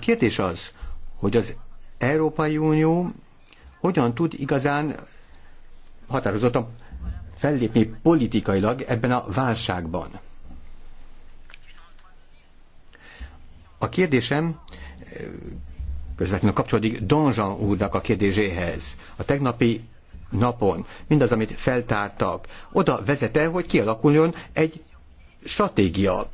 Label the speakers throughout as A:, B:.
A: kérdés az, hogy az Európai Unió hogyan tud igazán határozottan fellépni politikailag ebben a válságban. A kérdésem eh, közvetlenül kapcsolódik Donzsan úrnak a kérdéséhez. A tegnapi napon mindaz, amit feltártak, oda vezete, hogy kialakuljon egy stratégia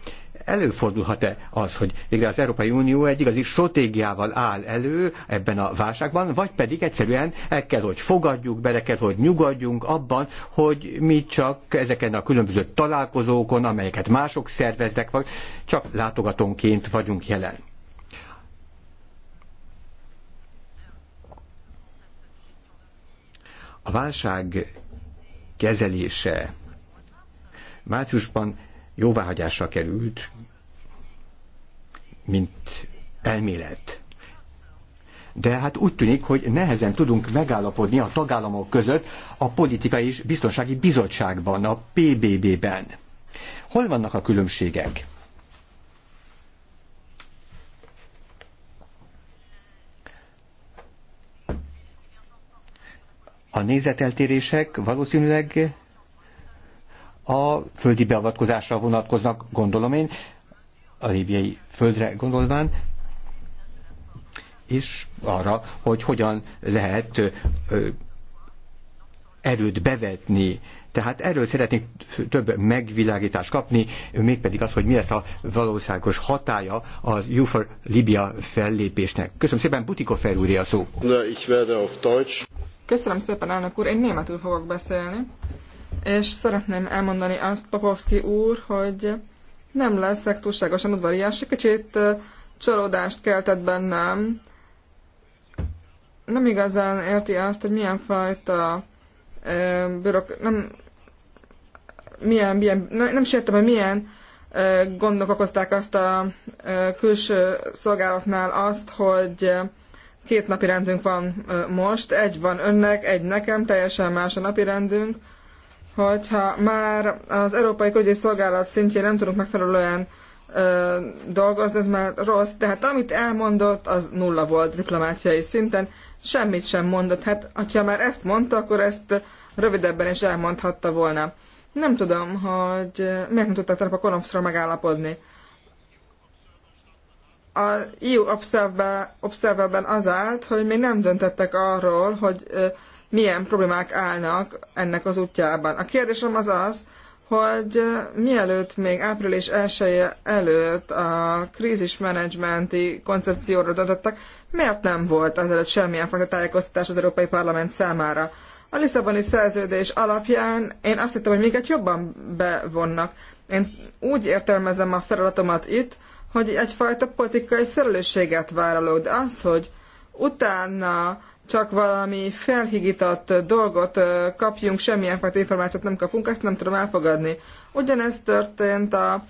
A: előfordulhat-e az, hogy végre az Európai Unió egy igazi stratégiával áll elő ebben a válságban, vagy pedig egyszerűen el kell, hogy fogadjuk, bele kell, hogy nyugodjunk abban, hogy mi csak ezeken a különböző találkozókon, amelyeket mások szerveznek, vagy csak látogatónként vagyunk jelen. A válság kezelése márciusban jóváhagyásra került, mint elmélet. De hát úgy tűnik, hogy nehezen tudunk megállapodni a tagállamok között a politikai és biztonsági bizottságban, a PBB-ben. Hol vannak a különbségek? A nézeteltérések valószínűleg a földi beavatkozásra vonatkoznak, gondolom én, a libiai földre gondolván, és arra, hogy hogyan lehet erőt bevetni. Tehát erről szeretnénk több megvilágítást kapni, mégpedig az, hogy mi lesz a valóságos hatája az UFOR Libya fellépésnek. Köszönöm szépen, Butiko Ferúri a szó.
B: Na, ich werde auf Deutsch.
C: Köszönöm szépen, elnök úr, én németül fogok beszélni és szeretném elmondani azt, Papovski úr, hogy nem leszek túlságosan udvarias, kicsit csalódást keltett bennem. Nem igazán érti azt, hogy milyen fajta bürok... nem, milyen, milyen, nem, nem sértem, hogy milyen gondok okozták azt a külső szolgálatnál azt, hogy két napi rendünk van most, egy van önnek, egy nekem, teljesen más a napi rendünk hogyha már az Európai Kögyi Szolgálat szintjén nem tudunk megfelelően ö, dolgozni, ez már rossz. Tehát amit elmondott, az nulla volt diplomáciai szinten, semmit sem mondott. Hát, ha már ezt mondta, akkor ezt rövidebben is elmondhatta volna. Nem tudom, hogy miért nem tudtak a Konopszról megállapodni. A EU Observer-ben az állt, hogy még nem döntettek arról, hogy ö, milyen problémák állnak ennek az útjában. A kérdésem az az, hogy eh, mielőtt még április 1 -e előtt a krízismenedzsmenti koncepcióra adottak, miért nem volt azelőtt semmilyen fajta tájékoztatás az Európai Parlament számára? A Lisszaboni szerződés alapján én azt hittem, hogy minket jobban bevonnak. Én úgy értelmezem a feladatomat itt, hogy egyfajta politikai felelősséget vállalok, de az, hogy utána csak valami felhigított dolgot kapjunk, semmilyen fajta információt nem kapunk, ezt nem tudom elfogadni. Ugyanezt történt a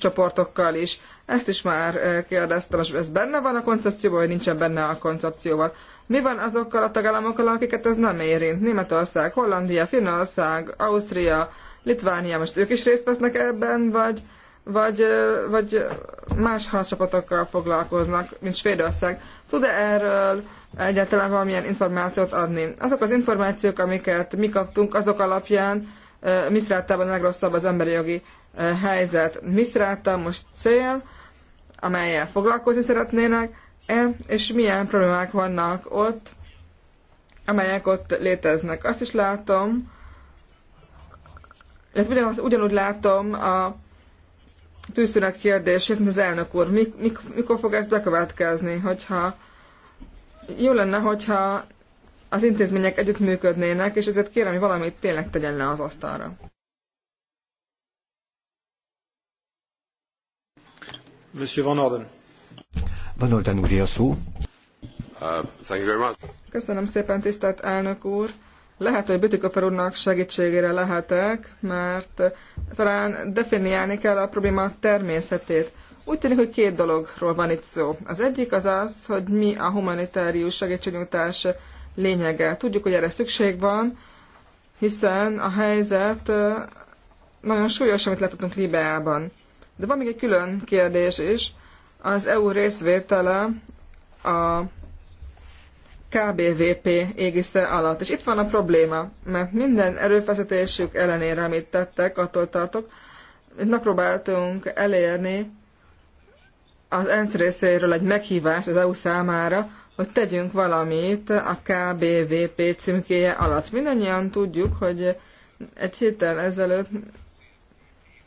C: csoportokkal is. Ezt is már kérdeztem, és ez benne van a koncepcióban, vagy nincsen benne a koncepcióval. Mi van azokkal a tagállamokkal, akiket ez nem érint? Németország, Hollandia, Finnország, Ausztria, Litvánia, most ők is részt vesznek ebben, vagy, vagy, vagy más harccsapatokkal foglalkoznak, mint Svédország? Tud-e erről egyáltalán valamilyen információt adni. Azok az információk, amiket mi kaptunk, azok alapján Misrátában a legrosszabb az emberi jogi helyzet. Misráta most cél, amelyel foglalkozni szeretnének, -e, és milyen problémák vannak ott, amelyek ott léteznek. Azt is látom, illetve ugyanaz, ugyanúgy látom a tűzszünet kérdését, mint az elnök úr. Mik, mik, mikor fog ez bekövetkezni, hogyha jó lenne, hogyha az intézmények együttműködnének, és ezért kérem, hogy valamit tényleg tegyen le az asztalra.
B: Monsieur Van Orden. Van
A: Orden úr, a szó.
B: Uh,
C: Köszönöm szépen, tisztelt elnök úr. Lehet, hogy Bütikofer úrnak segítségére lehetek, mert talán definiálni kell a probléma természetét. Úgy tűnik, hogy két dologról van itt szó. Az egyik az az, hogy mi a humanitárius segítségnyújtás lényege. Tudjuk, hogy erre szükség van, hiszen a helyzet nagyon súlyos, amit láthatunk Libeában. De van még egy külön kérdés is, az EU részvétele a KBVP égisze alatt. És itt van a probléma, mert minden erőfeszítésük ellenére, amit tettek, attól tartok, itt megpróbáltunk elérni az ENSZ részéről egy meghívást az EU számára, hogy tegyünk valamit a KBVP címkéje alatt. Mindannyian tudjuk, hogy egy héttel ezelőtt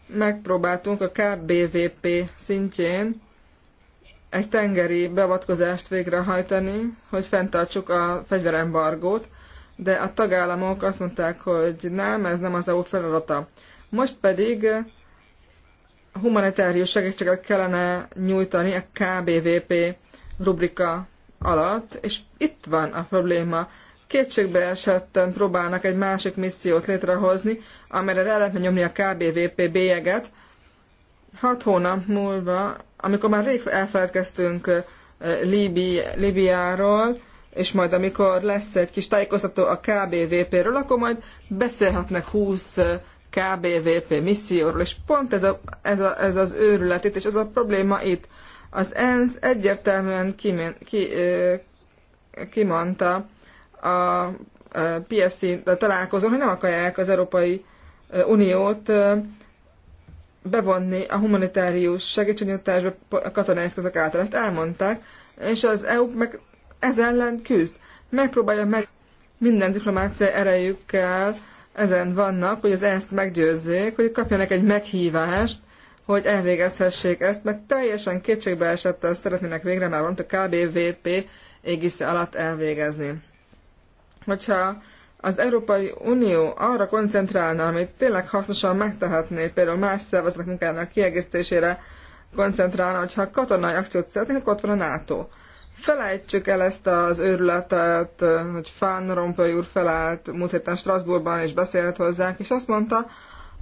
C: megpróbáltunk a KBVP szintjén egy tengeri beavatkozást végrehajtani, hogy fenntartsuk a fegyverembargót, de a tagállamok azt mondták, hogy nem, ez nem az EU feladata. Most pedig humanitárius segítséget kellene nyújtani a KBVP rubrika alatt, és itt van a probléma. Kétségbe esetten próbálnak egy másik missziót létrehozni, amelyre rá lehetne nyomni a KBVP bélyeget. Hat hónap múlva, amikor már rég elfelelkeztünk Líbi, Líbiáról, és majd amikor lesz egy kis tájékoztató a KBVP-ről, akkor majd beszélhetnek 20 KBVP misszióról, és pont ez, a, ez, a, ez az őrület itt, és az a probléma itt. Az ENSZ egyértelműen kimen, ki, kimondta a, a PSC találkozón, hogy nem akarják az Európai Uniót bevonni a humanitárius segítségnyújtásba a katonai eszközök által. Ezt elmondták, és az EU meg ez ellen küzd. Megpróbálja meg minden diplomáciai erejükkel ezen vannak, hogy az ezt meggyőzzék, hogy kapjanak egy meghívást, hogy elvégezhessék ezt, mert teljesen kétségbeesettel szeretnének végre már valamit a KBVP égisze alatt elvégezni. Hogyha az Európai Unió arra koncentrálna, amit tényleg hasznosan megtehetné, például más szervezetek munkának kiegészítésére koncentrálna, hogyha katonai akciót szeretnék, akkor ott van a NATO. Felejtsük el ezt az őrületet, hogy Fán Rompuy úr felállt múlt héten Strasbourgban és beszélt hozzánk, és azt mondta,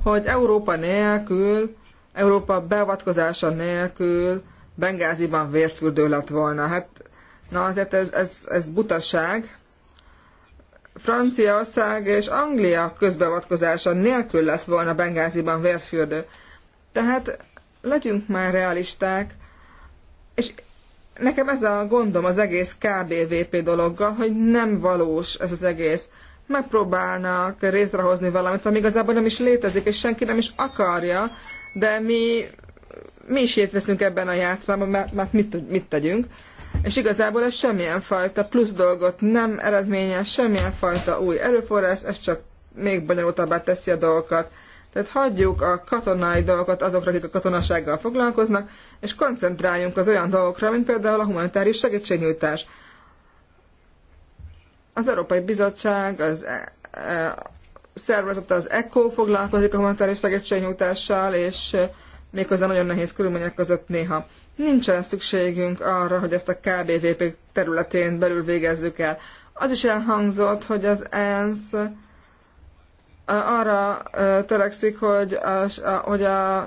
C: hogy Európa nélkül, Európa beavatkozása nélkül Bengáziban vérfürdő lett volna. Hát, na azért ez, ez, ez butaság. Franciaország és Anglia közbeavatkozása nélkül lett volna Bengáziban vérfürdő. Tehát legyünk már realisták, és Nekem ez a gondom az egész KBVP dologgal, hogy nem valós ez az egész. Megpróbálnak létrehozni valamit, ami igazából nem is létezik, és senki nem is akarja, de mi, mi is veszünk ebben a játszmában, mert, mert mit, mit tegyünk. És igazából ez semmilyen fajta plusz dolgot nem eredményez, semmilyen fajta új erőforrás, ez csak még bonyolultabbá teszi a dolgokat. Tehát hagyjuk a katonai dolgokat azokra, akik a katonasággal foglalkoznak, és koncentráljunk az olyan dolgokra, mint például a humanitárius segítségnyújtás. Az Európai Bizottság, az e, e, szervezet az ECO foglalkozik a humanitárius segítségnyújtással, és e, méghozzá nagyon nehéz körülmények között néha. Nincsen szükségünk arra, hogy ezt a KBVP területén belül végezzük el. Az is elhangzott, hogy az ENSZ arra törekszik, hogy a, a, hogy a,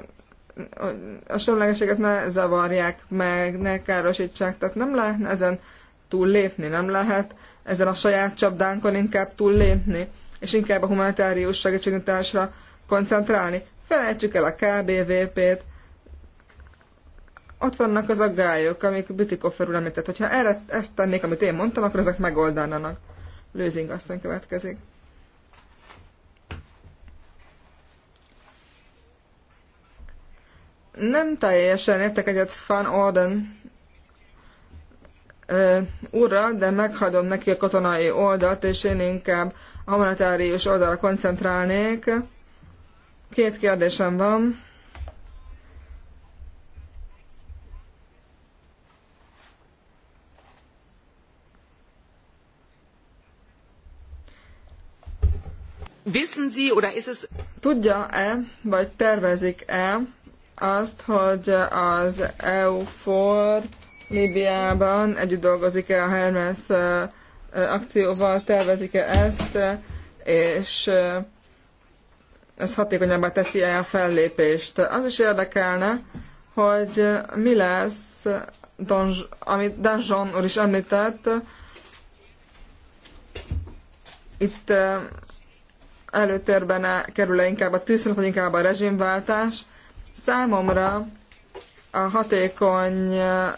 C: a semlegeséget ne zavarják meg, ne károsítsák. Tehát nem lehet ezen túllépni, nem lehet ezen a saját csapdánkon inkább túllépni, és inkább a humanitárius segítségnyújtásra koncentrálni. Felejtsük el a KBVP-t, ott vannak az aggályok, amik Bütikofer úr említett. Hogyha erre ezt tennék, amit én mondtam, akkor ezek megoldanának. Lőzing asszony következik. Nem teljesen értek egyet Fan Orden úrral, de meghadom neki a katonai oldalt, és én inkább a humanitárius oldalra koncentrálnék. Két kérdésem van. Wissen Sie, oder ist es... Tudja-e, vagy tervezik-e, azt, hogy az EU4 Líbiában együtt dolgozik-e a Hermes akcióval, tervezik-e ezt, és ez hatékonyabbá teszi-e a fellépést. Az is érdekelne, hogy mi lesz, Don, amit Danjon úr is említett, itt előtérben kerül-e inkább a tűzszünet, vagy inkább a rezsimváltás, Számomra a hatékony eh,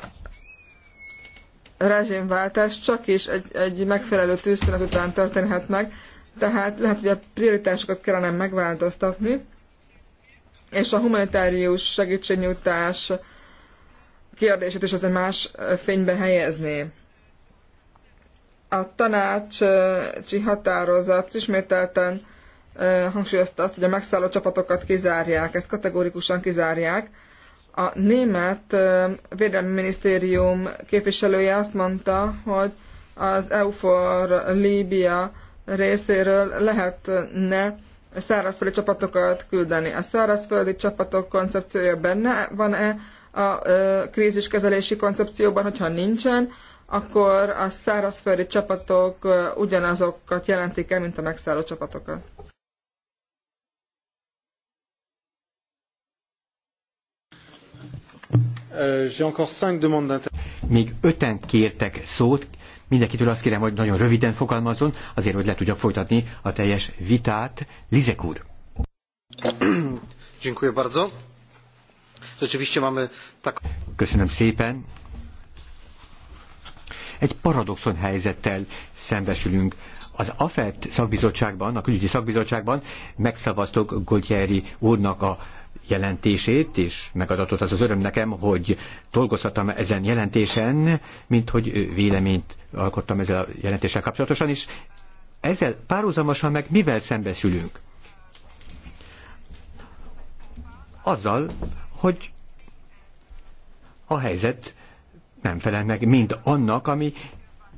C: rezsimváltás csak is egy, egy megfelelő tűzszünet után történhet meg, tehát lehet, hogy a prioritásokat kellene megváltoztatni, és a humanitárius segítségnyújtás kérdését is egy más eh, fénybe helyezni. A tanácsi határozat ismételten hangsúlyozta azt, hogy a megszálló csapatokat kizárják, ezt kategórikusan kizárják. A német védelmi minisztérium képviselője azt mondta, hogy az EUFOR Líbia részéről lehetne szárazföldi csapatokat küldeni. A szárazföldi csapatok koncepciója benne van-e a kríziskezelési koncepcióban, hogyha nincsen, akkor a szárazföldi csapatok ugyanazokat jelentik el, mint a megszálló csapatokat.
B: Euh,
C: Még öten
A: kértek szót, mindenkitől azt kérem, hogy nagyon röviden fogalmazzon, azért, hogy le tudja folytatni a teljes vitát. Lizek úr. Dziękuję bardzo. Rzeczywiście mamy tak... Köszönöm szépen. Egy paradoxon helyzettel szembesülünk. Az AFET szakbizottságban, a külügyi szakbizottságban megszavaztuk Goltyeri úrnak a jelentését, és megadatott az az öröm nekem, hogy dolgozhattam ezen jelentésen, mint hogy véleményt alkottam ezzel a jelentéssel kapcsolatosan, és ezzel párhuzamosan meg mivel szembesülünk? Azzal, hogy a helyzet nem felel meg mind annak, ami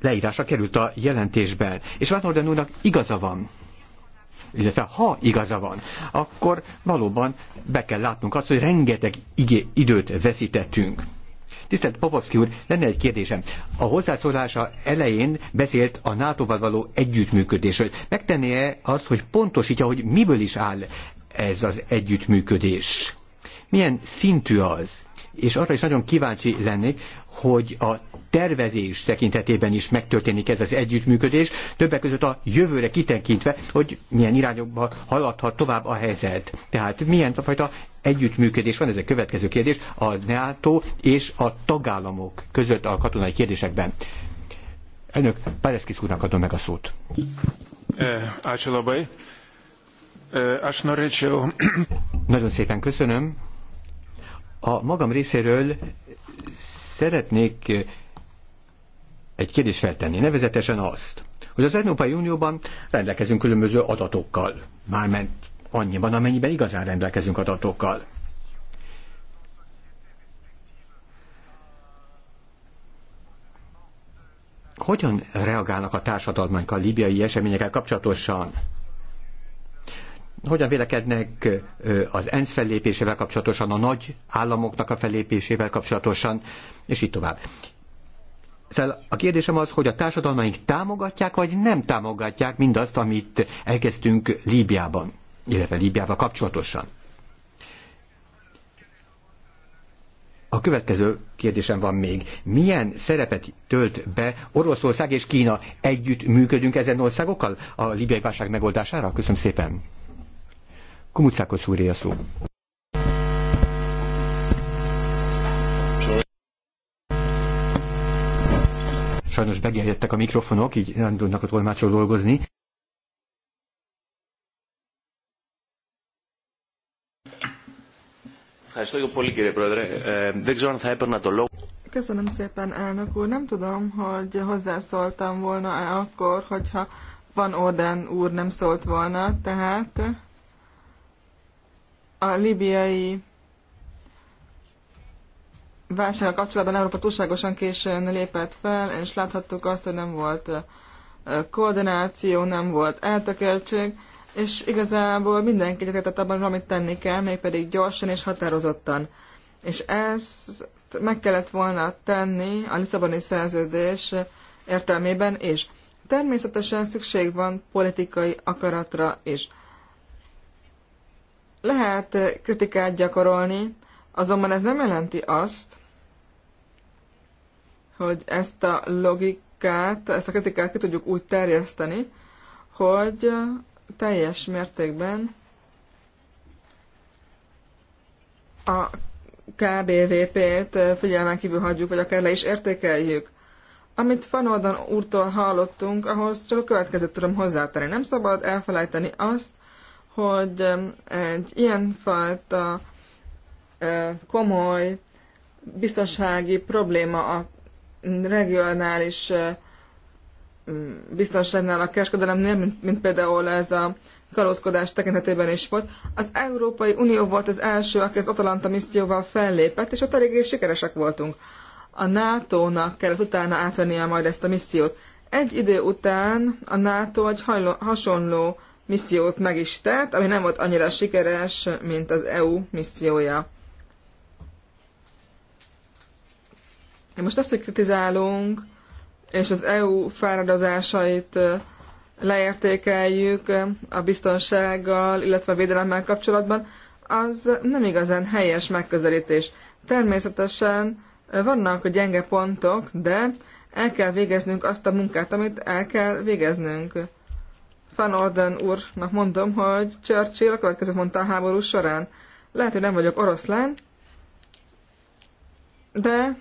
A: leírásra került a jelentésben. És Van Orden úrnak igaza van illetve ha igaza van, akkor valóban be kell látnunk azt, hogy rengeteg igé, időt veszítettünk. Tisztelt Popovszki úr, lenne egy kérdésem. A hozzászólása elején beszélt a NATO-val való együttműködésről. Megtenné-e azt, hogy pontosítja, hogy miből is áll ez az együttműködés? Milyen szintű az? És arra is nagyon kíváncsi lennék, hogy a tervezés tekintetében is megtörténik ez az együttműködés, többek között a jövőre kitekintve, hogy milyen irányokba haladhat tovább a helyzet. Tehát milyen fajta együttműködés van, ez a következő kérdés, a NATO és a tagállamok között a katonai kérdésekben. Elnök, Pereszkisz úrnak adom meg a szót.
B: Eh, eh,
A: Nagyon szépen köszönöm. A magam részéről szeretnék egy kérdést feltenni, nevezetesen azt, hogy az Európai Unióban rendelkezünk különböző adatokkal, mármint annyiban, amennyiben igazán rendelkezünk adatokkal. Hogyan reagálnak a társadalmaink a libiai eseményekkel kapcsolatosan? hogyan vélekednek az ENSZ fellépésével kapcsolatosan, a nagy államoknak a fellépésével kapcsolatosan, és így tovább. Szóval a kérdésem az, hogy a társadalmaink támogatják, vagy nem támogatják mindazt, amit elkezdtünk Líbiában, illetve Líbiával kapcsolatosan. A következő kérdésem van még. Milyen szerepet tölt be Oroszország és Kína? Együtt működünk ezen országokkal a líbiai válság megoldására? Köszönöm szépen. Kumucákos úré a szó. sajnos begerjedtek a mikrofonok, így nem tudnak a tolmácsról dolgozni.
C: Köszönöm szépen, elnök úr. Nem tudom, hogy hozzászóltam volna-e akkor, hogyha Van Orden úr nem szólt volna, tehát a libiai válsággal kapcsolatban Európa túlságosan későn lépett fel, és láthattuk azt, hogy nem volt koordináció, nem volt eltökéltség, és igazából mindenki egyetértett abban, amit tenni kell, mégpedig gyorsan és határozottan. És ezt meg kellett volna tenni a Lisszaboni szerződés értelmében és Természetesen szükség van politikai akaratra is. Lehet kritikát gyakorolni, azonban ez nem jelenti azt, hogy ezt a logikát, ezt a kritikát ki tudjuk úgy terjeszteni, hogy teljes mértékben a KBVP-t figyelmen kívül hagyjuk, vagy akár le is értékeljük. Amit Fanoldan úrtól hallottunk, ahhoz csak a következőt tudom hozzátenni. Nem szabad elfelejteni azt, hogy egy ilyenfajta eh, komoly biztonsági probléma a regionális biztonságnál a kereskedelemnél, mint, mint például ez a kalózkodás tekintetében is volt. Az Európai Unió volt az első, aki az Atalanta misszióval fellépett, és ott eléggé sikeresek voltunk. A NATO-nak kellett utána átvennie majd ezt a missziót. Egy idő után a NATO egy hajlo- hasonló missziót meg is tett, ami nem volt annyira sikeres, mint az EU missziója. Most azt, hogy kritizálunk, és az EU fáradozásait leértékeljük a biztonsággal, illetve a védelemmel kapcsolatban, az nem igazán helyes megközelítés. Természetesen vannak gyenge pontok, de el kell végeznünk azt a munkát, amit el kell végeznünk. Van Orden úrnak mondom, hogy Churchill a következőt mondta a háború során. Lehet, hogy nem vagyok oroszlán, de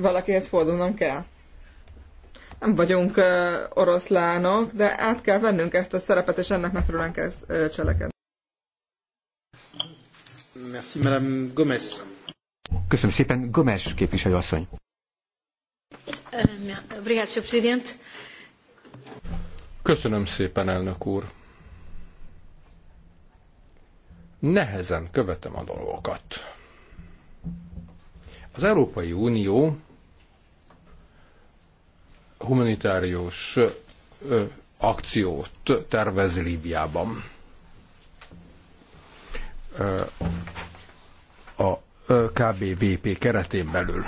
C: valakihez fordulnom kell. Nem vagyunk uh, oroszlánok, de át kell vennünk ezt a szerepet, és ennek megfelelően kell uh, cselekedni.
B: Merci, Madame Gomez. Köszönöm szépen, Gomes képviselőasszony. Köszönöm szépen, elnök úr. Nehezen követem a dolgokat. Az Európai Unió humanitárius akciót tervez Líbiában. A KBVP keretén belül.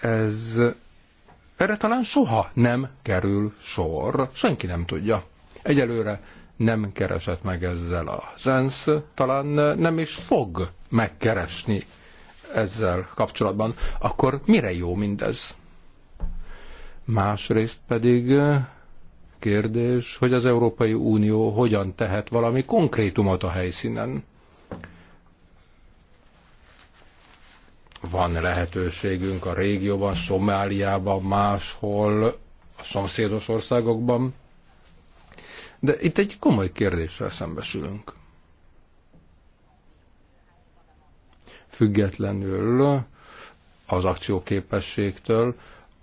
B: Ez erre talán soha nem kerül sor, senki nem tudja. Egyelőre nem keresett meg ezzel a ENSZ, talán nem is fog megkeresni ezzel kapcsolatban, akkor mire jó mindez? Másrészt pedig eh, kérdés, hogy az Európai Unió hogyan tehet valami konkrétumot a helyszínen. Van lehetőségünk a régióban, Szomáliában, máshol, a szomszédos országokban, de itt egy komoly kérdéssel szembesülünk. függetlenül az akcióképességtől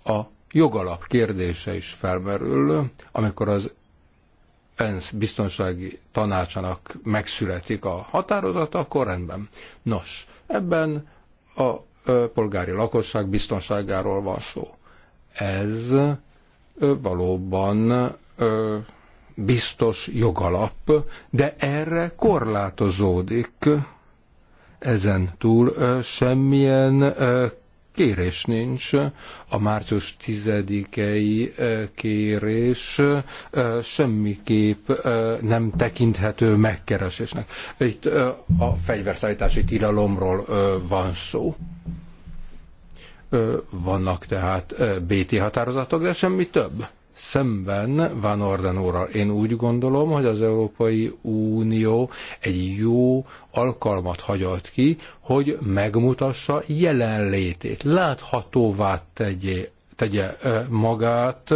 B: a jogalap kérdése is felmerül, amikor az ENSZ biztonsági tanácsának megszületik a határozat, akkor rendben. Nos, ebben a polgári lakosság biztonságáról van szó. Ez valóban biztos jogalap, de erre korlátozódik ezen túl semmilyen kérés nincs. A március 10-i kérés semmiképp nem tekinthető megkeresésnek. Itt a fegyverszállítási tilalomról van szó. Vannak tehát BT határozatok, de semmi több szemben Van Orden úrral. Én úgy gondolom, hogy az Európai Unió egy jó alkalmat hagyott ki, hogy megmutassa jelenlétét, láthatóvá tegye, tegye magát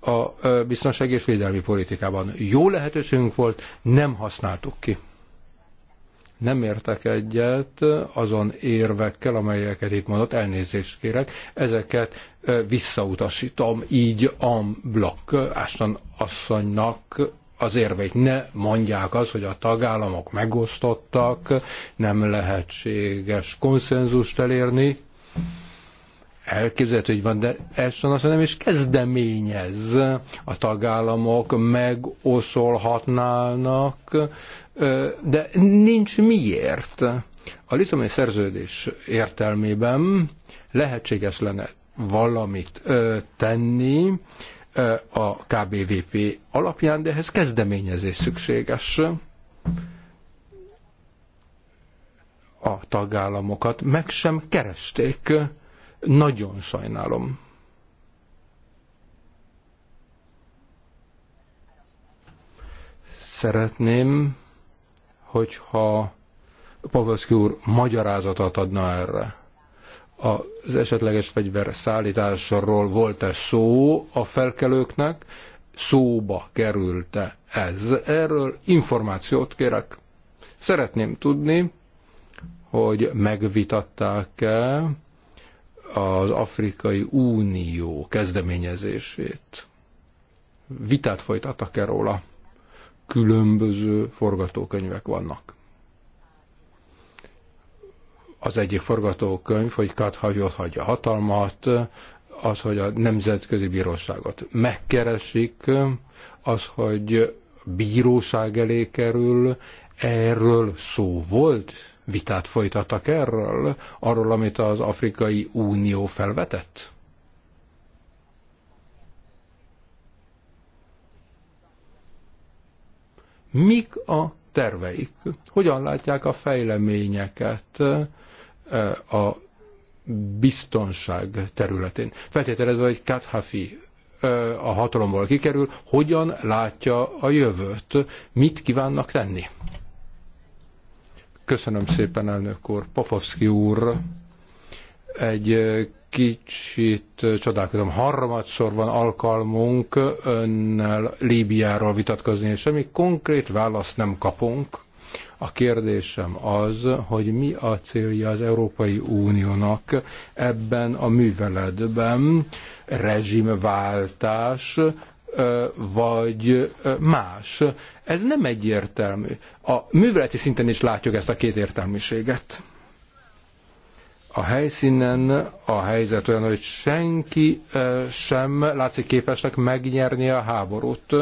B: a biztonsági és védelmi politikában. Jó lehetőségünk volt, nem használtuk ki nem értek egyet azon érvekkel, amelyeket itt mondott, elnézést kérek, ezeket visszautasítom így a blokk Ástan asszonynak az érveit. Ne mondják az, hogy a tagállamok megosztottak, nem lehetséges konszenzust elérni, elképzelhető, hogy van, de Ashton azt nem is kezdeményez. A tagállamok megoszolhatnának, de nincs miért. A Lisszaboni szerződés értelmében lehetséges lenne valamit tenni a KBVP alapján, de ehhez kezdeményezés szükséges a tagállamokat meg sem keresték nagyon sajnálom. Szeretném, hogyha Pavelszki úr magyarázatot adna erre. Az esetleges fegyver szállításról volt-e szó a felkelőknek, szóba került-e ez. Erről információt kérek. Szeretném tudni, hogy megvitatták-e az Afrikai Unió kezdeményezését. Vitát folytattak-e róla? Különböző forgatókönyvek vannak. Az egyik forgatókönyv, hogy kathajot hagyja hatalmat, az, hogy a Nemzetközi Bíróságot megkeresik, az, hogy bíróság elé kerül, erről szó volt, vitát folytattak erről, arról, amit az Afrikai Unió felvetett? Mik a terveik? Hogyan látják a fejleményeket eh, a biztonság területén? Feltételezve, hogy Kathafi eh, a hatalomból kikerül, hogyan látja a jövőt, mit kívánnak tenni? Köszönöm szépen, elnök úr. Popovszki úr, egy kicsit csodálkozom. Harmadszor van alkalmunk önnel Líbiáról vitatkozni, és semmi konkrét választ nem kapunk. A kérdésem az, hogy mi a célja az Európai Uniónak ebben a műveletben, rezsimváltás vagy más. Ez nem egyértelmű. A műveleti szinten is látjuk ezt a két értelmiséget. A helyszínen a helyzet olyan, hogy senki sem látszik képesnek megnyerni a háborút.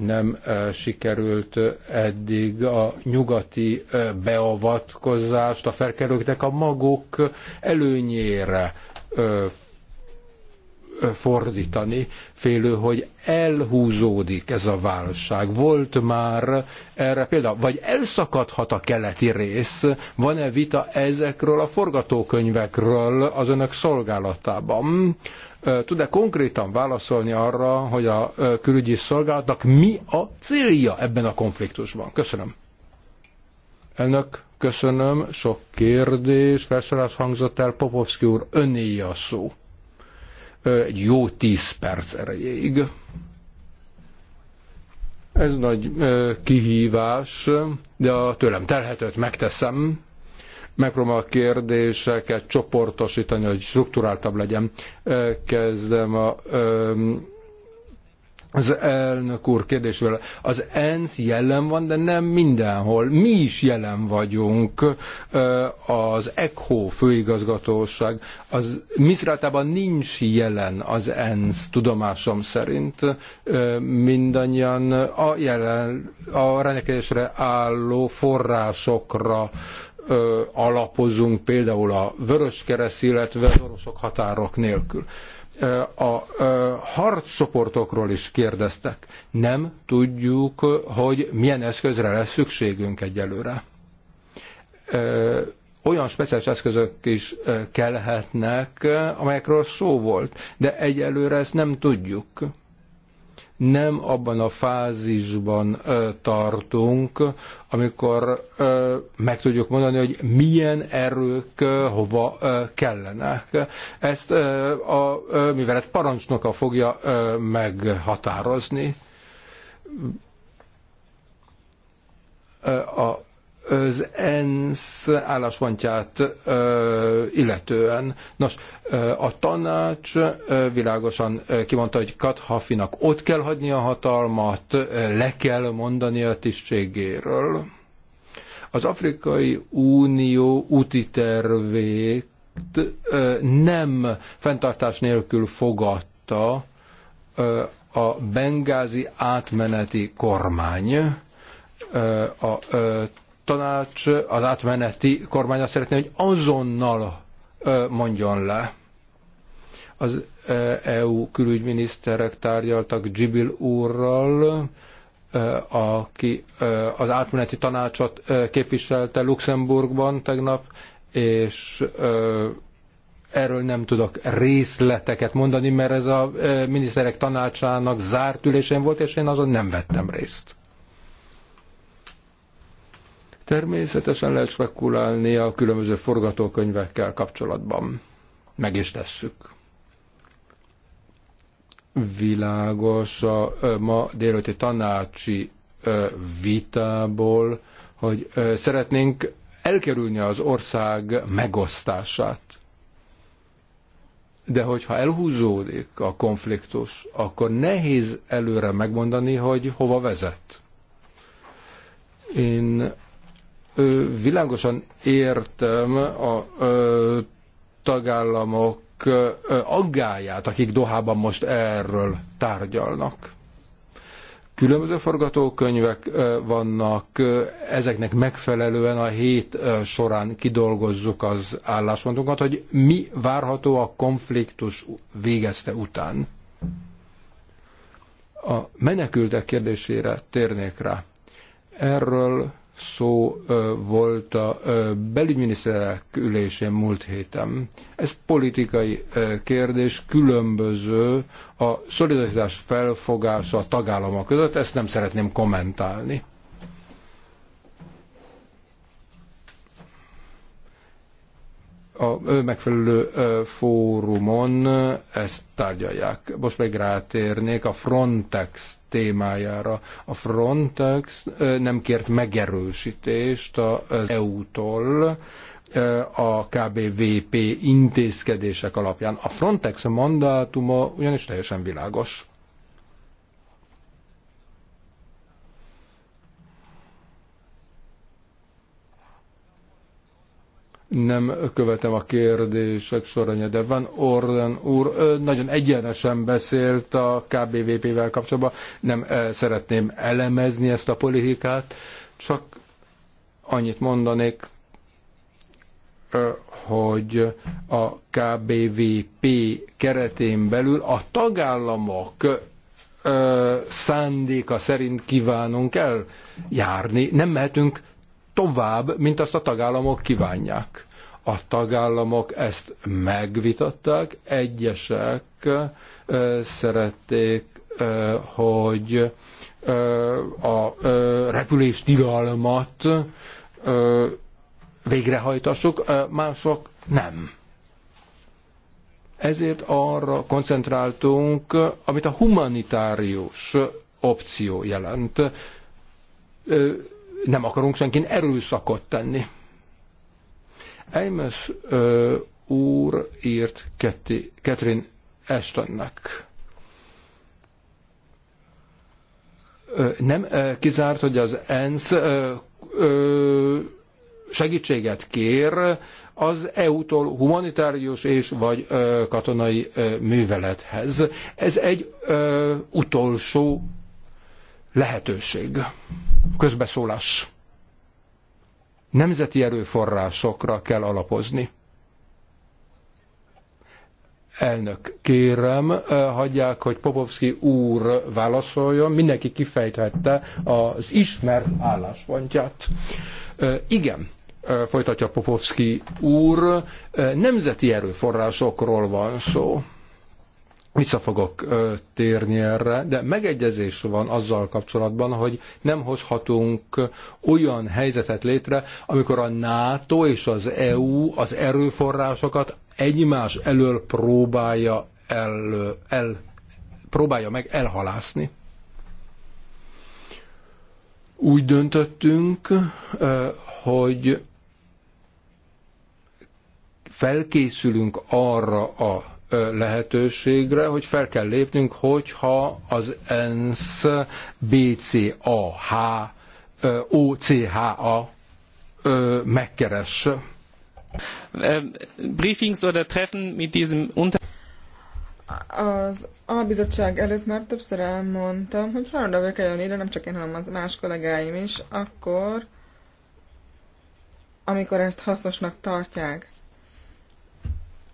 B: Nem sikerült eddig a nyugati beavatkozást a felkelőknek a maguk előnyére fordítani, félő, hogy elhúzódik ez a válság. Volt már erre példa, vagy elszakadhat a keleti rész, van-e vita ezekről a forgatókönyvekről az önök szolgálatában? Tud-e konkrétan válaszolni arra, hogy a külügyi szolgálatnak mi a célja ebben a konfliktusban? Köszönöm. Elnök, köszönöm. Sok kérdés, felszólás hangzott el. Popovski úr, önéje a szó egy jó 10 perc erejéig. Ez nagy kihívás, de a tőlem telhetőt megteszem. Megpróbálom a kérdéseket csoportosítani, hogy struktúráltabb legyen. Kezdem a az elnök úr kérdésvel, az ENSZ jelen van, de nem mindenhol. Mi is jelen vagyunk, az ECHO főigazgatóság, az Misrátában nincs jelen az ENSZ tudomásom szerint. Mindannyian a, jelen, a rendelkezésre álló forrásokra alapozunk, például a Vöröskereszt, illetve az orvosok határok nélkül a harccsoportokról is kérdeztek. Nem tudjuk, hogy milyen eszközre lesz szükségünk egyelőre. Olyan speciális eszközök is kellhetnek, amelyekről szó volt, de egyelőre ezt nem tudjuk nem abban a fázisban tartunk, amikor meg tudjuk mondani, hogy milyen erők hova kellenek. Ezt a egy parancsnoka fogja meghatározni. A az ENSZ álláspontját illetően. Nos, a tanács világosan kimondta, hogy Kathafinak ott kell hagyni a hatalmat, le kell mondani a tisztségéről. Az Afrikai Unió úti tervét nem fenntartás nélkül fogadta a bengázi átmeneti kormány a tanács az átmeneti kormánya szeretné, hogy azonnal mondjon le. Az EU külügyminiszterek tárgyaltak Gibil úrral, aki az átmeneti tanácsot képviselte Luxemburgban tegnap, és erről nem tudok részleteket mondani, mert ez a miniszterek tanácsának zárt ülésén volt, és én azon nem vettem részt. Természetesen lehet spekulálni a különböző forgatókönyvekkel kapcsolatban. Meg is tesszük. Világos a ma délőtti tanácsi vitából, hogy szeretnénk elkerülni az ország megosztását. De hogyha elhúzódik a konfliktus, akkor nehéz előre megmondani, hogy hova vezet. Én világosan értem a tagállamok aggáját, akik Dohában most erről tárgyalnak. Különböző forgatókönyvek vannak, ezeknek megfelelően a hét során kidolgozzuk az álláspontunkat, hogy mi várható a konfliktus végezte után. A menekültek kérdésére térnék rá. Erről szó volt a belügyminiszterek ülésén múlt héten. Ez politikai kérdés, különböző a szolidaritás felfogása a tagállamok között, ezt nem szeretném kommentálni. a ő megfelelő fórumon ezt tárgyalják. Most meg rátérnék a Frontex témájára. A Frontex nem kért megerősítést az EU-tól a KBVP intézkedések alapján. A Frontex mandátuma ugyanis teljesen világos. nem követem a kérdések sorrendjét, de Van Orden úr nagyon egyenesen beszélt a KBVP-vel kapcsolatban. Nem szeretném elemezni ezt a politikát, csak annyit mondanék, hogy a KBVP keretén belül a tagállamok szándéka szerint kívánunk eljárni. Nem mehetünk tovább, mint azt a tagállamok kívánják. A tagállamok ezt megvitatták, egyesek szerették, hogy a repülés tilalmat végrehajtassuk, mások nem. Ezért arra koncentráltunk, amit a humanitárius opció jelent nem akarunk senkin erőszakot tenni. Amos ö, úr írt Ketty, Catherine Ashtonnak. Nem ö, kizárt, hogy az ENSZ ö, ö, segítséget kér az EU-tól humanitárius és vagy ö, katonai ö, művelethez. Ez egy ö, utolsó lehetőség. Közbeszólás. Nemzeti erőforrásokra kell alapozni. Elnök, kérem, eh, hagyják, hogy Popovski úr válaszoljon. Mindenki kifejthette az ismert álláspontját. Eh, igen, eh, folytatja Popovski úr, nemzeti erőforrásokról van szó vissza fogok ö, térni erre, de megegyezés van azzal kapcsolatban, hogy nem hozhatunk olyan helyzetet létre, amikor a NATO és az EU az erőforrásokat egymás elől próbálja, el, el, próbálja meg elhalászni. Úgy döntöttünk, ö, hogy felkészülünk arra a lehetőségre, hogy fel kell lépnünk, hogyha az ENSZ BCAH OCHA megkeres. Briefings
C: oder Treffen mit diesem Unter az albizottság előtt már többször elmondtam, hogy hajlandó vagyok eljönni ide, nem csak én, hanem az más kollégáim is, akkor, amikor ezt hasznosnak tartják.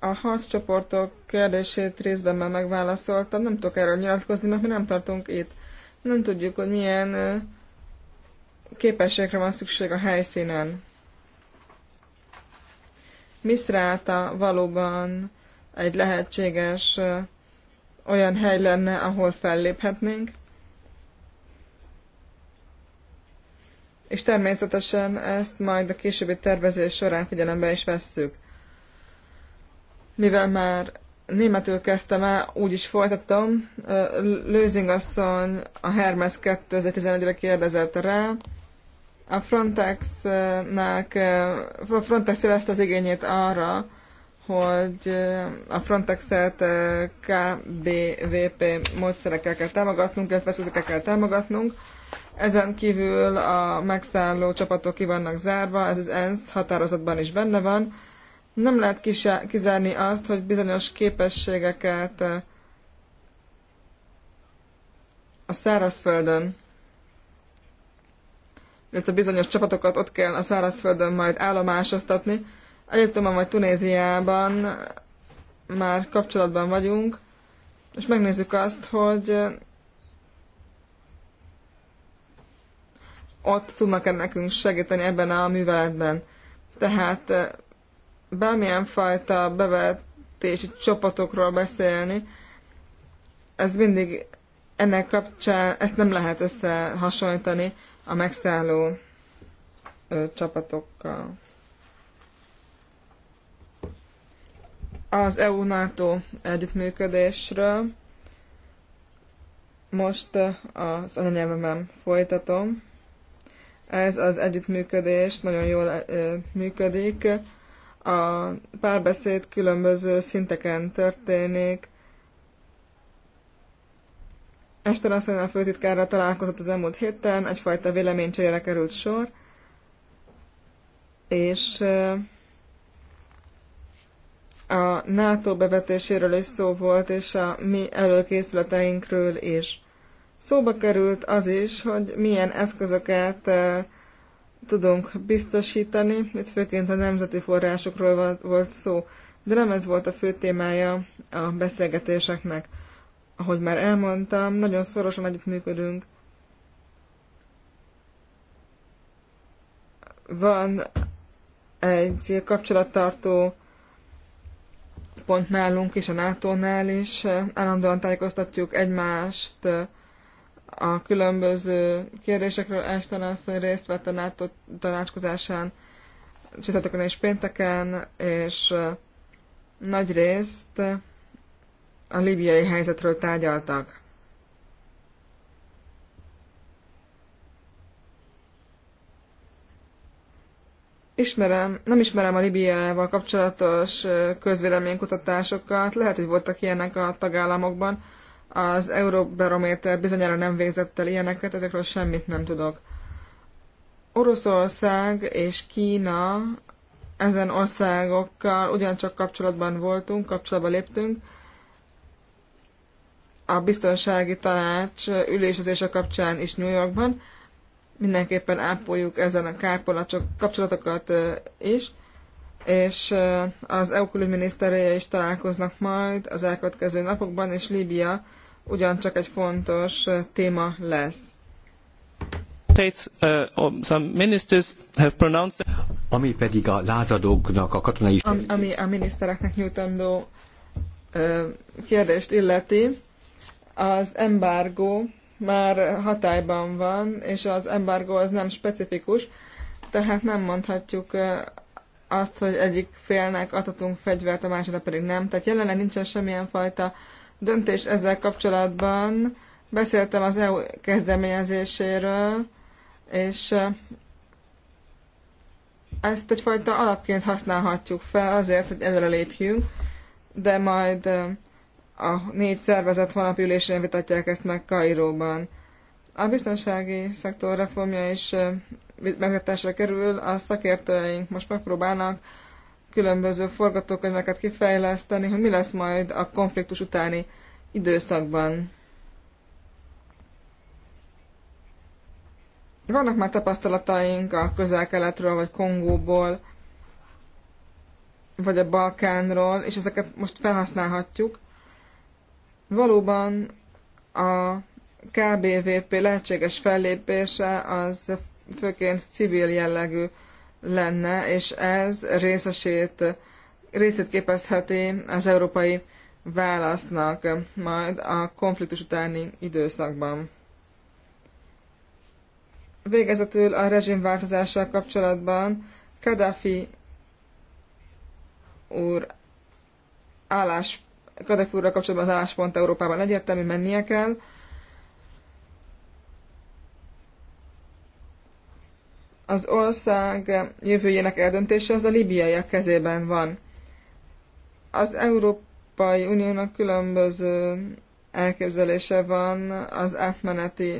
C: A harccsoportok kérdését részben már megválaszoltam, nem tudok erről nyilatkozni, mert mi nem tartunk itt. Nem tudjuk, hogy milyen képességre van szükség a helyszínen. Misráta valóban egy lehetséges olyan hely lenne, ahol felléphetnénk. És természetesen ezt majd a későbbi tervezés során figyelembe is vesszük mivel már németül kezdtem el, úgy is folytatom. Lőzing asszony a Hermes 2011-re kérdezett rá. A Frontexnek, a Frontex jelezte az igényét arra, hogy a Frontex-et KBVP módszerekkel kell támogatnunk, illetve eszközökkel kell támogatnunk. Ezen kívül a megszálló csapatok ki vannak zárva, ez az ENSZ határozatban is benne van nem lehet kizárni azt, hogy bizonyos képességeket eh, a szárazföldön, illetve bizonyos csapatokat ott kell a szárazföldön majd állomásoztatni. Egyébként majd Tunéziában eh, már kapcsolatban vagyunk, és megnézzük azt, hogy eh, ott tudnak-e nekünk segíteni ebben a műveletben. Tehát bármilyen fajta bevetési csapatokról beszélni, ez mindig ennek kapcsán, ezt nem lehet összehasonlítani a megszálló ö, csapatokkal. Az EU-NATO együttműködésről most az anyanyelvemben folytatom. Ez az együttműködés nagyon jól ö, működik a párbeszéd különböző szinteken történik. Este a főtitkárral találkozott az elmúlt héten, egyfajta véleménycserére került sor, és eh, a NATO bevetéséről is szó volt, és a mi előkészületeinkről is. Szóba került az is, hogy milyen eszközöket eh, tudunk biztosítani, itt főként a nemzeti forrásokról volt szó, de nem ez volt a fő témája a beszélgetéseknek. Ahogy már elmondtam, nagyon szorosan együttműködünk. Van egy kapcsolattartó pont nálunk is, a NATO-nál is. Állandóan tájékoztatjuk egymást a különböző kérdésekről Ashton asszony részt vett a NATO tanácskozásán csütörtökön és pénteken, és nagy részt a libiai helyzetről tárgyaltak. Ismerem, nem ismerem a Libiával kapcsolatos közvéleménykutatásokat, lehet, hogy voltak ilyenek a tagállamokban, az Euróbarométer bizonyára nem végzett el ilyeneket, ezekről semmit nem tudok. Oroszország és Kína ezen országokkal ugyancsak kapcsolatban voltunk, kapcsolatba léptünk. A biztonsági tanács ülésezése kapcsán is New Yorkban. Mindenképpen ápoljuk ezen a kapcsolatokat is, és az EU külügyminiszterei is találkoznak majd az elkövetkező napokban, és Líbia ugyancsak egy fontos téma lesz.
A: Ami pedig a lázadóknak, a katonai...
C: Ami, ami a minisztereknek nyújtandó kérdést illeti, az embargó már hatályban van, és az embargó az nem specifikus, tehát nem mondhatjuk azt, hogy egyik félnek adhatunk fegyvert, a másikra pedig nem. Tehát jelenleg nincsen semmilyen fajta döntés ezzel kapcsolatban. Beszéltem az EU kezdeményezéséről, és ezt egyfajta alapként használhatjuk fel azért, hogy előre lépjünk, de majd a négy szervezet holnap ülésén vitatják ezt meg Kairóban. A biztonsági szektor reformja is megtartásra kerül, a szakértőink most megpróbálnak különböző forgatókönyveket kifejleszteni, hogy mi lesz majd a konfliktus utáni időszakban. Vannak már tapasztalataink a közel-keletről, vagy Kongóból, vagy a Balkánról, és ezeket most felhasználhatjuk. Valóban a KBVP lehetséges fellépése az főként civil jellegű lenne, és ez részesét, részét képezheti az európai válasznak majd a konfliktus utáni időszakban. Végezetül a rezsimváltozással kapcsolatban Kadhafi úr állás, Kadhafi úrra kapcsolatban az álláspont Európában egyértelmű mennie kell, az ország jövőjének eldöntése az a libiaiak kezében van. Az Európai Uniónak különböző elképzelése van az átmeneti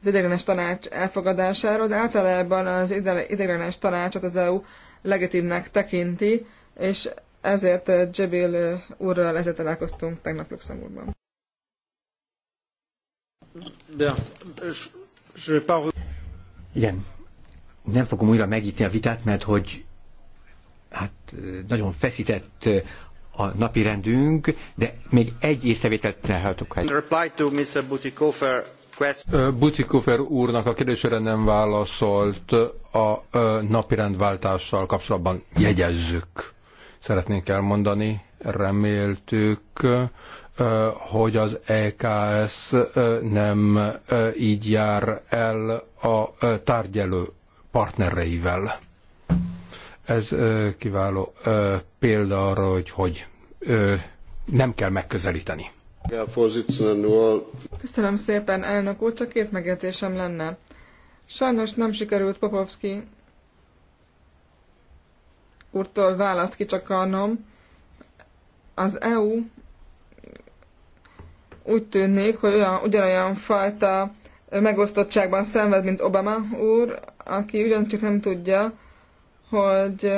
C: az ideiglenes tanács elfogadásáról, de általában az ideiglenes tanácsot az EU legitimnek tekinti, és ezért Jebil úrral ezért találkoztunk tegnap Luxemburgban.
B: Bien. Igen, nem fogom
A: újra megítni a vitát, mert hogy hát nagyon feszített
B: a napi rendünk, de még egy észrevételt lehetok. Hát. Reply to
A: Butikofer
B: Butikofer úrnak a kérdésére nem válaszolt a napirendváltással kapcsolatban. Jegyezzük. Szeretnénk elmondani, reméltük, hogy az EKS nem így jár el a tárgyelő
C: partnereivel.
B: Ez kiváló példa arra, hogy hogy nem kell megközelíteni.
C: Köszönöm szépen, elnök úr, csak két megértésem lenne. Sajnos nem sikerült Popovski úrtól választ kicsakarnom. Az EU úgy tűnik, hogy olyan, ugyanolyan fajta megosztottságban szenved, mint Obama úr aki ugyancsak nem tudja, hogy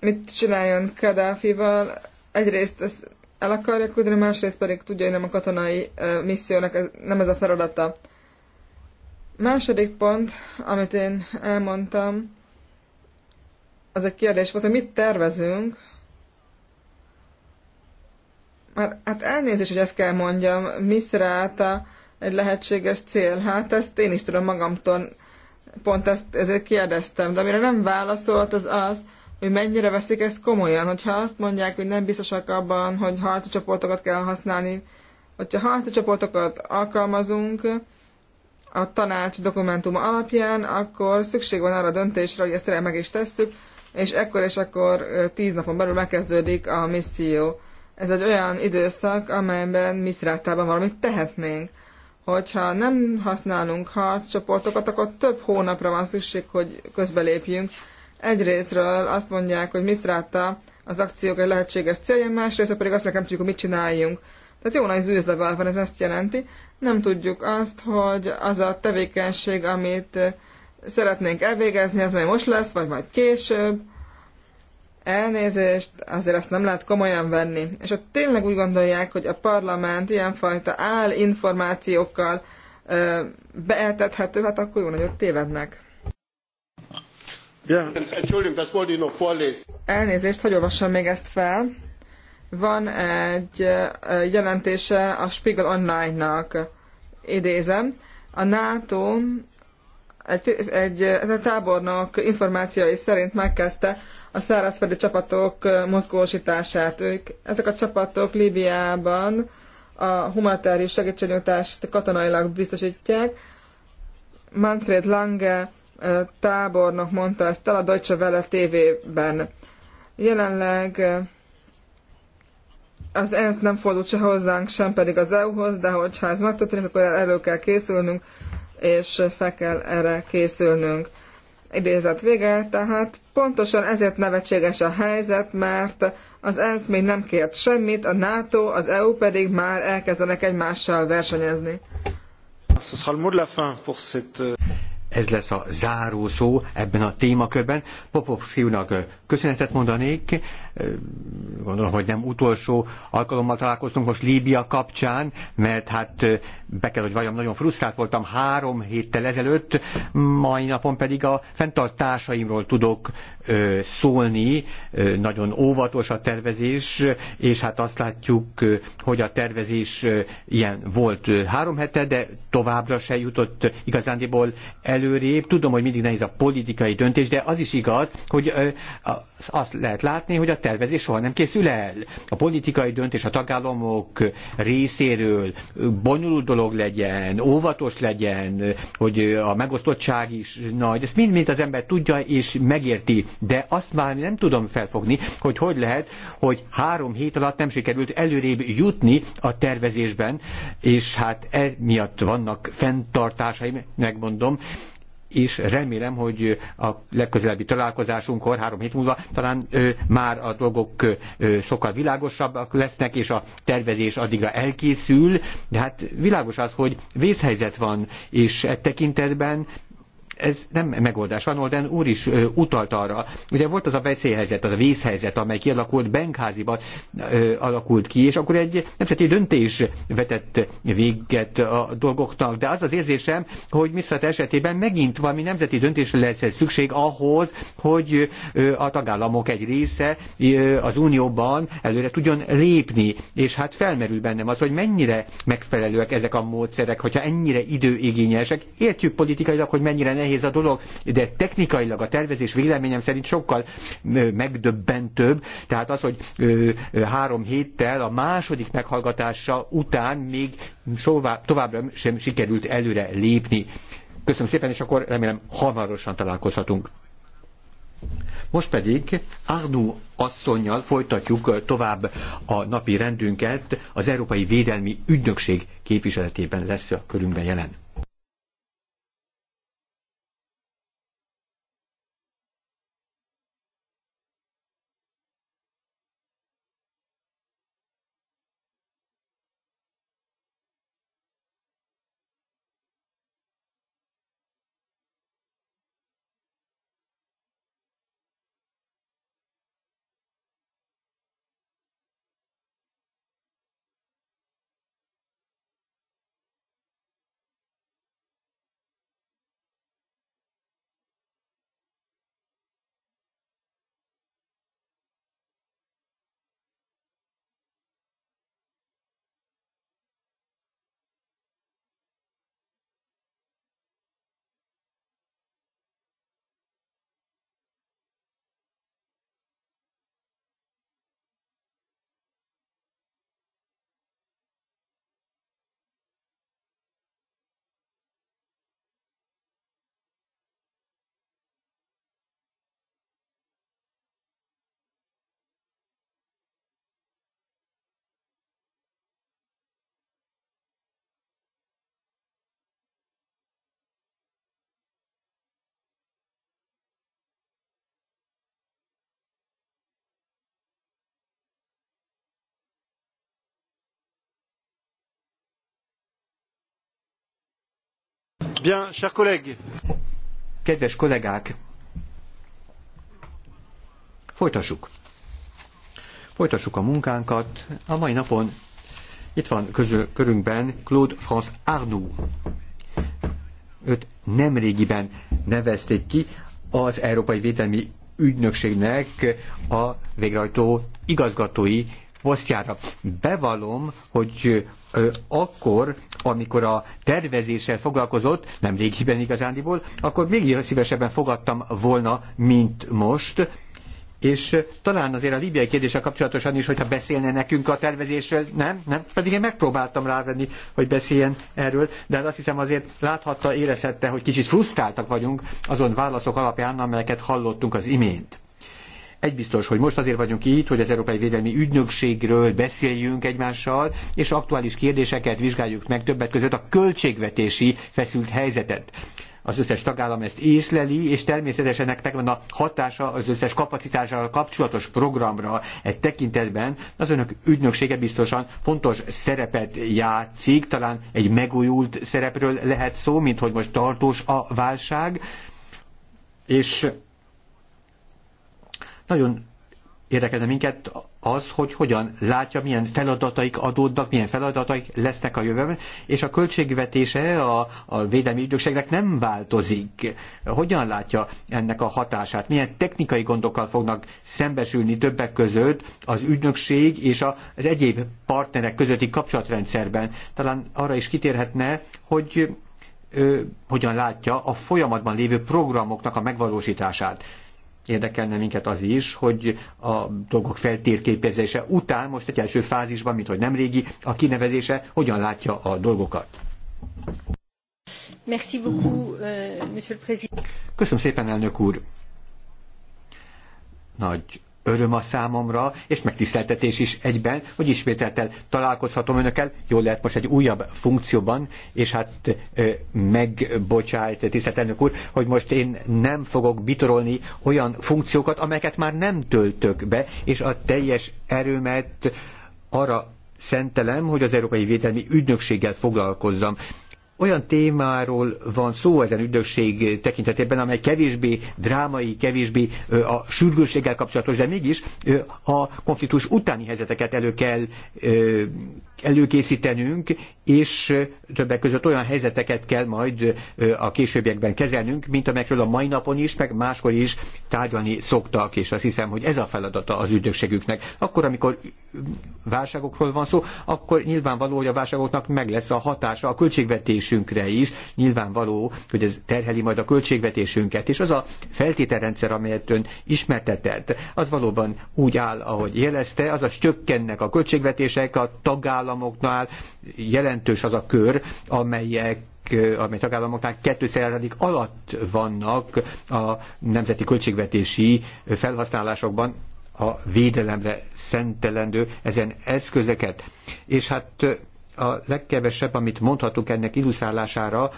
C: mit csináljon Kadáfival. Egyrészt ezt el akarja küldeni, másrészt pedig tudja, hogy nem a katonai missziónak ez, nem ez a feladata. Második pont, amit én elmondtam, az egy kérdés volt, hogy mit tervezünk. Már, hát elnézést, hogy ezt kell mondjam, Misráta egy lehetséges cél. Hát ezt én is tudom magamtól, pont ezt ezért kérdeztem, de amire nem válaszolt az az, hogy mennyire veszik ezt komolyan, hogyha azt mondják, hogy nem biztosak abban, hogy harci csoportokat kell használni, hogyha harci csoportokat alkalmazunk a tanács dokumentuma alapján, akkor szükség van arra a döntésre, hogy ezt meg is tesszük, és ekkor és akkor tíz napon belül megkezdődik a misszió. Ez egy olyan időszak, amelyben misszrátában valamit tehetnénk hogyha nem használunk harccsoportokat, akkor több hónapra van szükség, hogy közbelépjünk. Egyrésztről azt mondják, hogy Misráta az akciók egy lehetséges célja, másrészt pedig azt nekem tudjuk, hogy mit csináljunk. Tehát jó nagy zűrzavar van, ez ezt jelenti. Nem tudjuk azt, hogy az a tevékenység, amit szeretnénk elvégezni, az majd most lesz, vagy majd később. Elnézést, azért azt nem lehet komolyan venni. És ott tényleg úgy gondolják, hogy a parlament ilyenfajta áll információkkal ö, beeltethető, hát akkor jó nagyot tévednek. Ja. Elnézést, hogy olvassam még ezt fel. Van egy jelentése a Spiegel Online-nak, idézem. A NATO egy, egy, egy tábornok információi szerint megkezdte a szárazföldi csapatok mozgósítását. Ők, ezek a csapatok Líbiában a humanitárius segítségnyújtást katonailag biztosítják. Manfred Lange tábornok mondta ezt el a Deutsche Welle TV-ben. Jelenleg az ENSZ nem fordult se hozzánk, sem pedig az EU-hoz, de hogyha ez megtörténik, akkor elő kell készülnünk, és fel kell erre készülnünk idézet vége, tehát pontosan ezért nevetséges a helyzet, mert az ENSZ még nem kért semmit, a NATO, az EU pedig már elkezdenek egymással versenyezni
A: ez lesz a záró szó ebben a témakörben. Popov fiúnak köszönetet mondanék, gondolom, hogy nem utolsó alkalommal találkoztunk most Líbia kapcsán, mert hát be kell, hogy vajon nagyon frusztrált voltam három héttel ezelőtt, mai napon pedig a fenntartásaimról tudok szólni, nagyon óvatos a tervezés, és hát azt látjuk, hogy a tervezés ilyen volt három hete, de továbbra se jutott igazándiból előrébb. Tudom, hogy mindig nehéz a politikai döntés, de az is igaz, hogy azt lehet látni, hogy a tervezés soha nem készül el. A politikai döntés a tagállamok részéről bonyolult dolog legyen, óvatos legyen, hogy a megosztottság is nagy. Ezt mind-mind az ember tudja és megérti, de azt már nem tudom felfogni, hogy hogy lehet, hogy három hét alatt nem sikerült előrébb jutni a tervezésben, és hát emiatt van annak fenntartásai, megmondom, és remélem, hogy a legközelebbi találkozásunkkor, három hét múlva talán ö, már a dolgok ö, sokkal világosabbak lesznek, és a tervezés addigra elkészül, de hát világos az, hogy vészhelyzet van, és e tekintetben ez nem megoldás. Van Olden úr is ö, utalt arra. Ugye volt az a veszélyhelyzet, az a vészhelyzet, amely kialakult Benkháziban ö, alakult ki, és akkor egy nemzeti döntés vetett véget a dolgoknak. De az az érzésem, hogy Misszat esetében megint valami nemzeti döntés lesz szükség ahhoz, hogy ö, a tagállamok egy része ö, az unióban előre tudjon lépni. És hát felmerül bennem az, hogy mennyire megfelelőek ezek a módszerek, hogyha ennyire időigényesek. Értjük politikailag, hogy mennyire nehéz nehéz a dolog, de technikailag a tervezés véleményem szerint sokkal megdöbbentőbb, tehát az, hogy három héttel a második meghallgatása után még sová, továbbra sem sikerült előre lépni. Köszönöm szépen, és akkor remélem hamarosan találkozhatunk. Most pedig Arnú asszonynal folytatjuk tovább a napi rendünket. Az Európai Védelmi Ügynökség képviseletében lesz a körünkben jelen.
D: Bien, chers collègues.
A: Kedves kollégák, folytassuk. Folytassuk a munkánkat. A mai napon itt van közül, körünkben Claude France Arnoux. Őt nemrégiben nevezték ki az Európai Védelmi Ügynökségnek a végrehajtó igazgatói posztjára. Bevalom, hogy akkor, amikor a tervezéssel foglalkozott, nem régiben igazándiból, akkor még szívesebben fogadtam volna, mint most, és talán azért a libiai kérdéssel kapcsolatosan is, hogyha beszélne nekünk a tervezésről, nem, nem, pedig én megpróbáltam rávenni, hogy beszéljen erről, de hát azt hiszem azért láthatta, érezhette, hogy kicsit frusztráltak vagyunk azon válaszok alapján, amelyeket hallottunk az imént. Egy biztos, hogy most azért vagyunk itt, hogy az Európai Védelmi Ügynökségről beszéljünk egymással, és aktuális kérdéseket vizsgáljuk meg Többet között a költségvetési feszült helyzetet az összes tagállam ezt észleli, és természetesen ennek megvan a hatása az összes kapacitással kapcsolatos programra. Egy tekintetben az önök ügynöksége biztosan fontos szerepet játszik, talán egy megújult szerepről lehet szó, mint hogy most tartós a válság, és nagyon érdekelne minket az, hogy hogyan látja, milyen feladataik adódnak, milyen feladataik lesznek a jövőben, és a költségvetése a, a védelmi ügynökségnek nem változik. Hogyan látja ennek a hatását? Milyen technikai gondokkal fognak szembesülni többek között az ügynökség és az egyéb partnerek közötti kapcsolatrendszerben? Talán arra is kitérhetne, hogy ő, hogyan látja a folyamatban lévő programoknak a megvalósítását érdekelne minket az is, hogy a dolgok feltérképezése után, most egy első fázisban, mint hogy nem régi, a kinevezése hogyan látja a dolgokat.
D: Merci beaucoup, euh, monsieur le président.
A: Köszönöm szépen, elnök úr. Nagy öröm a számomra, és megtiszteltetés is egyben, hogy ismételtel találkozhatom önökkel, jól lehet most egy újabb funkcióban, és hát megbocsájt, tisztelt elnök úr, hogy most én nem fogok bitorolni olyan funkciókat, amelyeket már nem töltök be, és a teljes erőmet arra szentelem, hogy az Európai Védelmi Ügynökséggel foglalkozzam olyan témáról van szó ezen ügynökség tekintetében, amely kevésbé drámai, kevésbé a sürgősséggel kapcsolatos, de mégis a konfliktus utáni helyzeteket elő kell előkészítenünk, és többek között olyan helyzeteket kell majd a későbbiekben kezelnünk, mint amelyekről a mai napon is, meg máskor is tárgyalni szoktak, és azt hiszem, hogy ez a feladata az ügynökségüknek. Akkor, amikor válságokról van szó, akkor nyilvánvaló, hogy a válságoknak meg lesz a hatása a költségvetésünkre is, nyilvánvaló, hogy ez terheli majd a költségvetésünket, és az a feltételrendszer, amelyet ön ismertetett, az valóban úgy áll, ahogy jelezte, az a csökkennek a költségvetések, a tagállamok, tagállamoknál jelentős az a kör, amelyek amely tagállamoknál 2% alatt vannak a nemzeti költségvetési felhasználásokban a védelemre szentelendő ezen eszközeket. És hát a legkevesebb, amit mondhatunk ennek illusztrálására,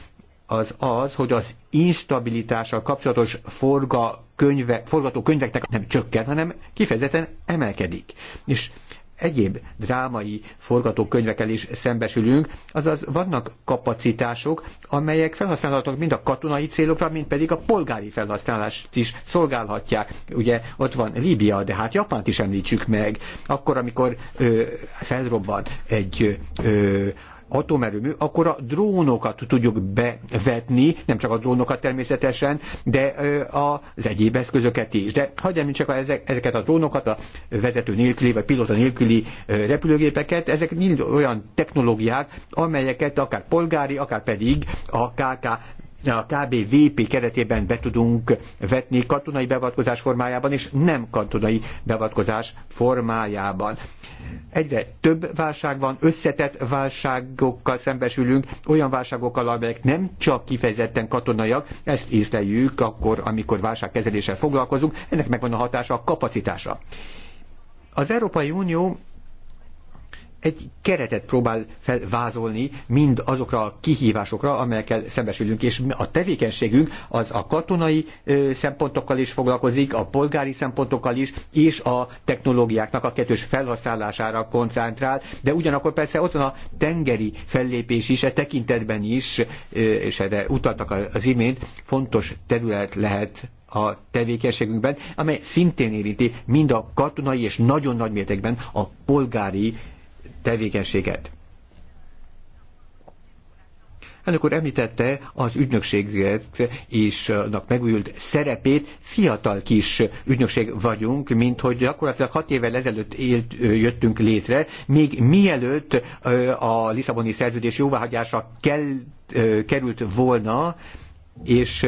A: az az, hogy az instabilitással kapcsolatos forga könyve, forgatókönyveknek nem csökken, hanem kifejezetten emelkedik. És egyéb drámai forgatókönyvekkel is szembesülünk, azaz vannak kapacitások, amelyek felhasználhatók mind a katonai célokra, mind pedig a polgári felhasználást is szolgálhatják. Ugye ott van Líbia, de hát Japánt is említsük meg. Akkor, amikor ö, felrobban egy ö, atomerőmű, akkor a drónokat tudjuk bevetni, nem csak a drónokat természetesen, de az egyéb eszközöket is. De mint csak ezeket a drónokat, a vezető nélküli vagy pilóta nélküli repülőgépeket, ezek mind olyan technológiák, amelyeket akár polgári, akár pedig a KK a KBVP keretében be tudunk vetni katonai beavatkozás formájában és nem katonai beavatkozás formájában. Egyre több válság van, összetett válságokkal szembesülünk, olyan válságokkal, amelyek nem csak kifejezetten katonaiak, ezt észleljük akkor, amikor válságkezeléssel foglalkozunk, ennek megvan a hatása a kapacitása. Az Európai Unió egy keretet próbál felvázolni mind azokra a kihívásokra, amelyekkel szembesülünk, és a tevékenységünk az a katonai szempontokkal is foglalkozik, a polgári szempontokkal is, és a technológiáknak a kettős felhasználására koncentrál, de ugyanakkor persze ott van a tengeri fellépés is, e tekintetben is, és erre utaltak az imént, fontos terület lehet a tevékenységünkben, amely szintén érinti mind a katonai és nagyon nagy mértékben a polgári tevékenységet. Elnök úr említette az ügynökséget és annak eh, megújult szerepét. Fiatal kis ügynökség vagyunk, mint hogy gyakorlatilag hat évvel ezelőtt élt, eh, jöttünk létre, még mielőtt eh, a Lisszaboni szerződés jóváhagyása kell, került volna, és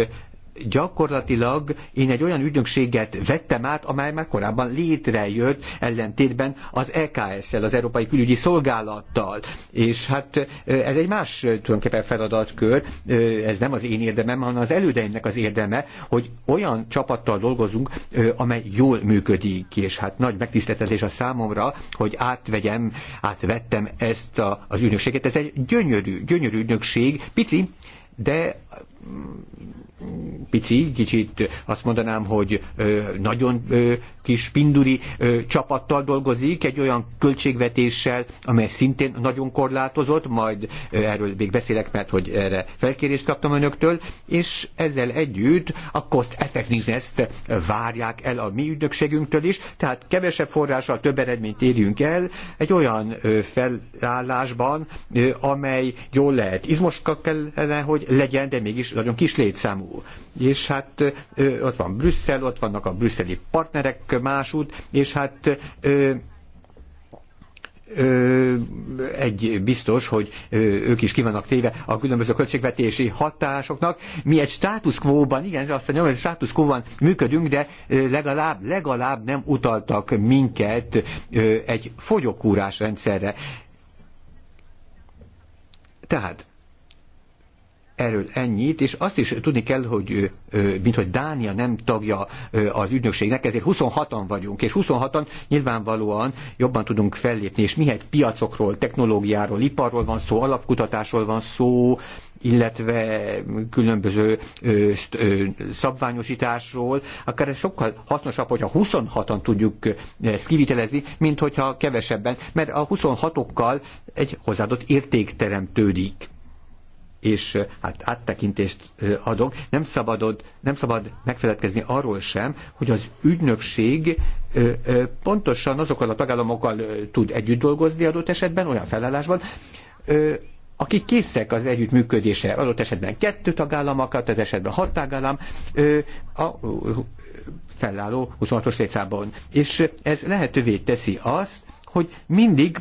A: gyakorlatilag én egy olyan ügynökséget vettem át, amely már korábban létrejött ellentétben az eks szel az Európai Külügyi Szolgálattal. És hát ez egy más tulajdonképpen feladatkör, ez nem az én érdemem, hanem az elődeimnek az érdeme, hogy olyan csapattal dolgozunk, amely jól működik, és hát nagy megtiszteltetés a számomra, hogy átvegyem, átvettem ezt a, az ügynökséget. Ez egy gyönyörű, gyönyörű ügynökség, pici, de pici, kicsit azt mondanám, hogy nagyon kis pinduri csapattal dolgozik, egy olyan költségvetéssel, amely szintén nagyon korlátozott, majd erről még beszélek, mert hogy erre felkérést kaptam önöktől, és ezzel együtt a cost effectiveness várják el a mi ügynökségünktől is, tehát kevesebb forrással több eredményt érjünk el egy olyan felállásban, amely jól lehet Izmoska kellene, hogy legyen, de mégis nagyon kis létszámú. És hát ott van Brüsszel, ott vannak a brüsszeli partnerek másút, és hát ö, ö, egy biztos, hogy ö, ők is kivannak téve a különböző költségvetési hatásoknak. Mi egy státuszkvóban, igen, azt mondjam, hogy státuszkvóban működünk, de legalább, legalább nem utaltak minket ö, egy fogyókúrás rendszerre. Tehát erről ennyit, és azt is tudni kell, hogy mint hogy Dánia nem tagja az ügynökségnek, ezért 26-an vagyunk, és 26-an nyilvánvalóan jobban tudunk fellépni, és mihet piacokról, technológiáról, iparról van szó, alapkutatásról van szó, illetve különböző ö, ö, szabványosításról, akár ez sokkal hasznosabb, hogyha 26-an tudjuk ezt kivitelezni, mint hogyha kevesebben, mert a 26-okkal egy hozzáadott érték teremtődik és hát áttekintést adok, nem, szabadod, nem szabad megfeledkezni arról sem, hogy az ügynökség pontosan azokkal a tagállamokkal tud együtt dolgozni adott esetben, olyan felállásban, akik készek az együttműködésre, adott esetben kettő tagállamokat, az esetben hat tagállam, a felálló 26-os létszában. És ez lehetővé teszi azt, hogy mindig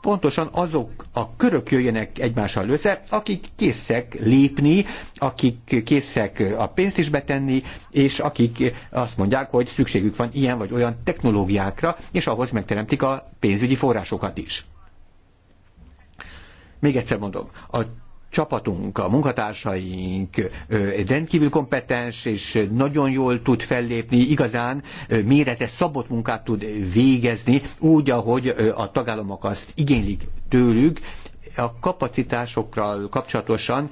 A: pontosan azok a körök jöjjenek egymással össze, akik készek lépni, akik készek a pénzt is betenni, és akik azt mondják, hogy szükségük van ilyen vagy olyan technológiákra, és ahhoz megteremtik a pénzügyi forrásokat is. Még egyszer mondom, a csapatunk, a munkatársaink rendkívül kompetens és nagyon jól tud fellépni, igazán mérete szabott munkát tud végezni, úgy, ahogy a tagállamok azt igénylik tőlük, a kapacitásokkal kapcsolatosan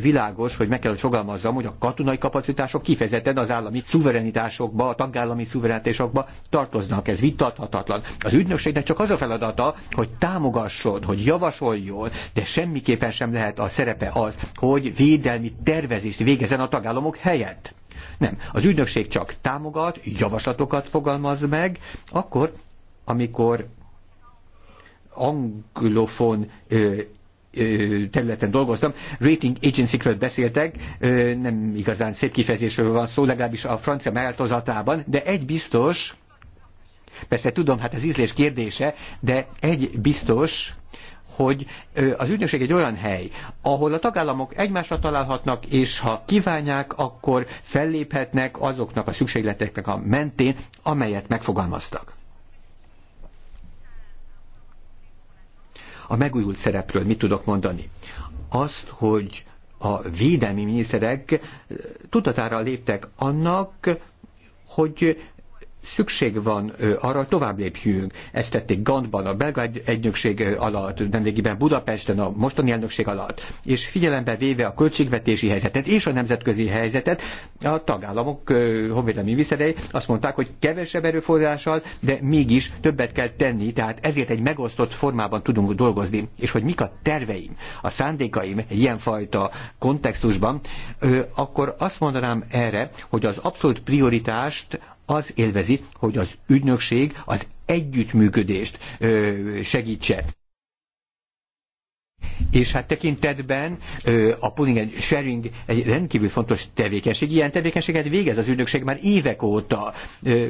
A: világos, hogy meg kell, hogy fogalmazzam, hogy a katonai kapacitások kifejezetten az állami szuverenitásokba, a tagállami szuverenitásokba tartoznak. Ez vitathatatlan. Az ügynökségnek csak az a feladata, hogy támogasson, hogy javasoljon, de semmiképpen sem lehet a szerepe az, hogy védelmi tervezést végezzen a tagállamok helyett. Nem. Az ügynökség csak támogat, javaslatokat fogalmaz meg, akkor, amikor anglofon területen dolgoztam, rating agency-kről beszéltek, nem igazán szép kifejezésről van szó, legalábbis a francia változatában, de egy biztos, persze tudom, hát az ízlés kérdése, de egy biztos, hogy az ügynökség egy olyan hely, ahol a tagállamok egymásra találhatnak, és ha kívánják, akkor felléphetnek azoknak a szükségleteknek a mentén, amelyet megfogalmaztak. A megújult szerepről mit tudok mondani? Azt, hogy a védelmi miniszterek tudatára léptek annak, hogy szükség van arra, hogy tovább lépjünk. Ezt tették Gandban, a belga egynökség alatt, nemrégiben Budapesten, a mostani elnökség alatt. És figyelembe véve a költségvetési helyzetet és a nemzetközi helyzetet, a tagállamok honvédelmi viszerei azt mondták, hogy kevesebb erőforrással, de mégis többet kell tenni, tehát ezért egy megosztott formában tudunk dolgozni. És hogy mik a terveim, a szándékaim ilyenfajta kontextusban, akkor azt mondanám erre, hogy az abszolút prioritást az élvezi, hogy az ügynökség az együttműködést segítse. És hát tekintetben a Pudding and sharing egy rendkívül fontos tevékenység. Ilyen tevékenységet végez az ügynökség már évek óta.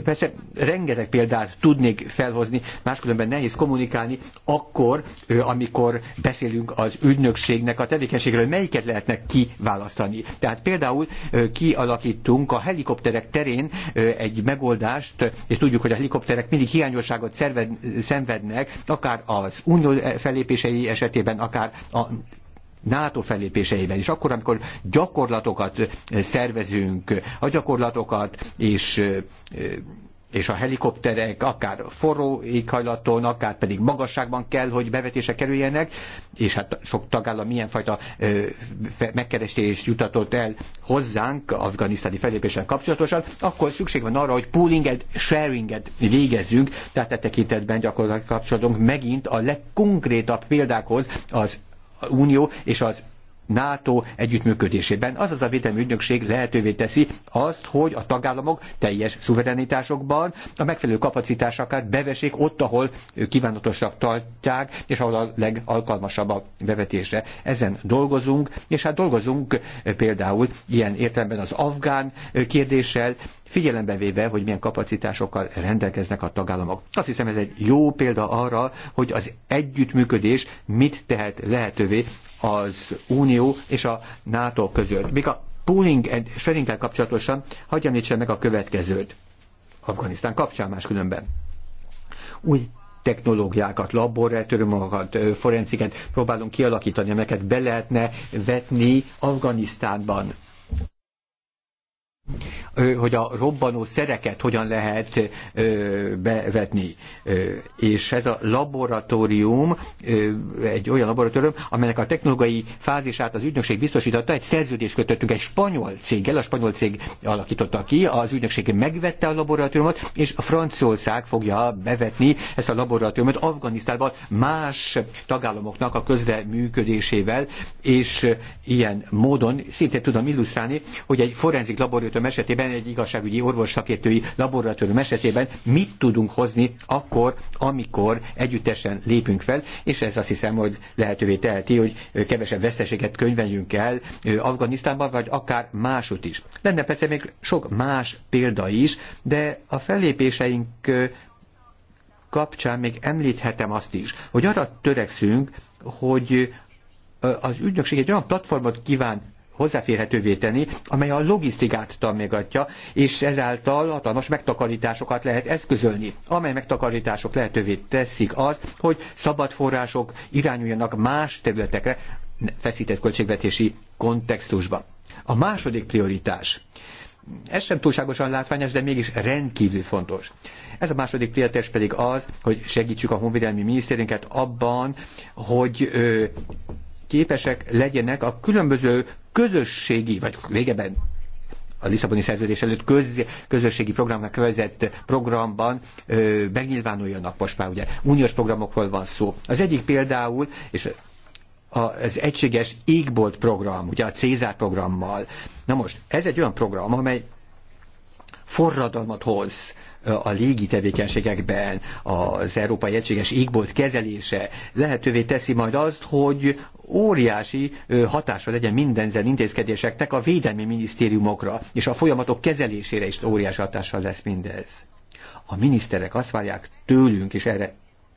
A: Persze rengeteg példát tudnék felhozni, máskülönben nehéz kommunikálni akkor, amikor beszélünk az ügynökségnek a tevékenységről, melyiket lehetne kiválasztani. Tehát például kialakítunk a helikopterek terén egy megoldást, és tudjuk, hogy a helikopterek mindig hiányosságot szenvednek, akár az unió felépései esetében, akár már a NATO fellépéseiben, és akkor, amikor gyakorlatokat szervezünk, a gyakorlatokat és és a helikopterek akár forró éghajlaton, akár pedig magasságban kell, hogy bevetése kerüljenek, és hát sok tagállam milyen fajta megkeresést jutatott el hozzánk afganisztáni felépéssel kapcsolatosan, akkor szükség van arra, hogy poolinget, sharinget végezzünk, tehát e tekintetben gyakorlatilag kapcsolatunk megint a legkonkrétabb példákhoz az Unió és az NATO együttműködésében. Azaz a védelmi ügynökség lehetővé teszi azt, hogy a tagállamok teljes szuverenitásokban a megfelelő kapacitásokat bevesék ott, ahol kívánatosak tartják, és ahol a legalkalmasabb a bevetésre. Ezen dolgozunk, és hát dolgozunk például ilyen értelemben az afgán kérdéssel, figyelembe véve, hogy milyen kapacitásokkal rendelkeznek a tagállamok. Azt hiszem ez egy jó példa arra, hogy az együttműködés mit tehet lehetővé az Unió és a NATO között. Még a pooling and sharing kapcsolatosan hagyjam említsem meg a következőt. Afganisztán kapcsán máskülönben. Új technológiákat, laboratóriumokat, forenciket próbálunk kialakítani, amelyeket be lehetne vetni Afganisztánban hogy a robbanó szereket hogyan lehet bevetni. És ez a laboratórium, egy olyan laboratórium, amelynek a technológiai fázisát az ügynökség biztosította, egy szerződést kötöttünk egy spanyol céggel, a spanyol cég alakította ki, az ügynökség megvette a laboratóriumot, és a Franciaország fogja bevetni ezt a laboratóriumot Afganisztánban más tagállamoknak a közreműködésével, és ilyen módon szintén tudom illusztrálni, hogy egy forenzik laboratórium laboratórium esetében, egy igazságügyi orvos szakértői laboratórium esetében mit tudunk hozni akkor, amikor együttesen lépünk fel, és ez azt hiszem, hogy lehetővé teheti, hogy kevesebb veszteséget könyveljünk el Afganisztánban, vagy akár másút is. Lenne persze még sok más példa is, de a fellépéseink kapcsán még említhetem azt is, hogy arra törekszünk, hogy az ügynökség egy olyan platformot kíván hozzáférhetővé tenni, amely a logisztikát támogatja, és ezáltal hatalmas megtakarításokat lehet eszközölni, amely megtakarítások lehetővé teszik az, hogy szabad források irányuljanak más területekre feszített költségvetési kontextusban. A második prioritás. Ez sem túlságosan látványos, de mégis rendkívül fontos. Ez a második prioritás pedig az, hogy segítsük a honvédelmi minisztérünket abban, hogy ö, képesek legyenek a különböző közösségi, vagy régebben a Lisszaboni szerződés előtt köz, közösségi programnak vezett programban ö, megnyilvánuljanak most már, ugye uniós programokról van szó. Az egyik például, és az egységes égbolt program, ugye a Cézár programmal. Na most, ez egy olyan program, amely forradalmat hoz a légi tevékenységekben, az Európai Egységes Égbolt kezelése lehetővé teszi majd azt, hogy óriási hatása legyen mindenzen intézkedéseknek a védelmi minisztériumokra, és a folyamatok kezelésére is óriási hatással lesz mindez. A miniszterek azt várják tőlünk, és erre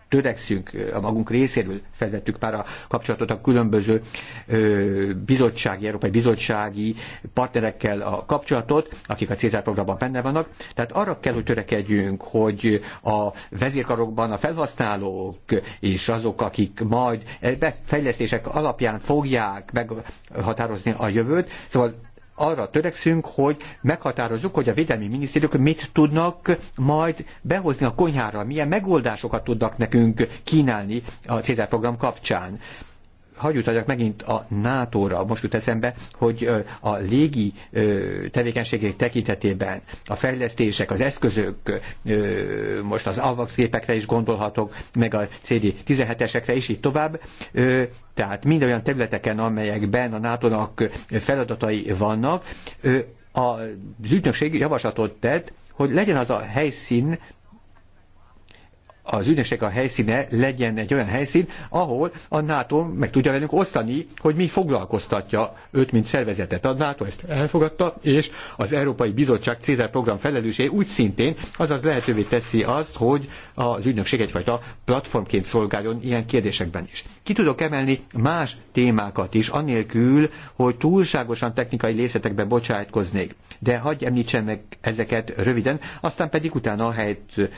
A: törekszünk a magunk részéről, felvettük már a kapcsolatot a különböző ö, bizottsági, európai bizottsági partnerekkel a kapcsolatot, akik a Cézár programban benne vannak. Tehát arra kell, hogy törekedjünk, hogy a vezérkarokban a felhasználók és azok, akik majd e, fejlesztések alapján fogják meghatározni a jövőt, szóval arra törekszünk, hogy meghatározzuk, hogy a védelmi minisztériumok mit tudnak majd behozni a konyhára, milyen megoldásokat tudnak nekünk kínálni a Cézár program kapcsán hagy utaljak megint a NATO-ra, most jut eszembe, hogy a légi tevékenységek tekintetében a fejlesztések, az eszközök, most az AVAX gépekre is gondolhatok, meg a CD-17-esekre is így tovább, tehát mind olyan területeken, amelyekben a NATO-nak feladatai vannak, az ügynökség javaslatot tett, hogy legyen az a helyszín, az ügynökség a helyszíne legyen egy olyan helyszín, ahol a NATO meg tudja velünk osztani, hogy mi foglalkoztatja őt, mint szervezetet. A NATO ezt elfogadta, és az Európai Bizottság Cézár program felelősé úgy szintén, azaz lehetővé teszi azt, hogy az ügynökség egyfajta platformként szolgáljon ilyen kérdésekben is. Ki tudok emelni más témákat is, anélkül, hogy túlságosan technikai részletekbe bocsájtkoznék. De hagyj említsen meg ezeket röviden, aztán pedig utána a helyt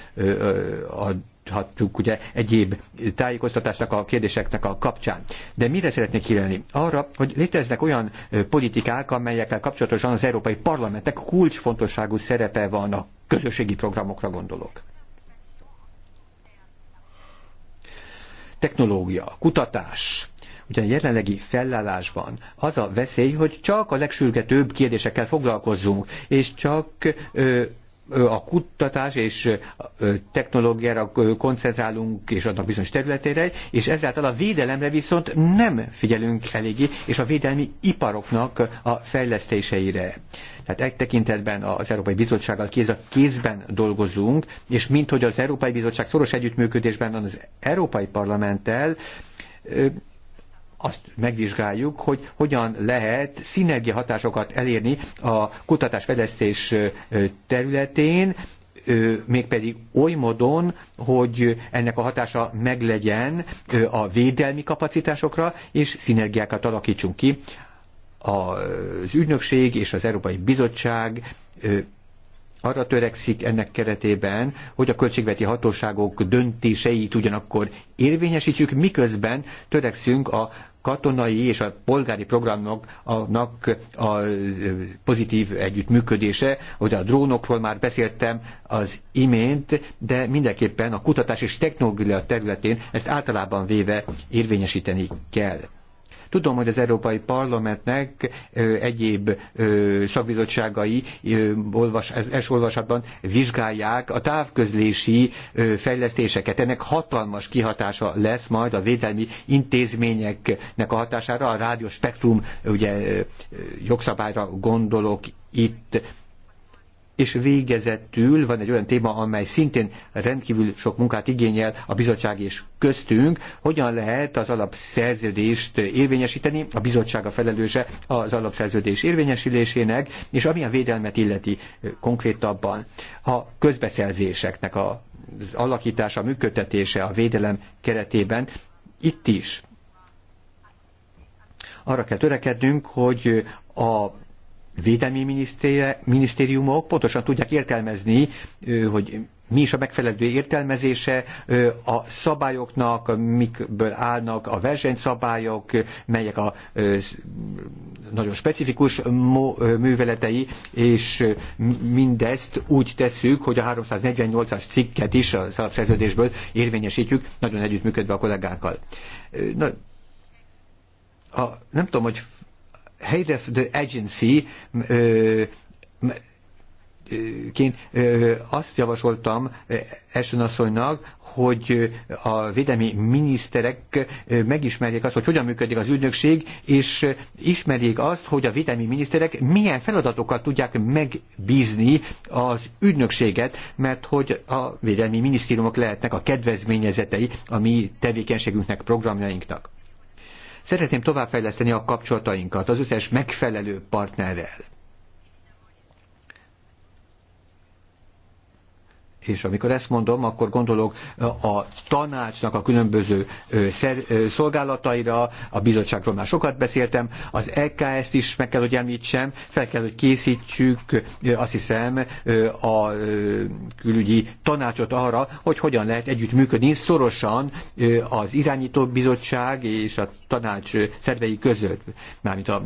A: a hallhattuk ugye egyéb tájékoztatásnak a kérdéseknek a kapcsán. De mire szeretnék hírelni? Arra, hogy léteznek olyan politikák, amelyekkel kapcsolatosan az Európai Parlamentnek kulcsfontosságú szerepe van a közösségi programokra gondolok. Technológia, kutatás, Ugye a jelenlegi fellállásban az a veszély, hogy csak a legsürgetőbb kérdésekkel foglalkozzunk, és csak ö, a kutatás és technológiára koncentrálunk, és annak bizonyos területére, és ezáltal a védelemre viszont nem figyelünk eléggé, és a védelmi iparoknak a fejlesztéseire. Tehát egy tekintetben az Európai Bizottsággal kéz a kézben dolgozunk, és mint hogy az Európai Bizottság szoros együttműködésben van az Európai Parlamenttel, azt megvizsgáljuk, hogy hogyan lehet szinergia hatásokat elérni a kutatásfejlesztés területén, mégpedig oly módon, hogy ennek a hatása meglegyen a védelmi kapacitásokra, és szinergiákat alakítsunk ki. Az ügynökség és az Európai Bizottság arra törekszik ennek keretében, hogy a költségveti hatóságok döntéseit ugyanakkor érvényesítsük, miközben törekszünk a katonai és a polgári programoknak a pozitív együttműködése, hogy a drónokról már beszéltem az imént, de mindenképpen a kutatás és technológia területén ezt általában véve érvényesíteni kell. Tudom, hogy az Európai Parlamentnek egyéb szakbizottságai olvas, es olvasatban vizsgálják a távközlési fejlesztéseket. Ennek hatalmas kihatása lesz majd a védelmi intézményeknek a hatására, a spektrum, ugye jogszabályra gondolok itt és végezetül van egy olyan téma, amely szintén rendkívül sok munkát igényel a bizottság és köztünk, hogyan lehet az alapszerződést érvényesíteni, a bizottság a felelőse az alapszerződés érvényesülésének, és ami a védelmet illeti konkrétabban a közbeszerzéseknek a az alakítása, a működtetése a védelem keretében, itt is arra kell törekednünk, hogy a védelmi minisztériumok pontosan tudják értelmezni, hogy mi is a megfelelő értelmezése a szabályoknak, mikből állnak a versenyszabályok, melyek a nagyon specifikus műveletei, és mindezt úgy tesszük, hogy a 348-as cikket is a szerződésből érvényesítjük, nagyon együttműködve a kollégákkal. Na, a, nem tudom, hogy head of the agency ként azt javasoltam Ashton asszonynak, hogy a védelmi miniszterek megismerjék azt, hogy hogyan működik az ügynökség, és ismerjék azt, hogy a védelmi miniszterek milyen feladatokat tudják megbízni az ügynökséget, mert hogy a védelmi minisztériumok lehetnek a kedvezményezetei a mi tevékenységünknek, programjainknak. Szeretném továbbfejleszteni a kapcsolatainkat az összes megfelelő partnerrel. és amikor ezt mondom, akkor gondolok a tanácsnak a különböző szolgálataira, a bizottságról már sokat beszéltem, az EKS-t is meg kell, hogy említsem, fel kell, hogy készítsük, azt hiszem, a külügyi tanácsot arra, hogy hogyan lehet együttműködni szorosan az irányító bizottság és a tanács szervei között, mármint a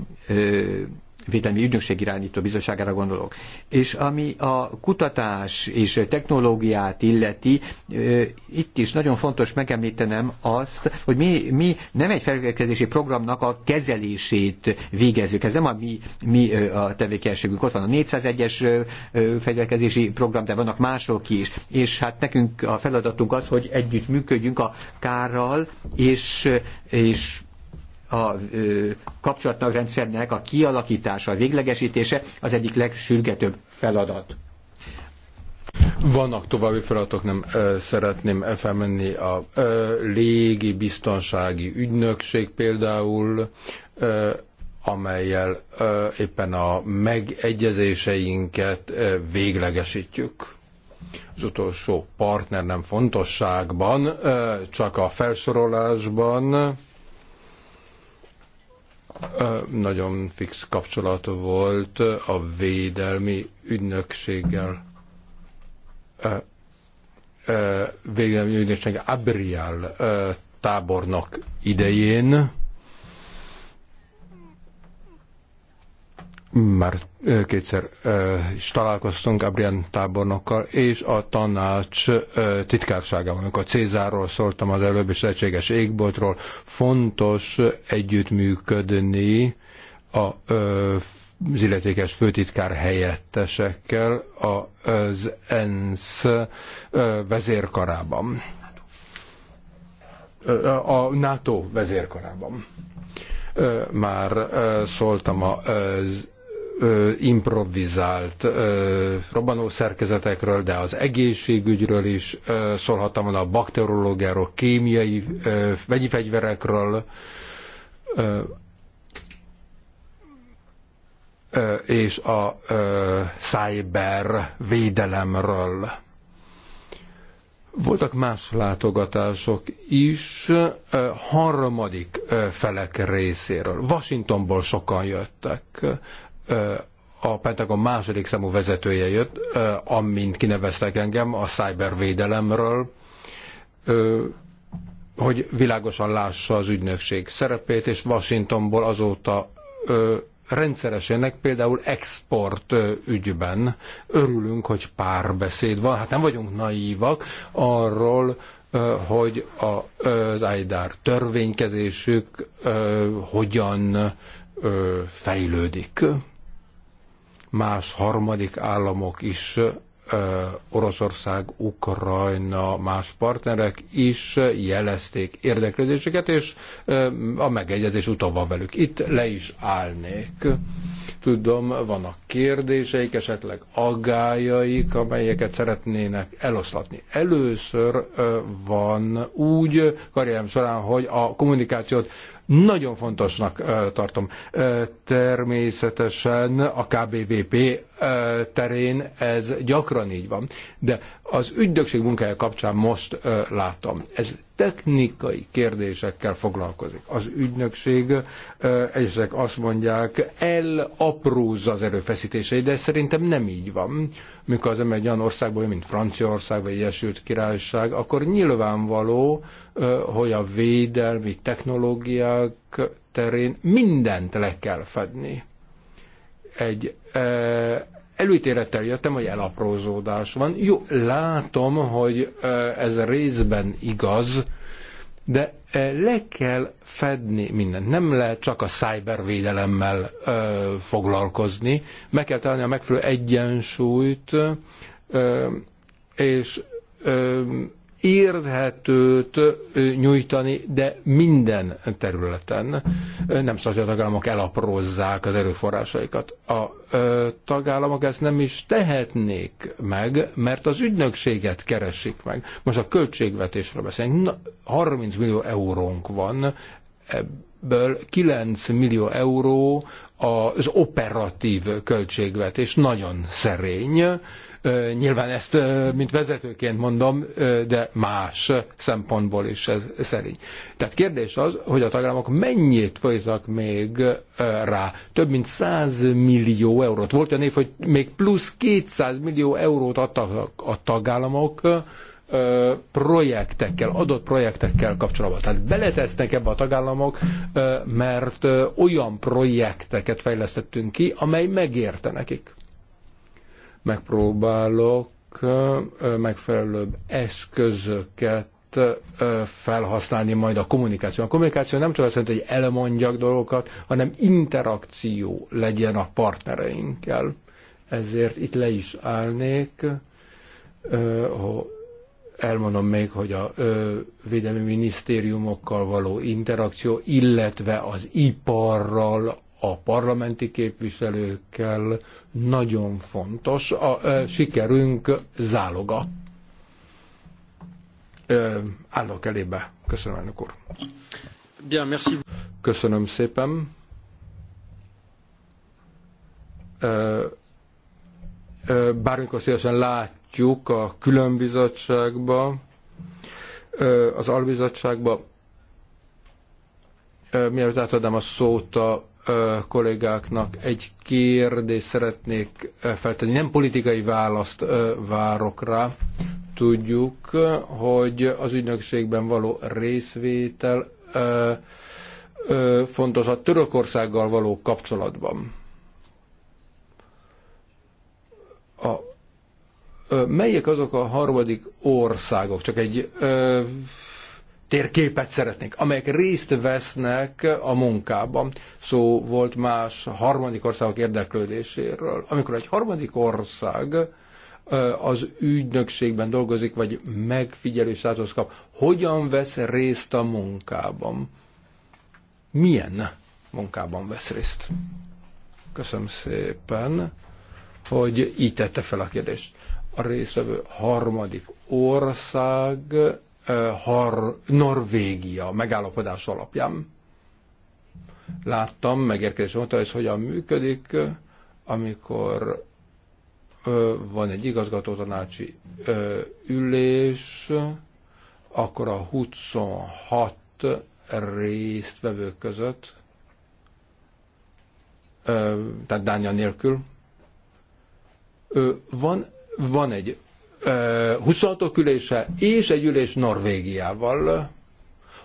A: Védelmi Ügynökség irányító bizottságára gondolok. És ami a kutatás és technológiát illeti, itt is nagyon fontos megemlítenem azt, hogy mi, mi nem egy felvételkezési programnak a kezelését végezzük. Ez nem a mi, mi a tevékenységünk. Ott van a 401-es fegyverkezési program, de vannak mások is. És hát nekünk a feladatunk az, hogy együtt működjünk a kárral, és, és a rendszernek a kialakítása, a véglegesítése az egyik legsürgetőbb feladat.
B: Vannak további feladatok, nem ö, szeretném felmenni a ö, légi biztonsági ügynökség például, ö, amelyel ö, éppen a megegyezéseinket ö, véglegesítjük. Az utolsó partner nem fontosságban, ö, csak a felsorolásban nagyon fix kapcsolat volt a védelmi ügynökséggel, védelmi ügynökség Abrial tábornok idején, már kétszer is találkoztunk Gabriel tábornokkal, és a tanács titkárságával, amikor Cézárról szóltam az előbb, és lehetséges égboltról, fontos együttműködni a az illetékes főtitkár helyettesekkel az ENSZ vezérkarában. A NATO vezérkarában. Már szóltam az ö, improvizált ö, robbanószerkezetekről, de az egészségügyről is ö, szólhattam volna, a bakteriológiáról, kémiai ö, vegyi fegyverekről, ö, és a ö, cyber védelemről. Voltak más látogatások is harmadik felek részéről. Washingtonból sokan jöttek a Pentagon második számú vezetője jött, amint kineveztek engem a cybervédelemről, hogy világosan lássa az ügynökség szerepét, és Washingtonból azóta rendszeresének, például export ügyben örülünk, hogy párbeszéd van. Hát nem vagyunk naívak arról, hogy az AIDAR törvénykezésük hogyan fejlődik más harmadik államok is, Oroszország, Ukrajna, más partnerek is jelezték érdeklődéseket és a megegyezés utóban velük. Itt le is állnék tudom, vannak kérdéseik, esetleg aggájaik, amelyeket szeretnének eloszlatni. Először van úgy karrierem során, hogy a kommunikációt nagyon fontosnak tartom. Természetesen a KBVP terén ez gyakran így van, de az ügydökség munkája kapcsán most látom. Ez technikai kérdésekkel foglalkozik. Az ügynökség egyesek azt mondják, elaprózza az erőfeszítései, de szerintem nem így van. Mikor az ember egy olyan országban, mint Franciaország vagy Egyesült Királyság, akkor nyilvánvaló, hogy a védelmi technológiák terén mindent le kell fedni. Egy előítélettel jöttem, hogy elaprózódás van. Jó, látom, hogy ez részben igaz, de le kell fedni mindent. Nem lehet csak a szájbervédelemmel foglalkozni, meg kell találni a megfelelő egyensúlyt, és érthetőt nyújtani, de minden területen. Nem szabad, hogy a tagállamok elaprózzák az erőforrásaikat. A tagállamok ezt nem is tehetnék meg, mert az ügynökséget keresik meg. Most a költségvetésről beszélünk. 30 millió eurónk van, ebből 9 millió euró az operatív költségvetés, nagyon szerény Nyilván ezt, mint vezetőként mondom, de más szempontból is ez szerint. Tehát kérdés az, hogy a tagállamok mennyit folytak még rá. Több mint 100 millió eurót. Volt a név, hogy még plusz 200 millió eurót adtak a tagállamok projektekkel, adott projektekkel kapcsolatban. Tehát beletesznek ebbe a tagállamok, mert olyan projekteket fejlesztettünk ki, amely megérte nekik. Megpróbálok megfelelőbb eszközöket felhasználni majd a kommunikáció. A kommunikáció nem csak azt jelenti, hogy elmondjak dolgokat, hanem interakció legyen a partnereinkkel. Ezért itt le is állnék. Elmondom még, hogy a védelmi minisztériumokkal való interakció, illetve az iparral, a parlamenti képviselőkkel nagyon fontos. A sikerünk záloga. Állok elébe. Köszönöm, elnök úr. Bien, merci. Köszönöm szépen. Bármikor szívesen látjuk a különbizottságba, az albizottságba, mielőtt átadnám a szót a kollégáknak egy kérdést szeretnék feltenni. Nem politikai választ várok rá. Tudjuk, hogy az ügynökségben való részvétel fontos a Törökországgal való kapcsolatban. A, melyek azok a harmadik országok? Csak egy térképet szeretnénk, amelyek részt vesznek a munkában. Szó volt más harmadik országok érdeklődéséről. Amikor egy harmadik ország az ügynökségben dolgozik, vagy megfigyelő státusz kap, hogyan vesz részt a munkában? Milyen munkában vesz részt? Köszönöm szépen, hogy így tette fel a kérdést. A résztvevő harmadik ország Har Norvégia megállapodás alapján. Láttam megérkezés óta, ez hogyan működik, amikor van egy igazgatótanácsi ülés, akkor a 26 résztvevő között, tehát Dánia nélkül, van, van egy 26 ülése és egy ülés Norvégiával,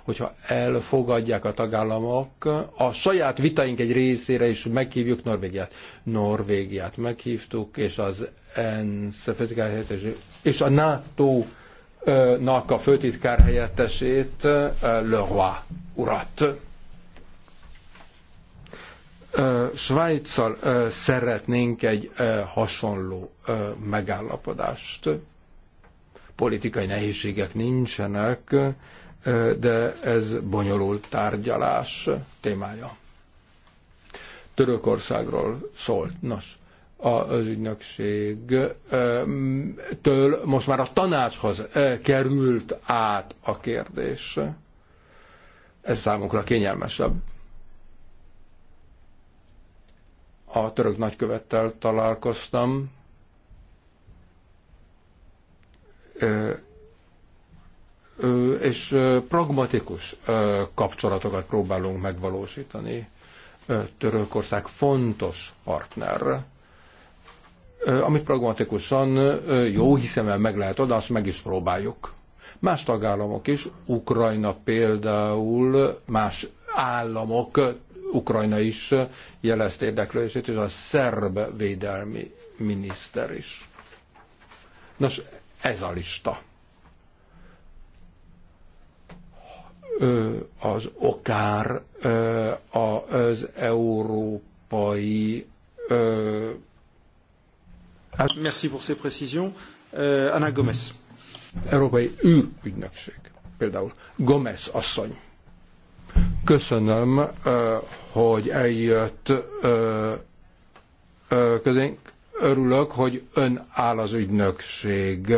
B: hogyha elfogadják a tagállamok, a saját vitáink egy részére is meghívjuk Norvégiát. Norvégiát meghívtuk, és az ENSZ főtitkár és a NATO-nak a főtitkár helyettesét, Leroy urat Svájccal szeretnénk egy hasonló megállapodást. Politikai nehézségek nincsenek, de ez bonyolult tárgyalás témája. Törökországról szólt. Nos, az ügynökségtől most már a tanácshoz került át a kérdés. Ez számunkra kényelmesebb. a török nagykövettel találkoztam, és pragmatikus kapcsolatokat próbálunk megvalósítani. Törökország fontos partner, amit pragmatikusan jó hiszemmel meg lehet oda, azt meg is próbáljuk. Más tagállamok is, Ukrajna például, más államok Ukrajna is jelezte érdeklődését, és a szerb védelmi miniszter is. Nos, ez a lista. az okár az európai hát- Merci pour ces précisions. Ana Gomez. Európai űrügynökség. Például Gomez asszony. Köszönöm, hogy eljött közénk. Örülök, hogy ön áll az ügynökség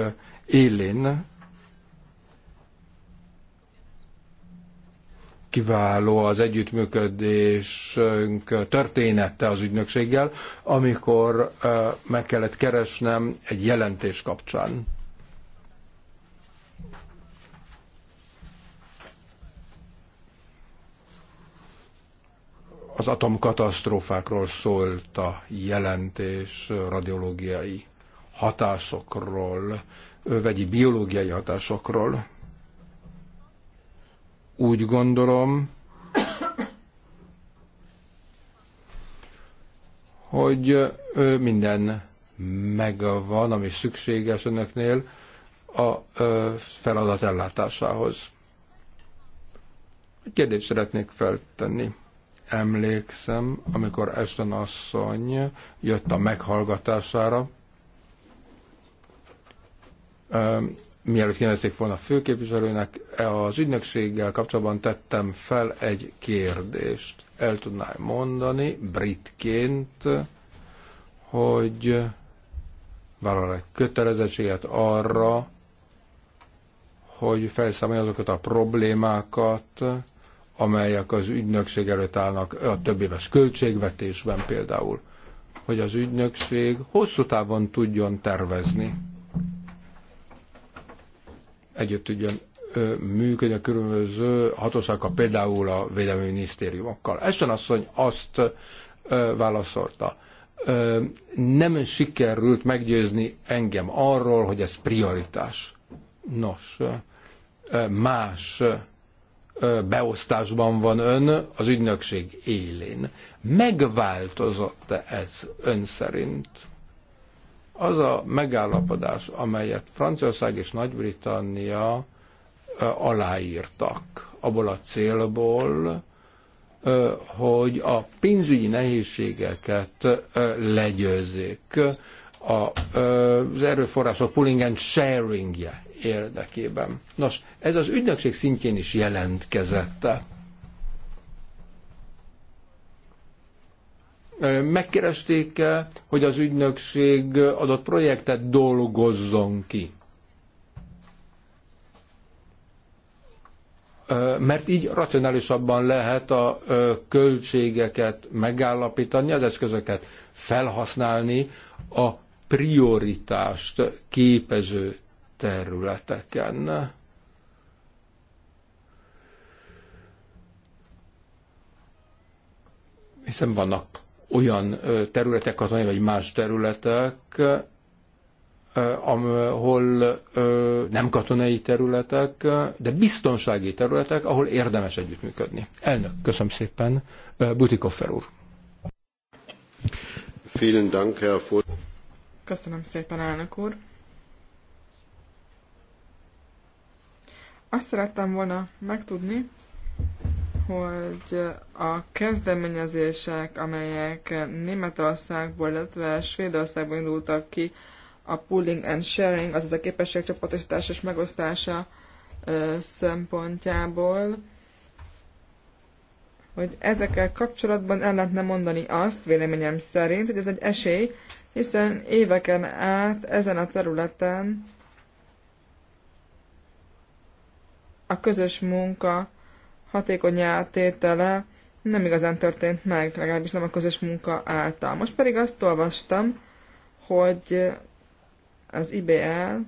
B: élén. kiváló az együttműködésünk története az ügynökséggel, amikor meg kellett keresnem egy jelentés kapcsán. Az atomkatasztrófákról szólt a jelentés radiológiai hatásokról, vegyi biológiai hatásokról. Úgy gondolom, hogy minden megvan, ami szükséges önöknél a feladat ellátásához. Kérdést szeretnék feltenni. Emlékszem, amikor Esten asszony jött a meghallgatására, mielőtt kinevezték volna a főképviselőnek, e az ügynökséggel kapcsolatban tettem fel egy kérdést. El tudnál mondani britként, hogy vállal egy kötelezettséget arra, hogy felszámolja azokat a problémákat, amelyek az ügynökség előtt állnak a több éves költségvetésben például, hogy az ügynökség hosszú távon tudjon tervezni, együtt tudjon működni a különböző hatóságokkal, például a védelmi minisztériumokkal. Esten asszony azt válaszolta, nem sikerült meggyőzni engem arról, hogy ez prioritás. Nos, más beosztásban van ön az ügynökség élén. Megváltozott-e ez ön szerint? Az a megállapodás, amelyet Franciaország és Nagy-Britannia aláírtak, abból a célból, hogy a pénzügyi nehézségeket legyőzzék. Az erőforrások pooling and sharing-je érdekében. Nos, ez az ügynökség szintjén is jelentkezett. Megkeresték, hogy az ügynökség adott projektet dolgozzon ki. mert így racionálisabban lehet a költségeket megállapítani, az eszközöket felhasználni, a prioritást képező területeken. Hiszen vannak olyan területek, katonai vagy más területek, ahol nem katonai területek, de biztonsági területek, ahol érdemes együttműködni. Elnök, köszönöm szépen, Butikoffer úr.
C: Köszönöm szépen, elnök úr. Azt szerettem volna megtudni, hogy a kezdeményezések, amelyek Németországból, illetve Svédországból indultak ki, a pooling and sharing, azaz a képességcsoportosítás és megosztása szempontjából, hogy ezekkel kapcsolatban el lehetne mondani azt, véleményem szerint, hogy ez egy esély, hiszen éveken át ezen a területen a közös munka hatékony tétele nem igazán történt meg, legalábbis nem a közös munka által. Most pedig azt olvastam, hogy az IBL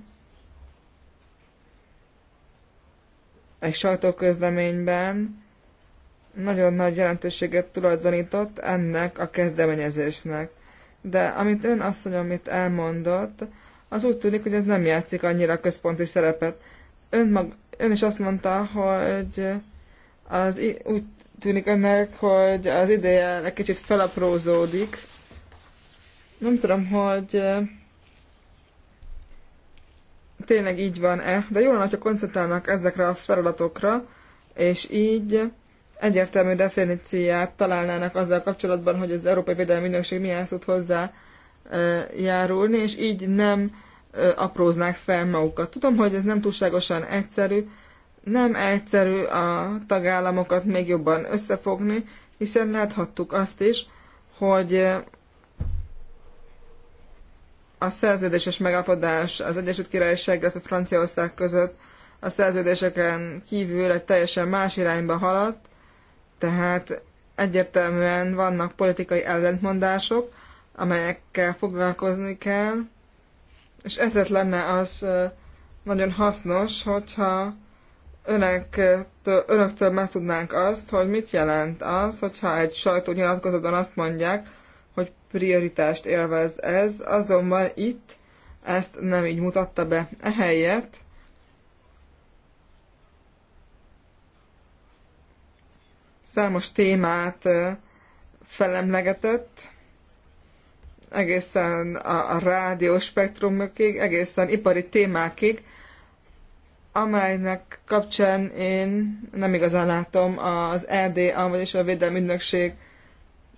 C: egy sajtóközleményben nagyon nagy jelentőséget tulajdonított ennek a kezdeményezésnek. De amit ön asszony, amit elmondott, az úgy tűnik, hogy ez nem játszik annyira központi szerepet. Ön, mag, ön is azt mondta, hogy az, úgy tűnik önnek, hogy az ideje egy kicsit felaprózódik. Nem tudom, hogy tényleg így van-e, de jól lenne, ha koncentrálnak ezekre a feladatokra, és így egyértelmű definíciát találnának azzal kapcsolatban, hogy az Európai Védelmi Ügynökség milyen tud hozzá járulni, és így nem apróznák fel magukat. Tudom, hogy ez nem túlságosan egyszerű, nem egyszerű a tagállamokat még jobban összefogni, hiszen láthattuk azt is, hogy a szerződéses megállapodás az Egyesült Királyság, illetve Franciaország között a szerződéseken kívül egy teljesen más irányba haladt, tehát egyértelműen vannak politikai ellentmondások, amelyekkel foglalkozni kell, és ezért lenne az nagyon hasznos, hogyha önöktől, önöktől megtudnánk azt, hogy mit jelent az, hogyha egy sajtónyilatkozatban azt mondják, hogy prioritást élvez ez, azonban itt ezt nem így mutatta be. Ehelyett számos témát felemlegetett, egészen a, a rádió spektrumokig, egészen ipari témákig, amelynek kapcsán én nem igazán látom az EDA, vagyis a Védelmi Ügynökség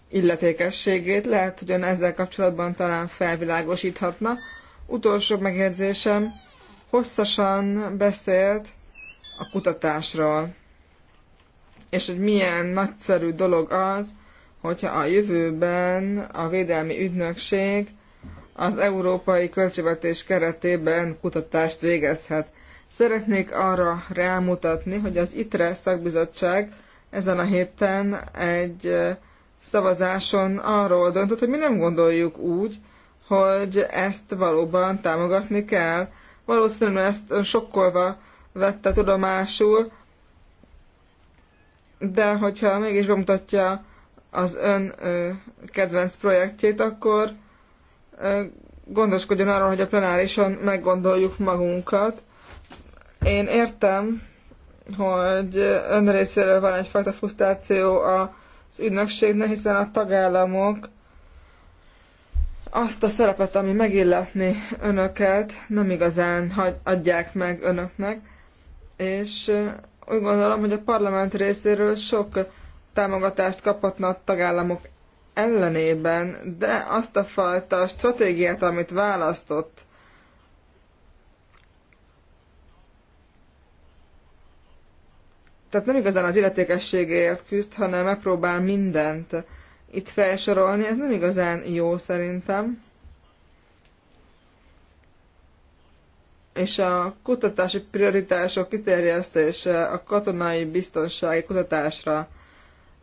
C: illetékességét. Lehet, hogy ön ezzel kapcsolatban talán felvilágosíthatna. Utolsó megjegyzésem, hosszasan beszélt a kutatásról, és hogy milyen nagyszerű dolog az, hogyha a jövőben a védelmi ügynökség az európai költségvetés keretében kutatást végezhet. Szeretnék arra rámutatni, hogy az ITRE szakbizottság ezen a héten egy szavazáson arról döntött, hogy mi nem gondoljuk úgy, hogy ezt valóban támogatni kell. Valószínűleg ezt sokkolva vette tudomásul, de hogyha mégis bemutatja az ön ö, kedvenc projektjét, akkor ö, gondoskodjon arról, hogy a plenárison meggondoljuk magunkat. Én értem, hogy ön részéről van egyfajta frusztráció az ügynökségnek, hiszen a tagállamok azt a szerepet, ami megilletni önöket, nem igazán adják meg önöknek, és úgy gondolom, hogy a parlament részéről sok támogatást kaphatna a tagállamok ellenében, de azt a fajta stratégiát, amit választott, tehát nem igazán az illetékességéért küzd, hanem megpróbál mindent itt felsorolni, ez nem igazán jó szerintem. És a kutatási prioritások kiterjesztése a katonai biztonsági kutatásra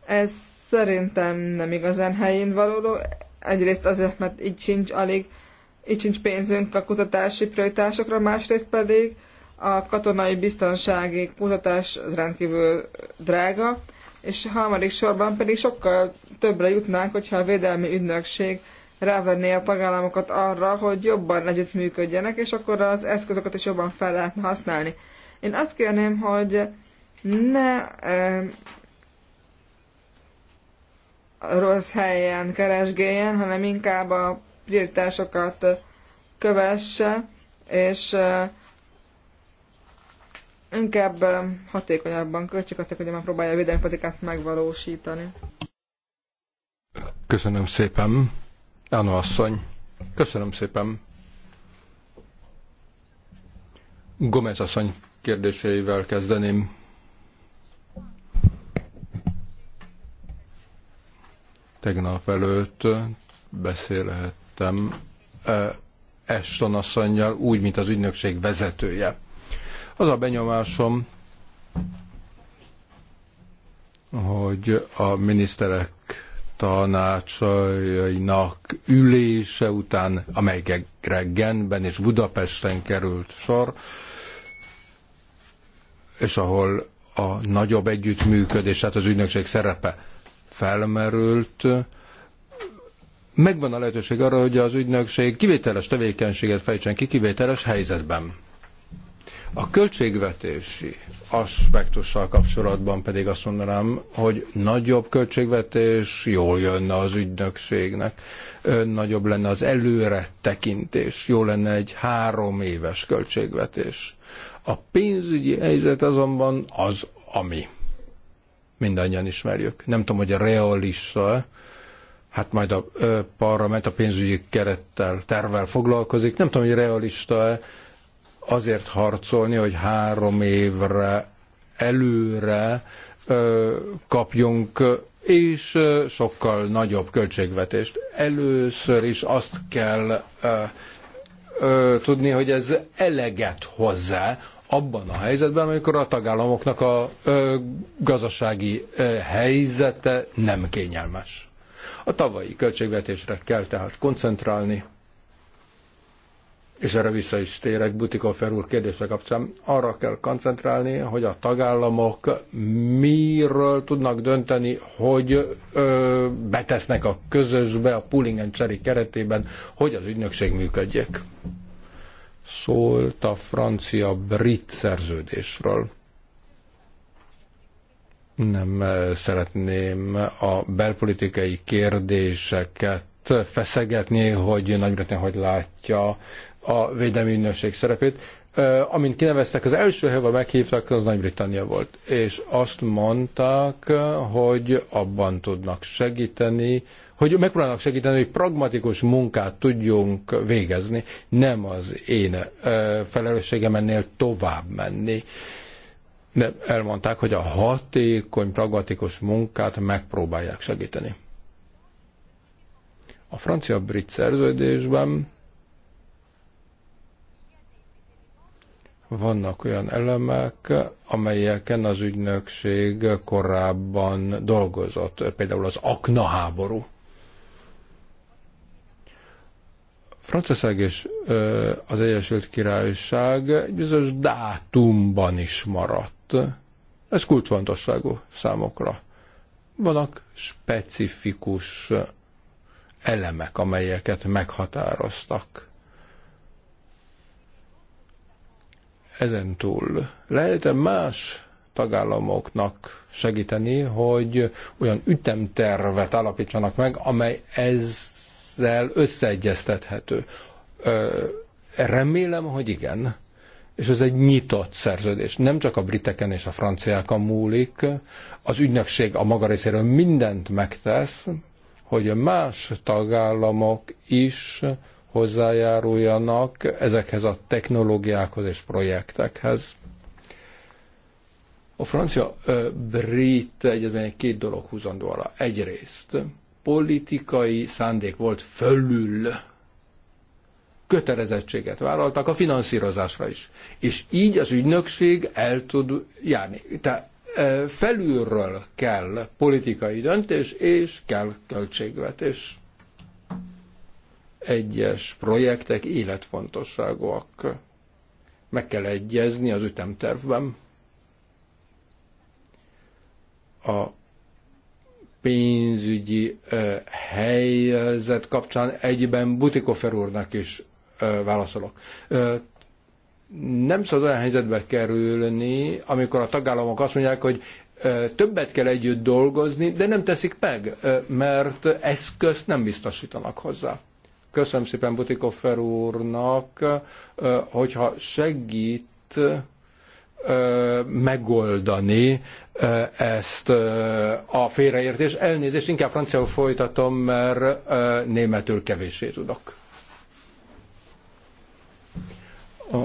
C: ez szerintem nem igazán helyén való. Egyrészt azért, mert így sincs alig, így sincs pénzünk a kutatási prioritásokra, másrészt pedig a katonai biztonsági kutatás rendkívül drága, és harmadik sorban pedig sokkal többre jutnánk, hogyha a védelmi ügynökség rávenné a tagállamokat arra, hogy jobban együttműködjenek, és akkor az eszközöket is jobban fel lehetne használni. Én azt kérném, hogy ne eh, rossz helyen keresgéljen, hanem inkább a prioritásokat kövesse, és eh, inkább eh, hatékonyabban, költséghatékonyabban próbálja a védelmi politikát megvalósítani.
B: Köszönöm szépen, Anna asszony. Köszönöm szépen. Gomez asszony kérdéseivel kezdeném. Tegnap előtt beszélhettem Eston eh, asszonynal, úgy, mint az ügynökség vezetője. Az a benyomásom, hogy a miniszterek tanácsainak ülése után, amelyek Genben és Budapesten került sor, és ahol a nagyobb együttműködés, tehát az ügynökség szerepe felmerült, megvan a lehetőség arra, hogy az ügynökség kivételes tevékenységet fejtsen ki kivételes helyzetben. A költségvetési aspektussal kapcsolatban pedig azt mondanám, hogy nagyobb költségvetés jól jönne az ügynökségnek, nagyobb lenne az előre tekintés, jó lenne egy három éves költségvetés. A pénzügyi helyzet azonban az, ami mindannyian ismerjük. Nem tudom, hogy a realista, hát majd a parlament a pénzügyi kerettel, tervvel foglalkozik, nem tudom, hogy realista azért harcolni, hogy három évre előre kapjunk és sokkal nagyobb költségvetést. Először is azt kell ö, ö, tudni, hogy ez eleget hozzá abban a helyzetben, amikor a tagállamoknak a ö, gazdasági ö, helyzete nem kényelmes. A tavalyi költségvetésre kell tehát koncentrálni, és erre vissza is térek Butikó Ferúr kérdése kapcsán, arra kell koncentrálni, hogy a tagállamok miről tudnak dönteni, hogy ö, betesznek a közösbe, a pooling and cherry keretében, hogy az ügynökség működjék szólt a francia-brit szerződésről. Nem eh, szeretném a belpolitikai kérdéseket feszegetni, hogy Nagy-Britannia hogy látja a védelmi ügynökség szerepét. Eh, amint kineveztek, az első hely, meghívtak, az Nagy-Britannia volt. És azt mondták, hogy abban tudnak segíteni, hogy megpróbálnak segíteni, hogy pragmatikus munkát tudjunk végezni, nem az én felelősségem ennél tovább menni. De elmondták, hogy a hatékony, pragmatikus munkát megpróbálják segíteni. A francia-brit szerződésben vannak olyan elemek, amelyeken az ügynökség korábban dolgozott, például az akna háború. Franciaország és az Egyesült Királyság egy bizonyos dátumban is maradt. Ez kulcsfontosságú számokra. Vannak specifikus elemek, amelyeket meghatároztak. Ezen túl lehet -e más tagállamoknak segíteni, hogy olyan ütemtervet alapítsanak meg, amely ez ezzel összeegyeztethető? Remélem, hogy igen. És ez egy nyitott szerződés. Nem csak a briteken és a franciákon múlik. Az ügynökség a maga részéről mindent megtesz, hogy más tagállamok is hozzájáruljanak ezekhez a technológiákhoz és projektekhez. A francia-brit egyezmény két dolog húzandó alá. Egyrészt politikai szándék volt fölül. Kötelezettséget vállaltak a finanszírozásra is. És így az ügynökség el tud járni. Tehát e, felülről kell politikai döntés, és kell költségvetés. Egyes projektek életfontosságúak. Meg kell egyezni az ütemtervben. A pénzügyi helyzet kapcsán egyben Butikofer úrnak is válaszolok. Nem szabad olyan helyzetbe kerülni, amikor a tagállamok azt mondják, hogy többet kell együtt dolgozni, de nem teszik meg, mert eszközt nem biztosítanak hozzá. Köszönöm szépen Butikofer úrnak, hogyha segít megoldani ezt a félreértést. Elnézést, inkább franciául folytatom, mert németül kevéssé tudok.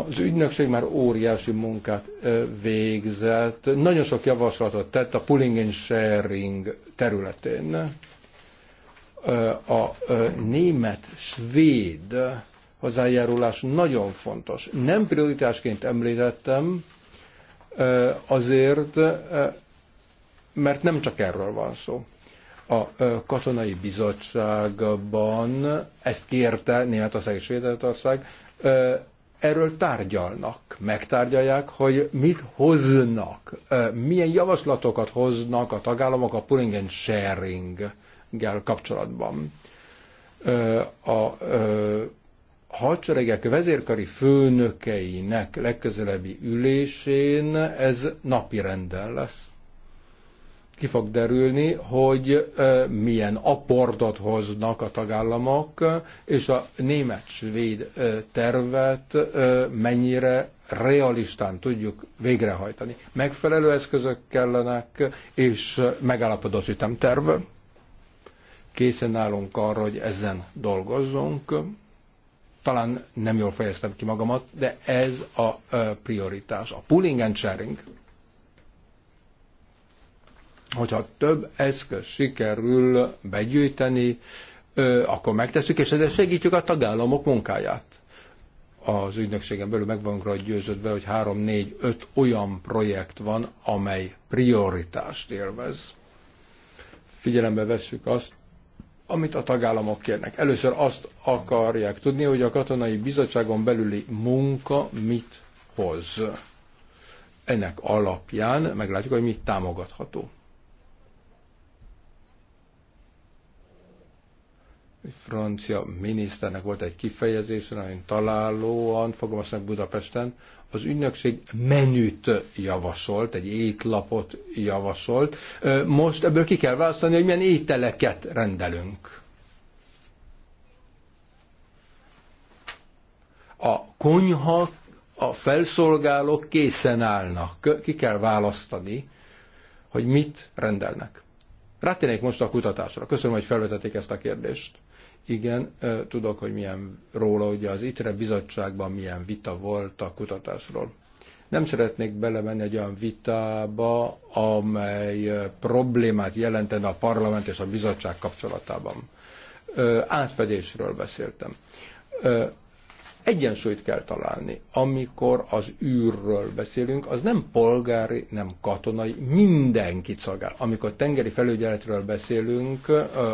B: Az ügynökség már óriási munkát végzett, nagyon sok javaslatot tett a pooling and sharing területén. A német-svéd hozzájárulás nagyon fontos. Nem prioritásként említettem, azért, mert nem csak erről van szó. A katonai bizottságban ezt kérte Németország és Svédország, erről tárgyalnak, megtárgyalják, hogy mit hoznak, milyen javaslatokat hoznak a tagállamok a pooling and sharing kapcsolatban. A hadseregek vezérkari főnökeinek legközelebbi ülésén ez napi renden lesz. Ki fog derülni, hogy milyen aportot hoznak a tagállamok, és a német-svéd tervet mennyire realistán tudjuk végrehajtani. Megfelelő eszközök kellenek, és megállapodott ütemterv. Készen állunk arra, hogy ezen dolgozzunk talán nem jól fejeztem ki magamat, de ez a prioritás. A pooling and sharing, hogyha több eszköz sikerül begyűjteni, akkor megtesszük, és ezzel segítjük a tagállamok munkáját. Az ügynökségen belül meg vagyunk rá győződve, hogy 3-4-5 olyan projekt van, amely prioritást élvez. Figyelembe vesszük azt, amit a tagállamok kérnek. Először azt akarják tudni, hogy a katonai bizottságon belüli munka mit hoz. Ennek alapján meglátjuk, hogy mit támogatható. francia miniszternek volt egy kifejezése, nagyon találóan fogalmaznak Budapesten, az ügynökség menüt javasolt, egy étlapot javasolt. Most ebből ki kell választani, hogy milyen ételeket rendelünk. A konyha, a felszolgálók készen állnak. Ki kell választani, hogy mit rendelnek. Rátérnék most a kutatásra. Köszönöm, hogy felvetették ezt a kérdést. Igen, tudok, hogy milyen róla, hogy az ITRE bizottságban milyen vita volt a kutatásról. Nem szeretnék belemenni egy olyan vitába, amely problémát jelentene a parlament és a bizottság kapcsolatában. Átfedésről beszéltem Egyensúlyt kell találni. Amikor az űrről beszélünk, az nem polgári, nem katonai, mindenkit szolgál. Amikor tengeri felügyeletről beszélünk,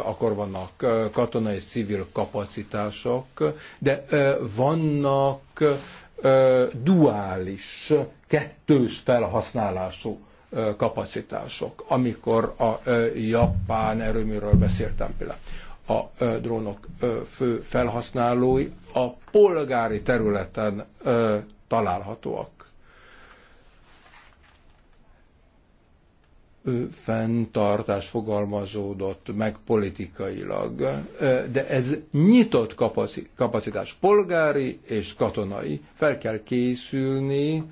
B: akkor vannak katonai, civil kapacitások, de vannak duális, kettős felhasználású kapacitások, amikor a japán erőműről beszéltem például a drónok fő felhasználói a polgári területen találhatóak. fenntartás fogalmazódott meg politikailag, de ez nyitott kapacitás, polgári és katonai. Fel kell készülni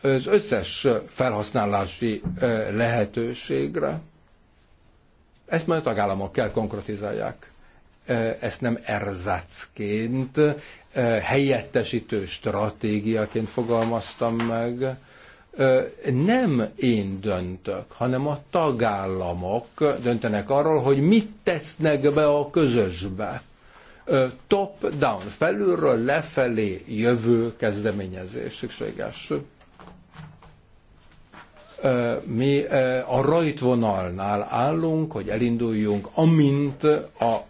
B: az összes felhasználási lehetőségre ezt majd a tagállamok kell konkretizálják. Ezt nem erzacként, helyettesítő stratégiaként fogalmaztam meg. Nem én döntök, hanem a tagállamok döntenek arról, hogy mit tesznek be a közösbe top-down, felülről lefelé jövő kezdeményezés szükséges mi a rajtvonalnál állunk, hogy elinduljunk, amint a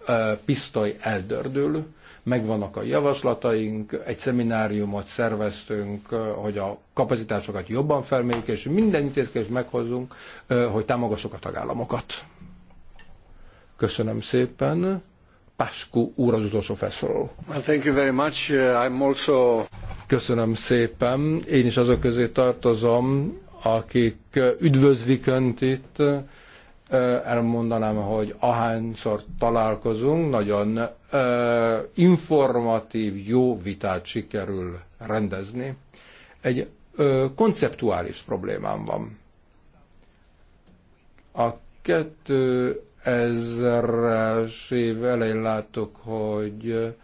B: pisztoly eldördül. Megvannak a javaslataink, egy szemináriumot szerveztünk, hogy a kapacitásokat jobban felmérjük, és minden intézkedést meghozunk, hogy támogassuk a tagállamokat. Köszönöm szépen. Pascu úr az utolsó felszólaló. Well, thank you very much. Uh, I'm also... Köszönöm szépen. Én is azok közé tartozom, akik üdvözlik Önt itt. Elmondanám, hogy ahányszor találkozunk, nagyon informatív, jó vitát sikerül rendezni. Egy konceptuális problémám van. A 2000-es év elején láttuk, hogy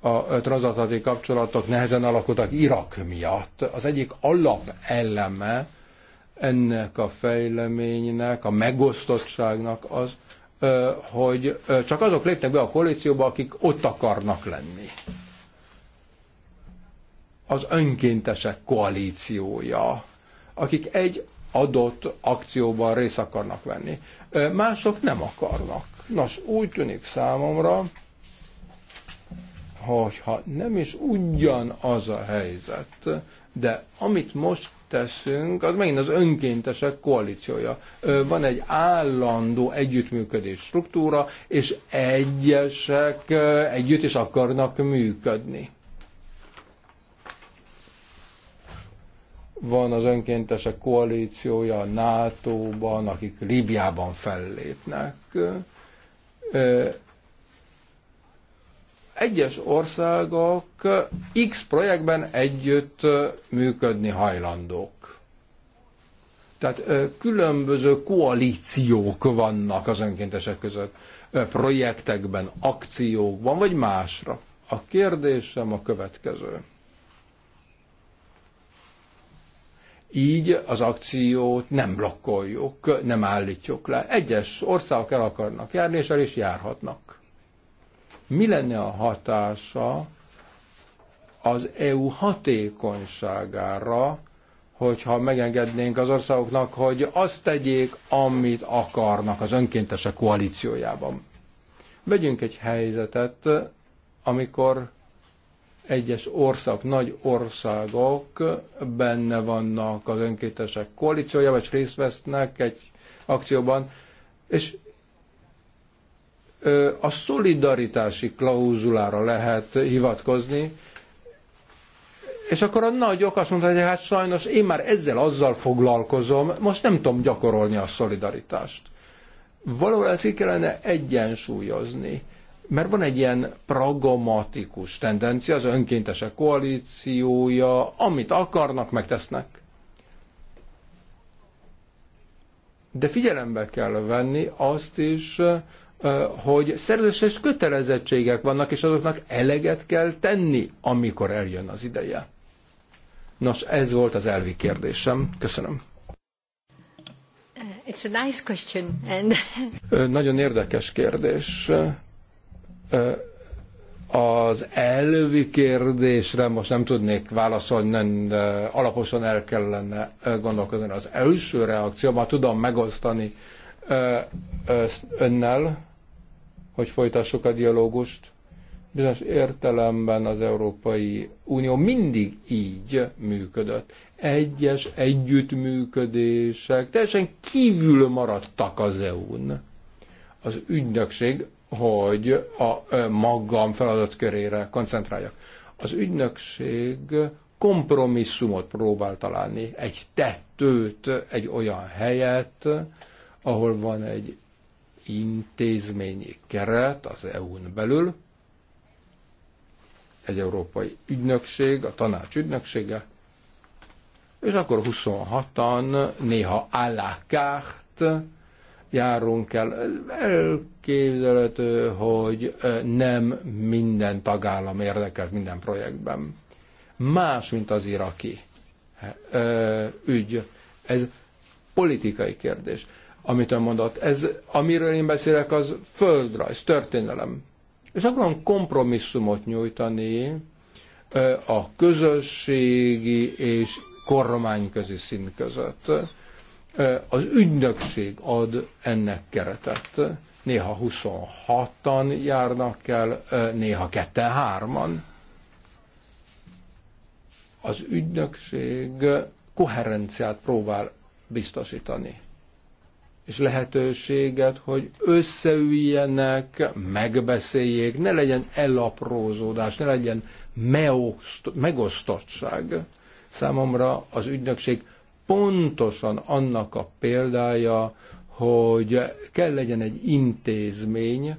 B: a transatlanti kapcsolatok nehezen alakultak Irak miatt. Az egyik alapelleme ennek a fejleménynek, a megosztottságnak az, hogy csak azok lépnek be a koalícióba, akik ott akarnak lenni. Az önkéntesek koalíciója, akik egy adott akcióban részt akarnak venni. Mások nem akarnak. Nos, úgy tűnik számomra, hogyha nem is ugyanaz a helyzet, de amit most teszünk, az megint az önkéntesek koalíciója. Van egy állandó együttműködés struktúra, és egyesek együtt is akarnak működni. Van az önkéntesek koalíciója a NATO-ban, akik Líbiában fellépnek egyes országok X projektben együtt működni hajlandók. Tehát különböző koalíciók vannak az önkéntesek között, projektekben, akciókban, vagy másra. A kérdésem a következő. Így az akciót nem blokkoljuk, nem állítjuk le. Egyes országok el akarnak járni, és el is járhatnak mi lenne a hatása az EU hatékonyságára, hogyha megengednénk az országoknak, hogy azt tegyék, amit akarnak az önkéntesek koalíciójában. Vegyünk egy helyzetet, amikor egyes ország, nagy országok benne vannak az önkéntesek koalíciójában, és részt vesznek egy akcióban, és a szolidaritási klauzulára lehet hivatkozni, és akkor a nagyok azt mondta, hogy hát sajnos én már ezzel, azzal foglalkozom, most nem tudom gyakorolni a szolidaritást. Valahol ezt ki kellene egyensúlyozni, mert van egy ilyen pragmatikus tendencia, az önkéntesek koalíciója, amit akarnak, megtesznek. De figyelembe kell venni azt is, hogy szerződéses kötelezettségek vannak, és azoknak eleget kell tenni, amikor eljön az ideje. Nos, ez volt az elvi kérdésem. Köszönöm.
D: Uh, it's a nice question. And...
B: Nagyon érdekes kérdés. Az elvi kérdésre most nem tudnék válaszolni, nem, alaposan el kellene gondolkodni. Az első reakciómat tudom megosztani önnel, hogy folytassuk a dialógust. Bizonyos értelemben az Európai Unió mindig így működött. Egyes együttműködések teljesen kívül maradtak az EU-n. Az ügynökség, hogy a magam feladatkörére koncentráljak. Az ügynökség kompromisszumot próbál találni, egy tettőt, egy olyan helyet, ahol van egy intézményi keret az EU-n belül, egy európai ügynökség, a tanács ügynöksége, és akkor 26-an néha à la carte járunk el. Elképzelhető, hogy nem minden tagállam érdekelt minden projektben. Más, mint az iraki ügy. Ez politikai kérdés amit ön mondott. Ez, amiről én beszélek, az földrajz, történelem. És akarom kompromisszumot nyújtani a közösségi és kormányközi szint között. Az ügynökség ad ennek keretet. Néha 26-an járnak el, néha 2-3-an. Az ügynökség koherenciát próbál biztosítani és lehetőséget, hogy összeüljenek, megbeszéljék, ne legyen elaprózódás, ne legyen meoszt, megosztottság. Számomra az ügynökség pontosan annak a példája, hogy kell legyen egy intézmény,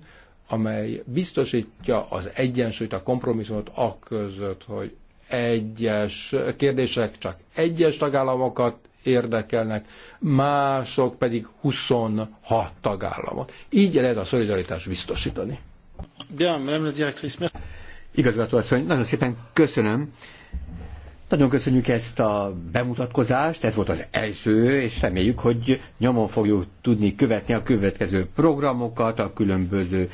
B: amely biztosítja az egyensúlyt, a kompromisszumot a között, hogy egyes kérdések csak egyes tagállamokat érdekelnek, mások pedig 26 tagállamot. Így lehet a szolidaritást biztosítani. Igazgató asszony, nagyon szépen köszönöm nagyon
A: köszönjük ezt a bemutatkozást, ez volt az első, és reméljük, hogy nyomon fogjuk tudni követni a következő programokat, a különböző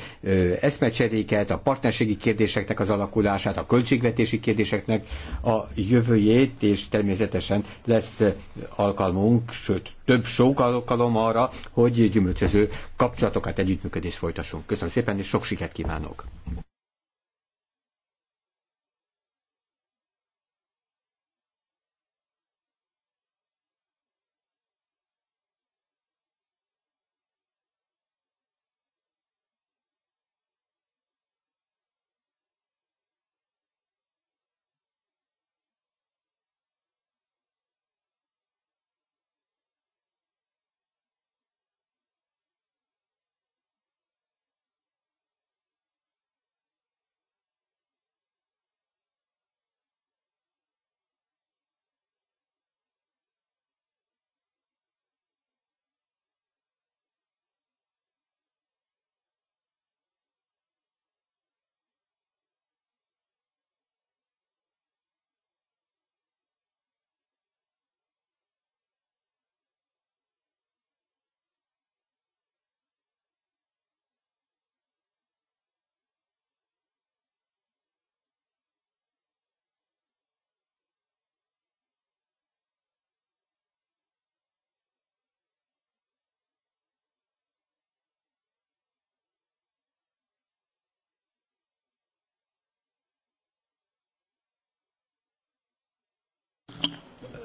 A: eszmecseréket, a partnerségi kérdéseknek az alakulását, a költségvetési kérdéseknek a jövőjét, és természetesen lesz alkalmunk, sőt több sok alkalom arra, hogy gyümölcsöző kapcsolatokat, együttműködést folytassunk. Köszönöm szépen, és sok sikert kívánok!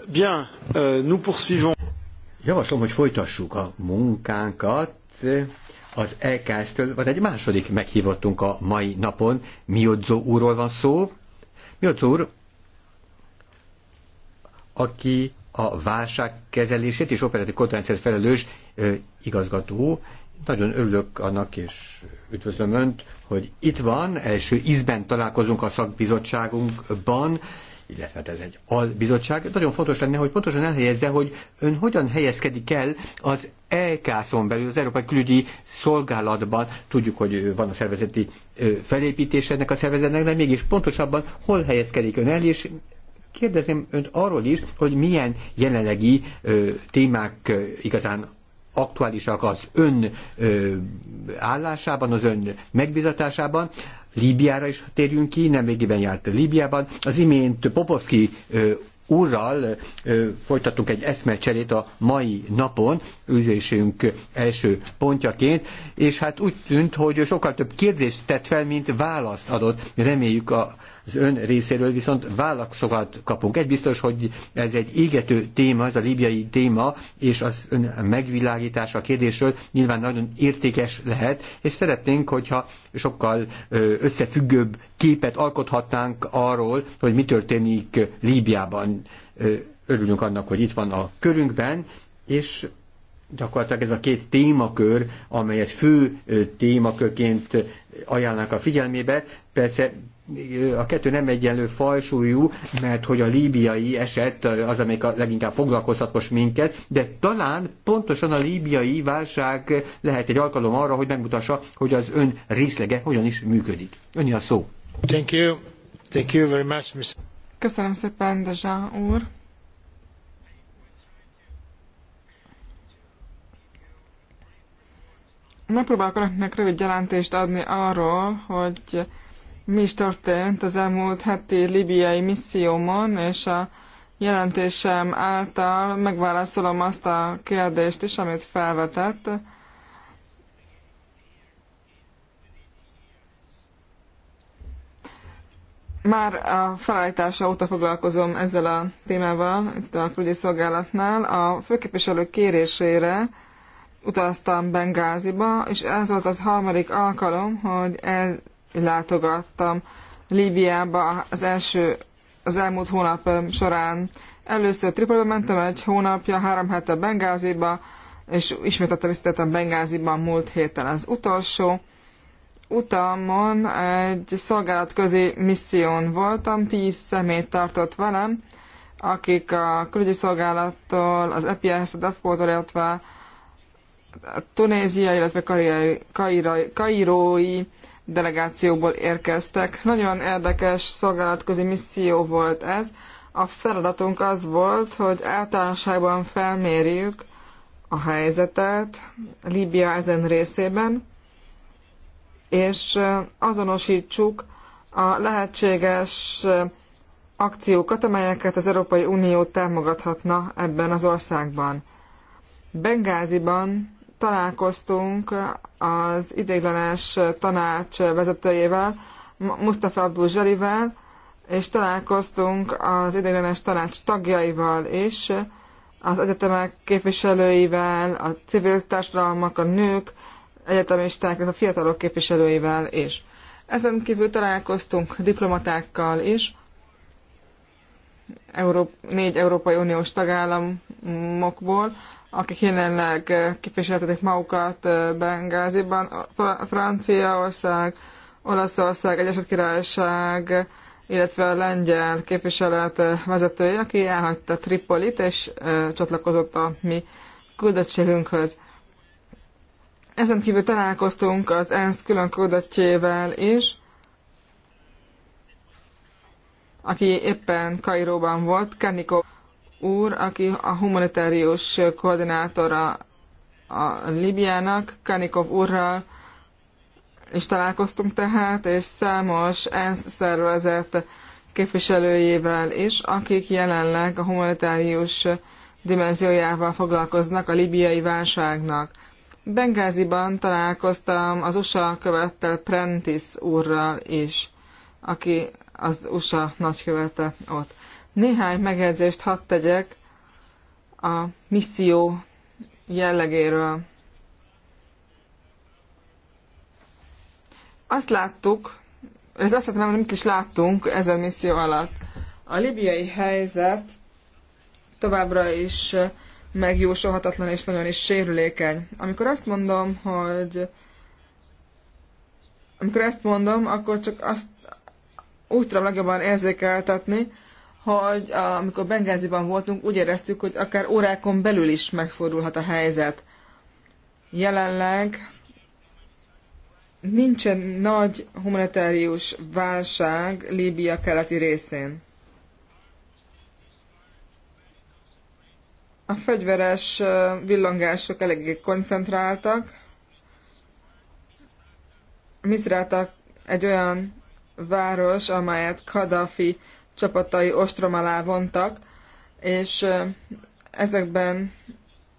A: Bien, euh, nous poursuivons. Javaslom, hogy folytassuk a munkánkat. Az EKS-től van egy második meghívottunk a mai napon. Miodzó úrról van szó. Miodzó úr, aki a válságkezelését és operatív konferenciát felelős ö, igazgató. Nagyon örülök annak, és üdvözlöm Önt, hogy itt van, első ízben találkozunk a szakbizottságunkban illetve hát ez egy albizottság, nagyon fontos lenne, hogy pontosan elhelyezze, hogy ön hogyan helyezkedik el az ek belül, az Európai Külügyi Szolgálatban. Tudjuk, hogy van a szervezeti felépítés ennek a szervezetnek, de mégis pontosabban hol helyezkedik ön el, és kérdezem önt arról is, hogy milyen jelenlegi ö, témák ö, igazán aktuálisak az ön ö, állásában, az ön megbizatásában, Líbiára is térjünk ki, nem végében járt Líbiában. Az imént Popovski úrral folytattunk egy eszmecserét a mai napon, ülésünk első pontjaként, és hát úgy tűnt, hogy sokkal több kérdést tett fel, mint választ adott. Reméljük a, az ön részéről viszont válaszokat kapunk. Egy biztos, hogy ez egy égető téma, ez a libiai téma, és az ön megvilágítása a kérdésről nyilván nagyon értékes lehet, és szeretnénk, hogyha sokkal összefüggőbb képet alkothatnánk arról, hogy mi történik Líbiában. Örülünk annak, hogy itt van a körünkben, és gyakorlatilag ez a két témakör, amelyet fő témakörként ajánlnak a figyelmébe, persze a kettő nem egyenlő fajsúlyú, mert hogy a líbiai eset az, amelyik a leginkább foglalkoztat most minket, de talán pontosan a líbiai válság lehet egy alkalom arra, hogy megmutassa, hogy az ön részlege hogyan is működik.
B: Önni a szó. Thank you. Thank you very much, Mr.
C: Köszönöm szépen, Dezsa úr. Megpróbálok önöknek rövid jelentést adni arról, hogy mi is történt az elmúlt heti libiai missziómon, és a jelentésem által megválaszolom azt a kérdést is, amit felvetett. Már a felállítása óta foglalkozom ezzel a témával itt a külügyi szolgálatnál. A főképviselő kérésére utaztam Bengáziba, és ez volt az harmadik alkalom, hogy el látogattam Líbiába az első, az elmúlt hónap um, során. Először Tripolba mentem egy hónapja, három hete Bengáziba, és ismét a visszatettem Bengáziban múlt héten. Az utolsó utamon egy szolgálatközi misszión voltam, tíz szemét tartott velem, akik a külügyi szolgálattól, az EPS, a DEFCO-tól, illetve a Tunézia, illetve Kairói delegációból érkeztek. Nagyon érdekes szolgálatközi misszió volt ez. A feladatunk az volt, hogy általánosságban felmérjük a helyzetet Líbia ezen részében, és azonosítsuk a lehetséges akciókat, amelyeket az Európai Unió támogathatna ebben az országban. Bengáziban találkoztunk az ideiglenes tanács vezetőjével, Mustafa Abdul Zselivel, és találkoztunk az ideiglenes tanács tagjaival is, az egyetemek képviselőivel, a civil társadalmak, a nők, egyetemisták, a fiatalok képviselőivel is. Ezen kívül találkoztunk diplomatákkal is, Európ- négy Európai Uniós tagállamokból, akik jelenleg képviseltetik magukat Bengáziban, Franciaország, Olaszország, Egyesült Királyság, illetve a lengyel képviselet vezetője, aki elhagyta Tripolit és csatlakozott a mi küldöttségünkhöz. Ezen kívül találkoztunk az ENSZ külön küldöttjével is, aki éppen Kairóban volt, Kenikó úr, aki a humanitárius koordinátora a Libyának, Kanikov úrral is találkoztunk tehát, és számos ENSZ szervezet képviselőjével is, akik jelenleg a humanitárius dimenziójával foglalkoznak a libiai válságnak. Bengáziban találkoztam az USA követtel Prentice úrral is, aki az USA nagykövete ott. Néhány megjegyzést hadd tegyek a misszió jellegéről. Azt láttuk, ez azt hogy mit is láttunk ezen misszió alatt. A libiai helyzet továbbra is megjósolhatatlan és nagyon is sérülékeny. Amikor azt mondom, hogy amikor ezt mondom, akkor csak azt úgy tudom legjobban érzékeltetni, hogy amikor Bengáziban voltunk, úgy éreztük, hogy akár órákon belül is megfordulhat a helyzet. Jelenleg nincsen nagy humanitárius válság Líbia keleti részén. A fegyveres villangások eléggé koncentráltak. Misráltak egy olyan város, amelyet Kadhafi csapatai ostrom alá vontak, és ezekben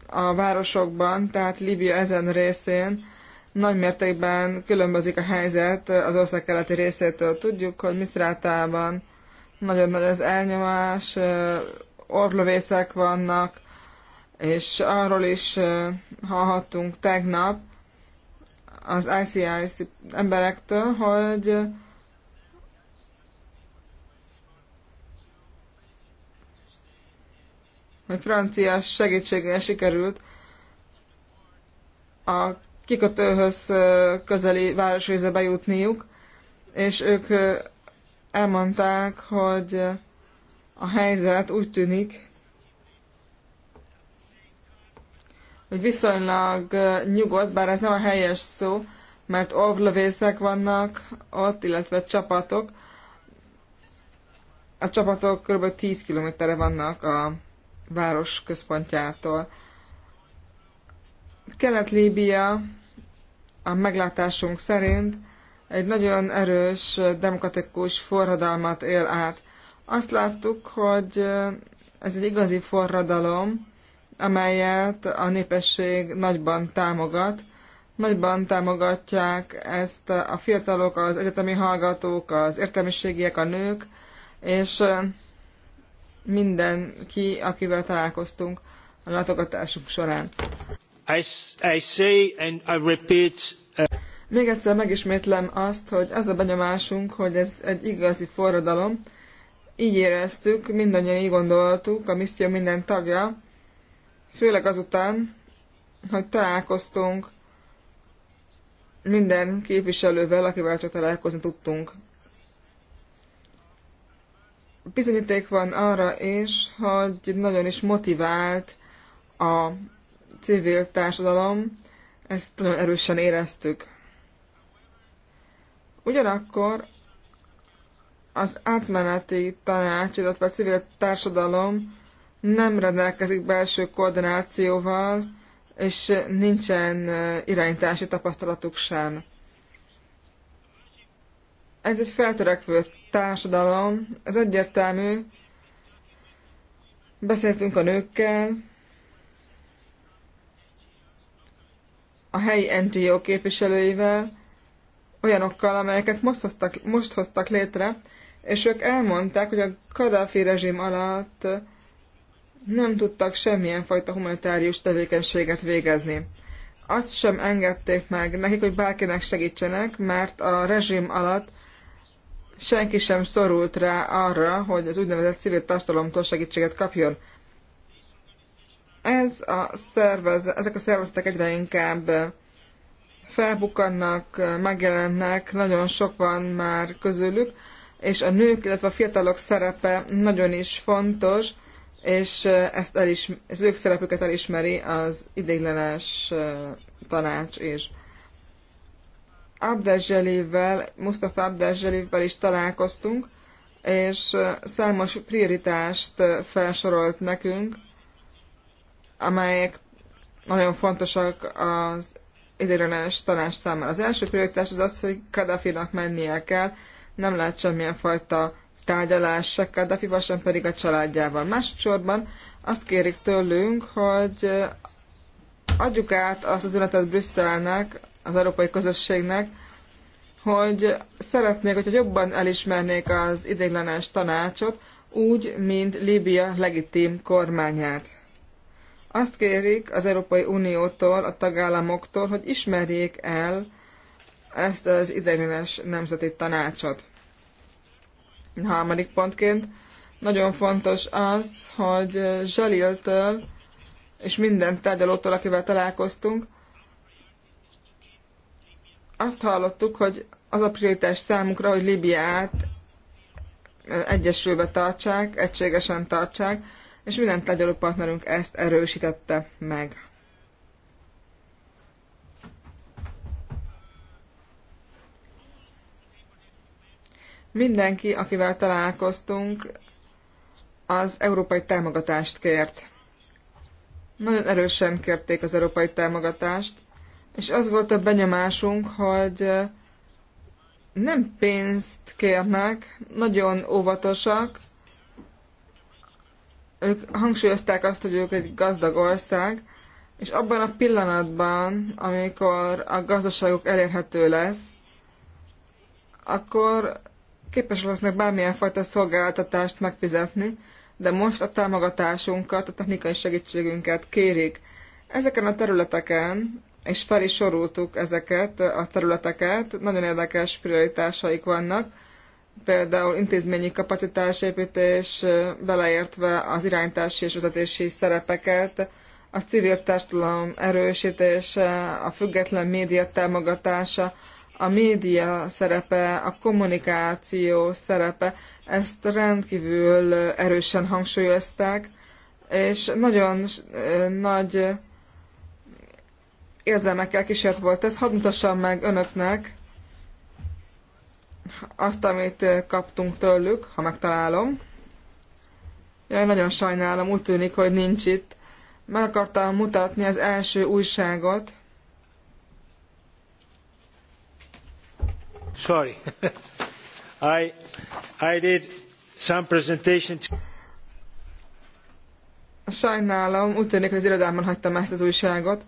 C: a városokban, tehát Líbia ezen részén nagy mértékben különbözik a helyzet az ország keleti részétől. Tudjuk, hogy Misrátában nagyon nagy az elnyomás, orlovészek vannak, és arról is hallhattunk tegnap az ICIC emberektől, hogy hogy franciás segítséggel sikerült a kikötőhöz közeli városrészbe bejutniuk, és ők elmondták, hogy a helyzet úgy tűnik, hogy viszonylag nyugodt, bár ez nem a helyes szó, mert ovlövészek vannak ott, illetve csapatok. A csapatok kb. 10 kilométerre vannak a város központjától. Kelet-Líbia a meglátásunk szerint egy nagyon erős demokratikus forradalmat él át. Azt láttuk, hogy ez egy igazi forradalom, amelyet a népesség nagyban támogat. Nagyban támogatják ezt a fiatalok, az egyetemi hallgatók, az értelmiségiek, a nők, és mindenki, akivel találkoztunk a látogatásunk során. I, I say and I repeat, uh... Még egyszer megismétlem azt, hogy az a benyomásunk, hogy ez egy igazi forradalom. Így éreztük, mindannyian így gondoltuk, a misszió minden tagja, főleg azután, hogy találkoztunk minden képviselővel, akivel csak találkozni tudtunk bizonyíték van arra is, hogy nagyon is motivált a civil társadalom, ezt nagyon erősen éreztük. Ugyanakkor az átmeneti tanács, illetve a civil társadalom nem rendelkezik belső koordinációval, és nincsen irányítási tapasztalatuk sem. Ez egy feltörekvő társadalom, ez egyértelmű. Beszéltünk a nőkkel, a helyi NGO képviselőivel, olyanokkal, amelyeket most hoztak, most hoztak létre, és ők elmondták, hogy a Kadáfi rezsim alatt nem tudtak semmilyen fajta humanitárius tevékenységet végezni. Azt sem engedték meg nekik, hogy bárkinek segítsenek, mert a rezsim alatt senki sem szorult rá arra, hogy az úgynevezett civil társadalomtól segítséget kapjon. Ez a szervez, ezek a szervezetek egyre inkább felbukkannak, megjelennek, nagyon sok van már közülük, és a nők, illetve a fiatalok szerepe nagyon is fontos, és ezt elismer, az ők szerepüket elismeri az idéglenes eh, tanács is. Abdezselivvel, Mustafa Abdezselivvel is találkoztunk, és számos prioritást felsorolt nekünk, amelyek nagyon fontosak az ideiglenes tanács számára. Az első prioritás az az, hogy Kadafinak mennie kell, nem lehet semmilyen fajta tárgyalás se Kadhafival, sem pedig a családjával. Másodszorban azt kérik tőlünk, hogy adjuk át azt az ünnepet Brüsszelnek, az európai közösségnek, hogy szeretnék, hogyha jobban elismernék az idéglenes tanácsot, úgy, mint Líbia legitim kormányát. Azt kérik az Európai Uniótól, a tagállamoktól, hogy ismerjék el ezt az ideiglenes nemzeti tanácsot. A Harmadik pontként nagyon fontos az, hogy Zsaliltől és minden tárgyalótól, akivel találkoztunk, azt hallottuk, hogy az a prioritás számukra, hogy Libiát egyesülve tartsák, egységesen tartsák, és minden tárgyaló partnerünk ezt erősítette meg. Mindenki, akivel találkoztunk, az európai támogatást kért. Nagyon erősen kérték az európai támogatást, és az volt a benyomásunk, hogy nem pénzt kérnek, nagyon óvatosak. Ők hangsúlyozták azt, hogy ők egy gazdag ország, és abban a pillanatban, amikor a gazdaságuk elérhető lesz, akkor képes lesznek bármilyen fajta szolgáltatást megfizetni, de most a támogatásunkat, a technikai segítségünket kérik. Ezeken a területeken és fel is soroltuk ezeket a területeket. Nagyon érdekes prioritásaik vannak, például intézményi kapacitásépítés, beleértve az irányítási és vezetési szerepeket, a civil társadalom erősítése, a független média támogatása, a média szerepe, a kommunikáció szerepe, ezt rendkívül erősen hangsúlyozták, és nagyon nagy érzelmekkel kísért volt ez. Hadd mutassam meg önöknek azt, amit eh, kaptunk tőlük, ha megtalálom. Jaj, nagyon sajnálom, úgy tűnik, hogy nincs itt. Meg akartam mutatni az első újságot.
B: Sorry. I, I did some presentation to...
C: Sajnálom, úgy tűnik, hogy az irodámban hagytam ezt az újságot.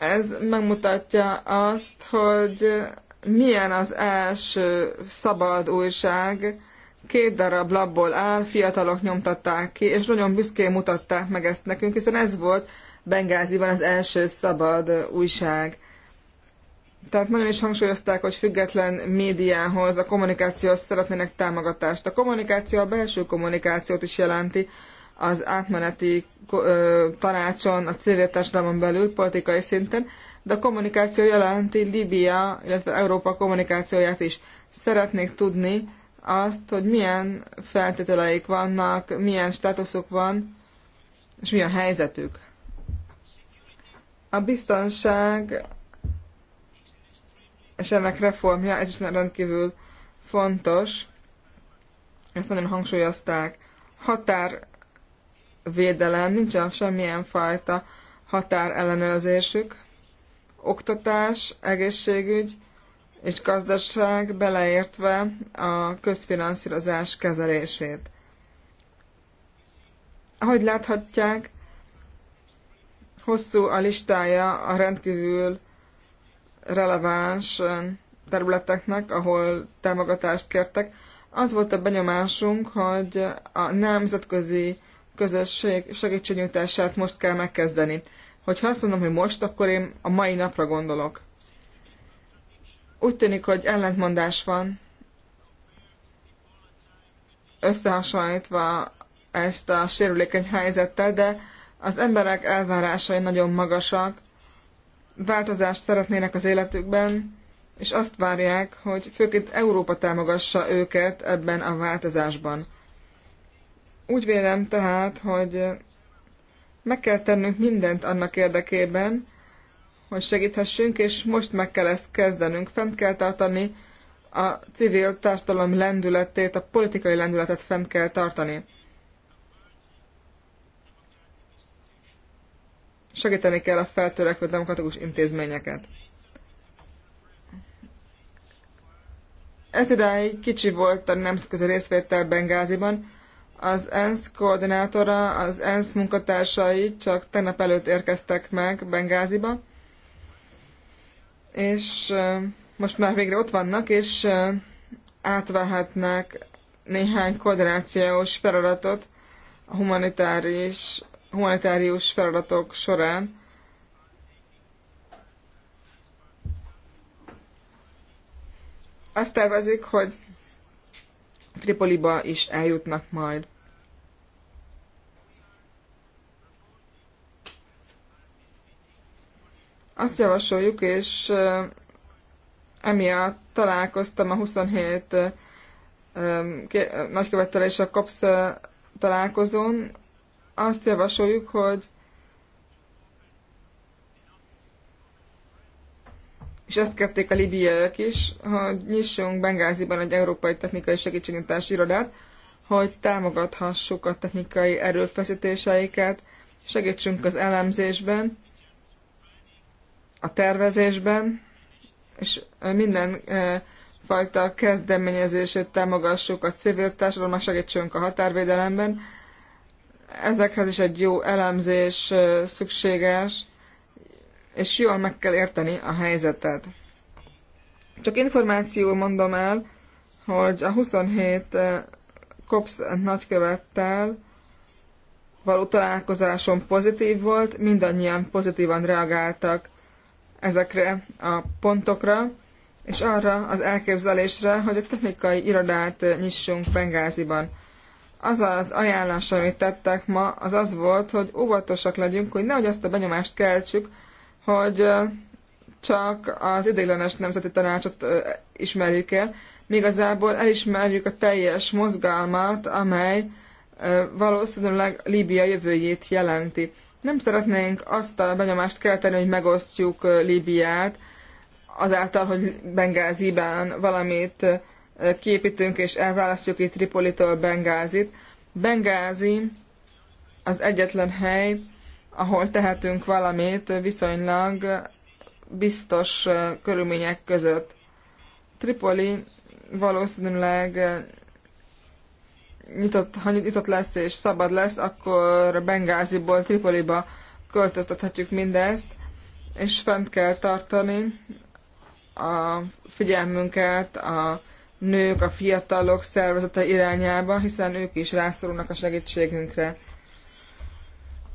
C: Ez megmutatja azt, hogy milyen az első szabad újság, két darab labból áll, fiatalok nyomtatták ki, és nagyon büszkén mutatták meg ezt nekünk, hiszen ez volt Bengáziban az első szabad újság. Tehát nagyon is hangsúlyozták, hogy független médiához, a kommunikációhoz szeretnének támogatást. A kommunikáció a belső kommunikációt is jelenti, az átmeneti tanácson, a civil társadalmon belül, politikai szinten, de a kommunikáció jelenti Líbia, illetve Európa kommunikációját is. Szeretnék tudni azt, hogy milyen feltételeik vannak, milyen státuszuk van, és mi a helyzetük. A biztonság és ennek reformja, ez is rendkívül fontos, ezt nagyon hangsúlyozták. Határ védelem, nincsen semmilyen fajta határ ellenőrzésük. Oktatás, egészségügy és gazdaság beleértve a közfinanszírozás kezelését. Ahogy láthatják, hosszú a listája a rendkívül releváns területeknek, ahol támogatást kértek. Az volt a benyomásunk, hogy a nemzetközi közösség segítségnyújtását most kell megkezdeni. Hogyha azt mondom, hogy most, akkor én a mai napra gondolok. Úgy tűnik, hogy ellentmondás van, összehasonlítva ezt a sérülékeny helyzettel, de az emberek elvárásai nagyon magasak, változást szeretnének az életükben, és azt várják, hogy főként Európa támogassa őket ebben a változásban. Úgy vélem tehát, hogy meg kell tennünk mindent annak érdekében, hogy segíthessünk, és most meg kell ezt kezdenünk. Fent kell tartani a civil társadalom lendületét, a politikai lendületet fent kell tartani. Segíteni kell a feltörekvő demokratikus intézményeket. Ez idáig kicsi volt a nemzetközi részvétel Bengáziban, az ENSZ koordinátora, az ENSZ munkatársai csak tegnap előtt érkeztek meg Bengáziba, és most már végre ott vannak, és átvehetnek néhány koordinációs feladatot a humanitáris, humanitárius feladatok során. Azt tervezik, hogy Tripoliba is eljutnak majd. Azt javasoljuk, és eh, emiatt találkoztam a 27 eh, eh, nagykövettel és a COPS találkozón. Azt javasoljuk, hogy és ezt kérték a libiaiak is, hogy nyissunk Bengáziban egy európai technikai segítségnyújtási irodát, hogy támogathassuk a technikai erőfeszítéseiket, segítsünk az elemzésben, a tervezésben, és minden e, fajta kezdeményezését támogassuk a civil társadalomnak, segítsünk a határvédelemben. Ezekhez is egy jó elemzés e, szükséges, és jól meg kell érteni a helyzetet. Csak információul mondom el, hogy a 27 COPS eh, nagykövettel való találkozásom pozitív volt, mindannyian pozitívan reagáltak ezekre a pontokra, és arra az elképzelésre, hogy a technikai irodát nyissunk Bengáziban. Az az ajánlás, amit tettek ma, az az volt, hogy óvatosak legyünk, hogy nehogy azt a benyomást keltsük, hogy csak az ideiglenes nemzeti tanácsot ismerjük el, mi igazából elismerjük a teljes mozgalmat, amely valószínűleg Líbia jövőjét jelenti. Nem szeretnénk azt a benyomást kelteni, hogy megosztjuk Líbiát, azáltal, hogy Bengáziban valamit képítünk és elválasztjuk itt Tripolitól Bengázit. Bengázi az egyetlen hely, ahol tehetünk valamit viszonylag biztos körülmények között. Tripoli valószínűleg nyitott, ha nyitott lesz és szabad lesz, akkor Bengáziból Tripoliba költöztethetjük mindezt, és fent kell tartani a figyelmünket a nők, a fiatalok szervezete irányába, hiszen ők is rászorulnak a segítségünkre.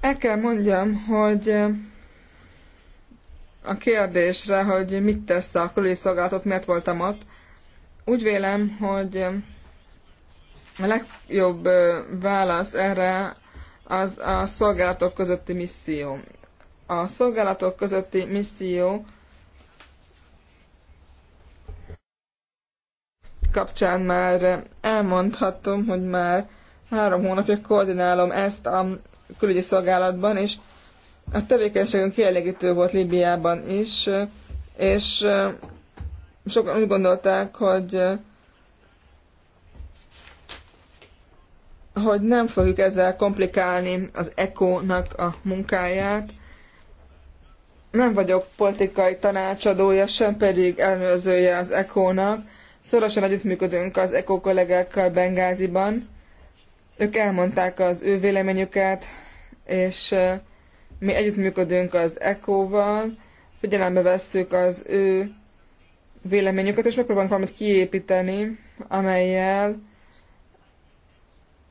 C: El kell mondjam, hogy eh, a kérdésre, hogy mit tesz a külügyi szolgálatot, miért voltam ott, úgy vélem, hogy eh, a legjobb eh, válasz erre az a szolgálatok közötti misszió. A szolgálatok közötti misszió kapcsán már elmondhatom, hogy már három hónapja koordinálom ezt a külügyi szolgálatban, és a tevékenységünk kielégítő volt Líbiában is, és sokan úgy gondolták, hogy hogy nem fogjuk ezzel komplikálni az ECO-nak a munkáját. Nem vagyok politikai tanácsadója, sem pedig elnőzője az ECO-nak. Szorosan együttműködünk az ECO kollégákkal Bengáziban, ők elmondták az ő véleményüket, és mi együttműködünk az ECO-val, figyelembe vesszük az ő véleményüket, és megpróbálunk valamit kiépíteni, amelyel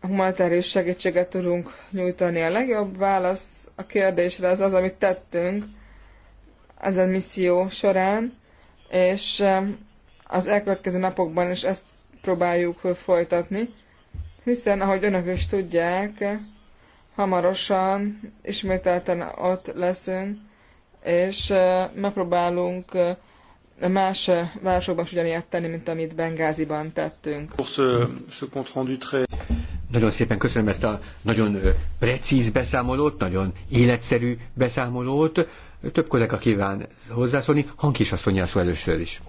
C: humanitárius segítséget tudunk nyújtani. A legjobb válasz a kérdésre az az, amit tettünk ezen misszió során, és az elkövetkező napokban is ezt próbáljuk folytatni hiszen, ahogy önök is tudják, hamarosan ismételten ott leszünk, és megpróbálunk más városokban is ugyanilyet tenni, mint amit Bengáziban tettünk.
A: Nagyon szépen köszönöm ezt a nagyon precíz beszámolót, nagyon életszerű beszámolót. Több kollega kíván
B: hozzászólni, is asszonyjá szó először is.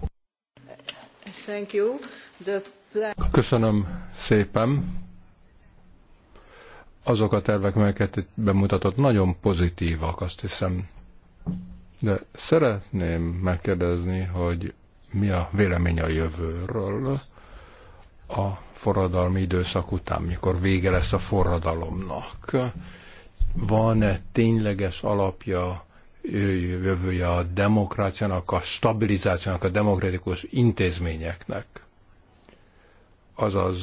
D: Thank you. The...
B: Köszönöm szépen azok a tervek, melyeket itt bemutatott, nagyon pozitívak, azt hiszem. De szeretném megkérdezni, hogy mi a vélemény a jövőről a forradalmi időszak után, mikor vége lesz a forradalomnak. Van-e tényleges alapja jövője a demokráciának, a stabilizációnak, a demokratikus intézményeknek? azaz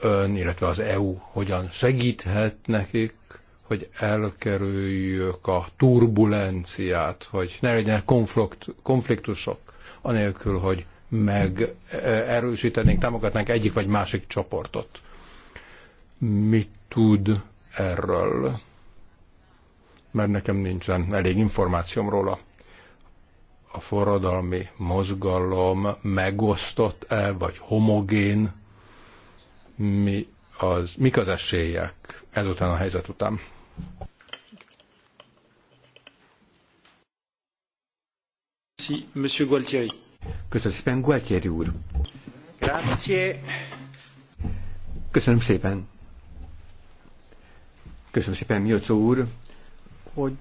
B: ön, illetve az EU hogyan segíthet nekik, hogy elkerüljük a turbulenciát, hogy ne legyen konflikt, konfliktusok, anélkül, hogy megerősítenénk, e, támogatnánk egyik vagy másik csoportot. Mit tud erről? Mert nekem nincsen elég információm róla. A forradalmi mozgalom megosztott-e, vagy homogén mi az, mik az esélyek ezután a helyzet után. Monsieur Gualtieri.
A: Köszönöm szépen, Gualtieri úr.
B: Grazie.
A: Köszönöm szépen. Köszönöm szépen, Miocó úr, hogy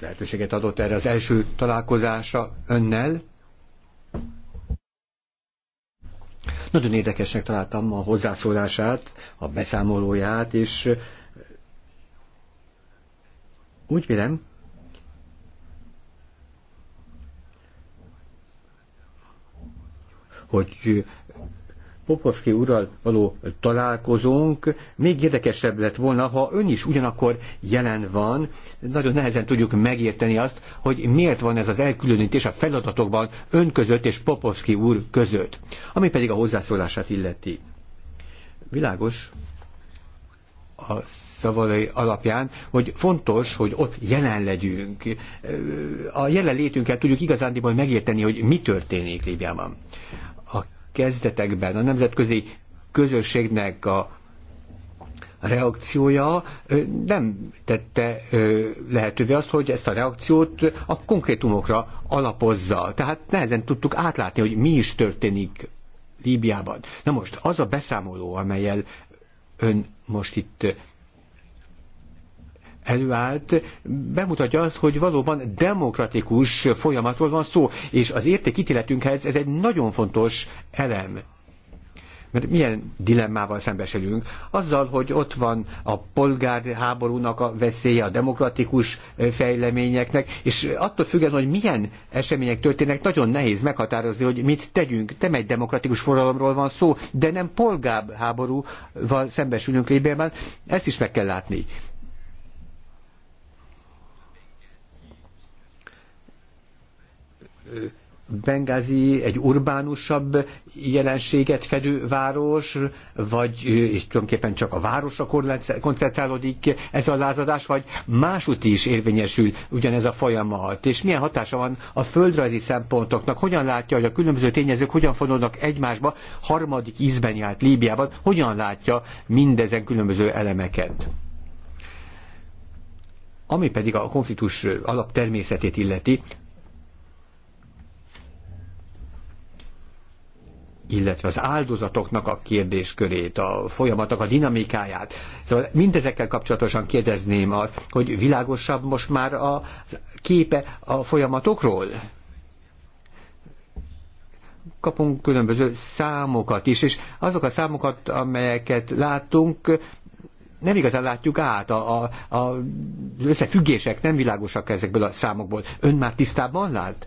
A: lehetőséget adott erre az első találkozásra önnel. Nagyon érdekesnek találtam a hozzászólását, a beszámolóját, és úgy vélem, hogy Popovszki úrral való találkozónk még érdekesebb lett volna, ha ön is ugyanakkor jelen van. Nagyon nehezen tudjuk megérteni azt, hogy miért van ez az elkülönítés a feladatokban ön között és Popovszki úr között, ami pedig a hozzászólását illeti. Világos a szavai alapján, hogy fontos, hogy ott jelen legyünk. A jelenlétünkkel tudjuk igazándiból megérteni, hogy mi történik Líbiában. A kezdetekben a nemzetközi közösségnek a reakciója nem tette lehetővé azt, hogy ezt a reakciót a konkrétumokra alapozza. Tehát nehezen tudtuk átlátni, hogy mi is történik Líbiában. Na most, az a beszámoló, amelyel ön most itt előállt, bemutatja azt, hogy valóban demokratikus folyamatról van szó, és az értékítéletünkhez ez egy nagyon fontos elem. Mert milyen dilemmával szembesülünk? Azzal, hogy ott van a polgárháborúnak a veszélye, a demokratikus fejleményeknek, és attól függően, hogy milyen események történnek, nagyon nehéz meghatározni, hogy mit tegyünk. Nem egy demokratikus forradalomról van szó, de nem polgárháborúval szembesülünk Líbiában, ezt is meg kell látni. Bengázi egy urbánusabb jelenséget fedő város, vagy és tulajdonképpen csak a városra koncentrálódik ez a lázadás, vagy másút is érvényesül ugyanez a folyamat, és milyen hatása van a földrajzi szempontoknak, hogyan látja, hogy a különböző tényezők hogyan fonódnak egymásba, harmadik ízben járt Líbiában, hogyan látja mindezen különböző elemeket. Ami pedig a konfliktus alaptermészetét illeti, illetve az áldozatoknak a kérdéskörét, a folyamatok, a dinamikáját. Szóval mindezekkel kapcsolatosan kérdezném azt, hogy világosabb most már a képe a folyamatokról? Kapunk különböző számokat is, és azok a számokat, amelyeket látunk, nem igazán látjuk át, a, a, a összefüggések nem világosak ezekből a számokból. Ön már tisztában lát?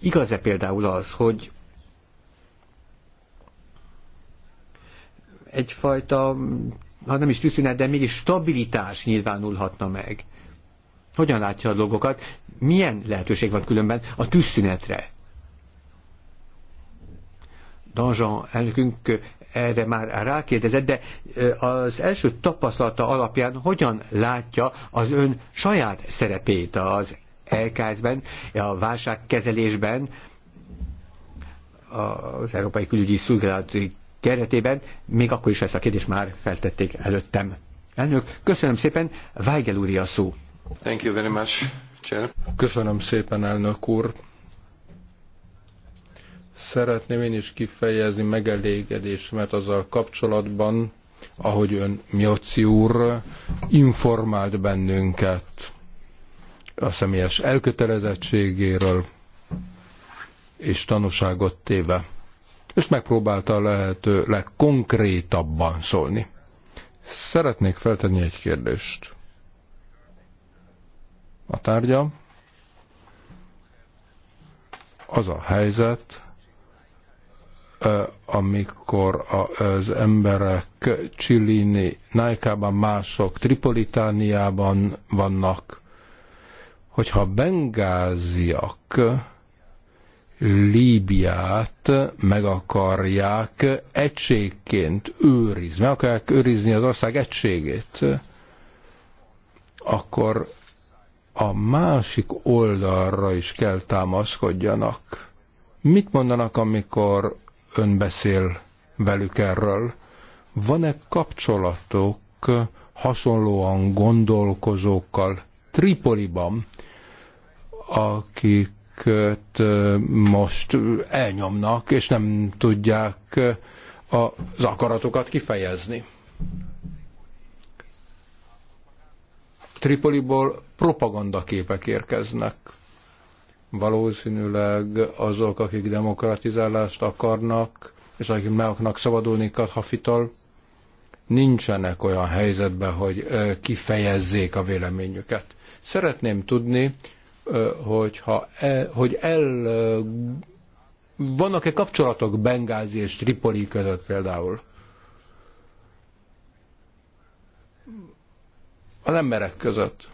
A: Igaz-e például az, hogy egyfajta, ha hát nem is tűzszünet, de mégis stabilitás nyilvánulhatna meg. Hogyan látja a dolgokat? Milyen lehetőség van különben a tűzszünetre? Danzsan elnökünk erre már rákérdezett, de az első tapasztalata alapján hogyan látja az ön saját szerepét az LKS-ben, a válságkezelésben, az Európai Külügyi Szolgálati keretében, még akkor is ezt a kérdést már feltették előttem. Elnök, köszönöm szépen,
B: Weigel úr a szó. Thank you very much, Chair. Köszönöm szépen, elnök úr. Szeretném én is kifejezni megelégedésemet azzal kapcsolatban, ahogy ön Mioci úr informált bennünket a személyes elkötelezettségéről és tanúságot téve és megpróbálta lehető legkonkrétabban szólni. Szeretnék feltenni egy kérdést. A tárgya az a helyzet, amikor az emberek Csillini, Nájkában, mások Tripolitániában vannak, hogyha bengáziak Líbiát meg akarják egységként őrizni, meg akarják őrizni az ország egységét, akkor a másik oldalra is kell támaszkodjanak. Mit mondanak, amikor ön beszél velük erről? Van-e kapcsolatok hasonlóan gondolkozókkal Tripoliban, akik most elnyomnak, és nem tudják az akaratokat kifejezni. Tripoliból propagandaképek érkeznek. Valószínűleg azok, akik demokratizálást akarnak, és akik meg akarnak szabadulni Kadhafital, nincsenek olyan helyzetben, hogy kifejezzék a véleményüket. Szeretném tudni, hogyha el, hogy el vannak-e kapcsolatok Bengázi és Tripoli között például? Az emberek között.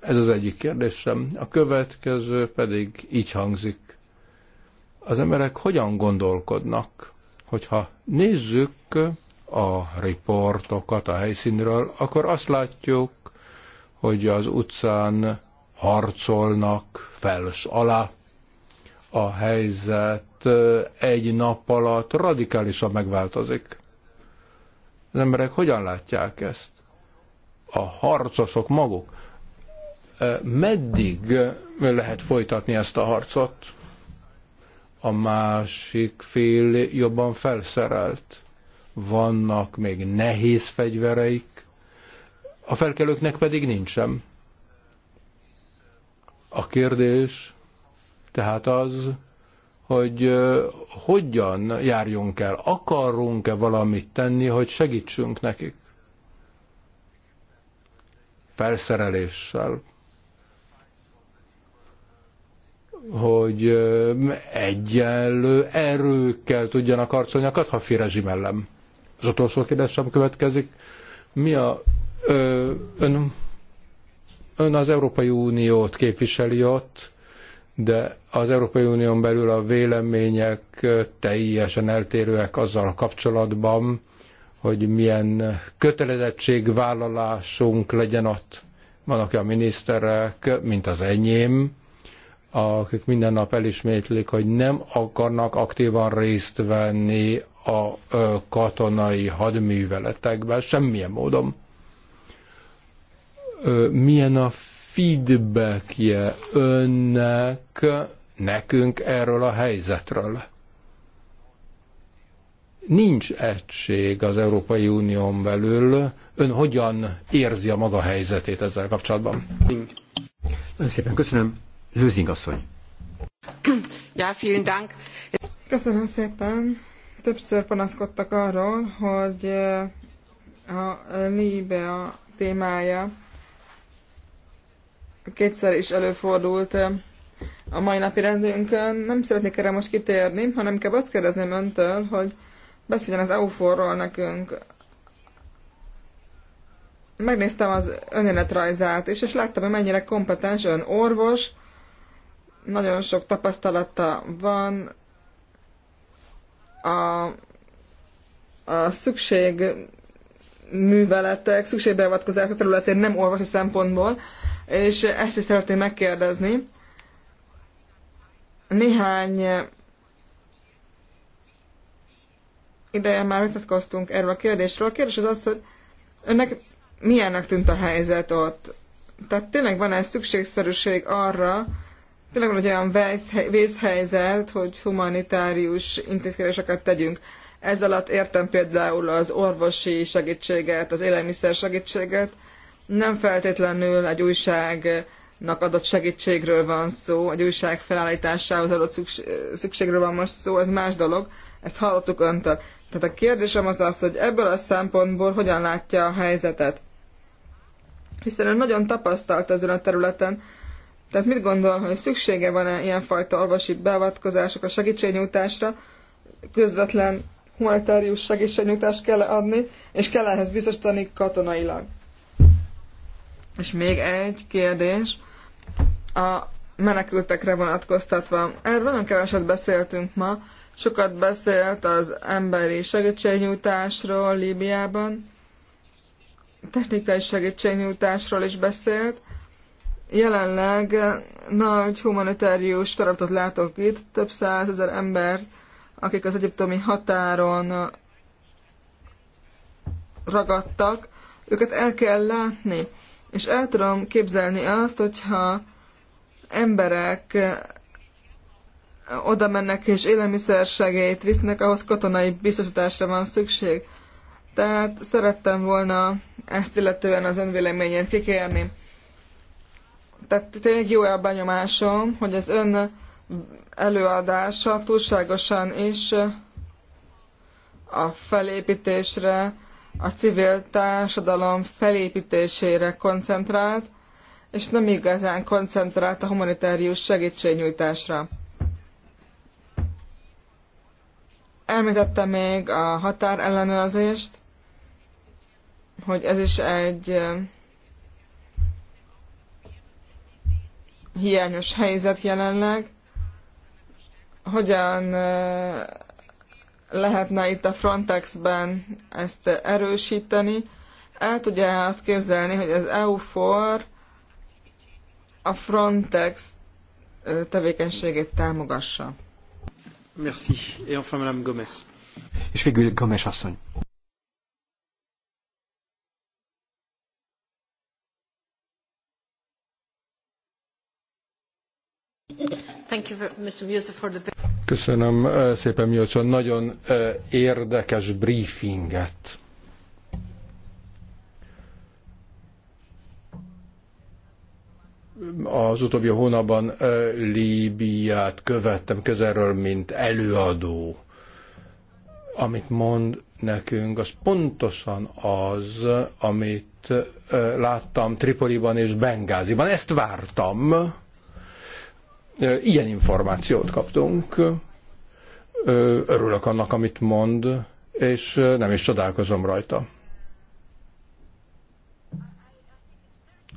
B: Ez az egyik kérdésem. A következő pedig így hangzik. Az emberek hogyan gondolkodnak? Hogyha nézzük a riportokat a helyszínről, akkor azt látjuk, hogy az utcán harcolnak fels alá. A helyzet egy nap alatt radikálisan megváltozik. Az emberek hogyan látják ezt? A harcosok maguk. Meddig lehet folytatni ezt a harcot? A másik fél jobban felszerelt. Vannak még nehéz fegyvereik, a felkelőknek pedig nincsen a kérdés tehát az, hogy hogyan járjunk el, akarunk-e valamit tenni, hogy segítsünk nekik felszereléssel, hogy egyenlő erőkkel tudjanak harcolni a kathafi rezsim ellen. Az utolsó kérdésem következik. Mi a ö, ön Ön az Európai Uniót képviseli ott, de az Európai Unión belül a vélemények teljesen eltérőek azzal kapcsolatban, hogy milyen kötelezettségvállalásunk legyen ott. Vannak a miniszterek, mint az enyém, akik minden nap elismétlik, hogy nem akarnak aktívan részt venni a katonai hadműveletekben, semmilyen módon milyen a feedbackje önnek, nekünk erről a helyzetről. Nincs egység az Európai Unión belül. Ön hogyan érzi a maga helyzetét ezzel kapcsolatban?
A: Nagyon szépen köszönöm. Lőzing
B: asszony.
C: Ja, vielen Dank. Köszönöm szépen. Többször panaszkodtak arról, hogy a Líbea témája kétszer is előfordult eh, a mai napi rendünkön. Nem szeretnék erre most kitérni, hanem inkább azt kérdezném öntől, hogy beszéljen az euforról nekünk. Megnéztem az önéletrajzát, és, és láttam, hogy mennyire kompetens ön orvos, nagyon sok tapasztalata van, a, a szükség műveletek, szükségbeavatkozások területén nem orvosi szempontból, és ezt is szeretném megkérdezni. Néhány ideje már vitatkoztunk erről a kérdésről. A kérdés az az, hogy önnek milyennek tűnt a helyzet ott? Tehát tényleg van-e szükségszerűség arra, tényleg van egy olyan vészhelyzet, hogy humanitárius intézkedéseket tegyünk. Ez alatt értem például az orvosi segítséget, az élelmiszer segítséget, nem feltétlenül egy újságnak adott segítségről van szó, egy újság felállításához adott szükségről van most szó, ez más dolog, ezt hallottuk öntől. Tehát a kérdésem az az, hogy ebből a szempontból hogyan látja a helyzetet. Hiszen ő nagyon tapasztalt ezen a területen, tehát mit gondol, hogy szüksége van-e ilyenfajta orvosi beavatkozások a segítségnyújtásra, közvetlen humanitárius segítségnyújtást kell adni, és kell ehhez biztosítani katonailag. És még egy kérdés. A menekültekre vonatkoztatva. Erről nagyon keveset beszéltünk ma. Sokat beszélt az emberi segítségnyújtásról Líbiában. Technikai segítségnyújtásról is beszélt. Jelenleg nagy humanitárius feladatot látok itt, több százezer embert, akik az egyiptomi határon ragadtak, őket el kell látni és el tudom képzelni azt, hogyha emberek eh, oda mennek és élelmiszersegélyt visznek, ahhoz katonai biztosításra van szükség. Tehát szerettem volna ezt illetően az önvéleményét kikérni. Tehát tényleg jó a benyomásom, hogy az ön előadása túlságosan is eh, a felépítésre, a civil társadalom felépítésére koncentrált, és nem igazán koncentrált a humanitárius segítségnyújtásra. Elmítette még a határellenőrzést, hogy ez is egy hiányos helyzet jelenleg. Hogyan lehetne itt a Frontexben ezt erősíteni. El tudja azt képzelni, hogy az EUFOR a Frontex tevékenységét támogassa. Merci. Et enfin, Madame Gomez.
A: És végül Gomes asszony.
B: Köszönöm eh, szépen, Miocson, nagyon eh, érdekes briefinget. Az utóbbi hónapban eh, Líbiát követtem közelről, mint előadó. Amit mond nekünk, az pontosan az, amit láttam Tripoliban és Bengáziban. Ezt vártam Ilyen információt kaptunk. Örülök annak, amit mond, és nem is csodálkozom rajta.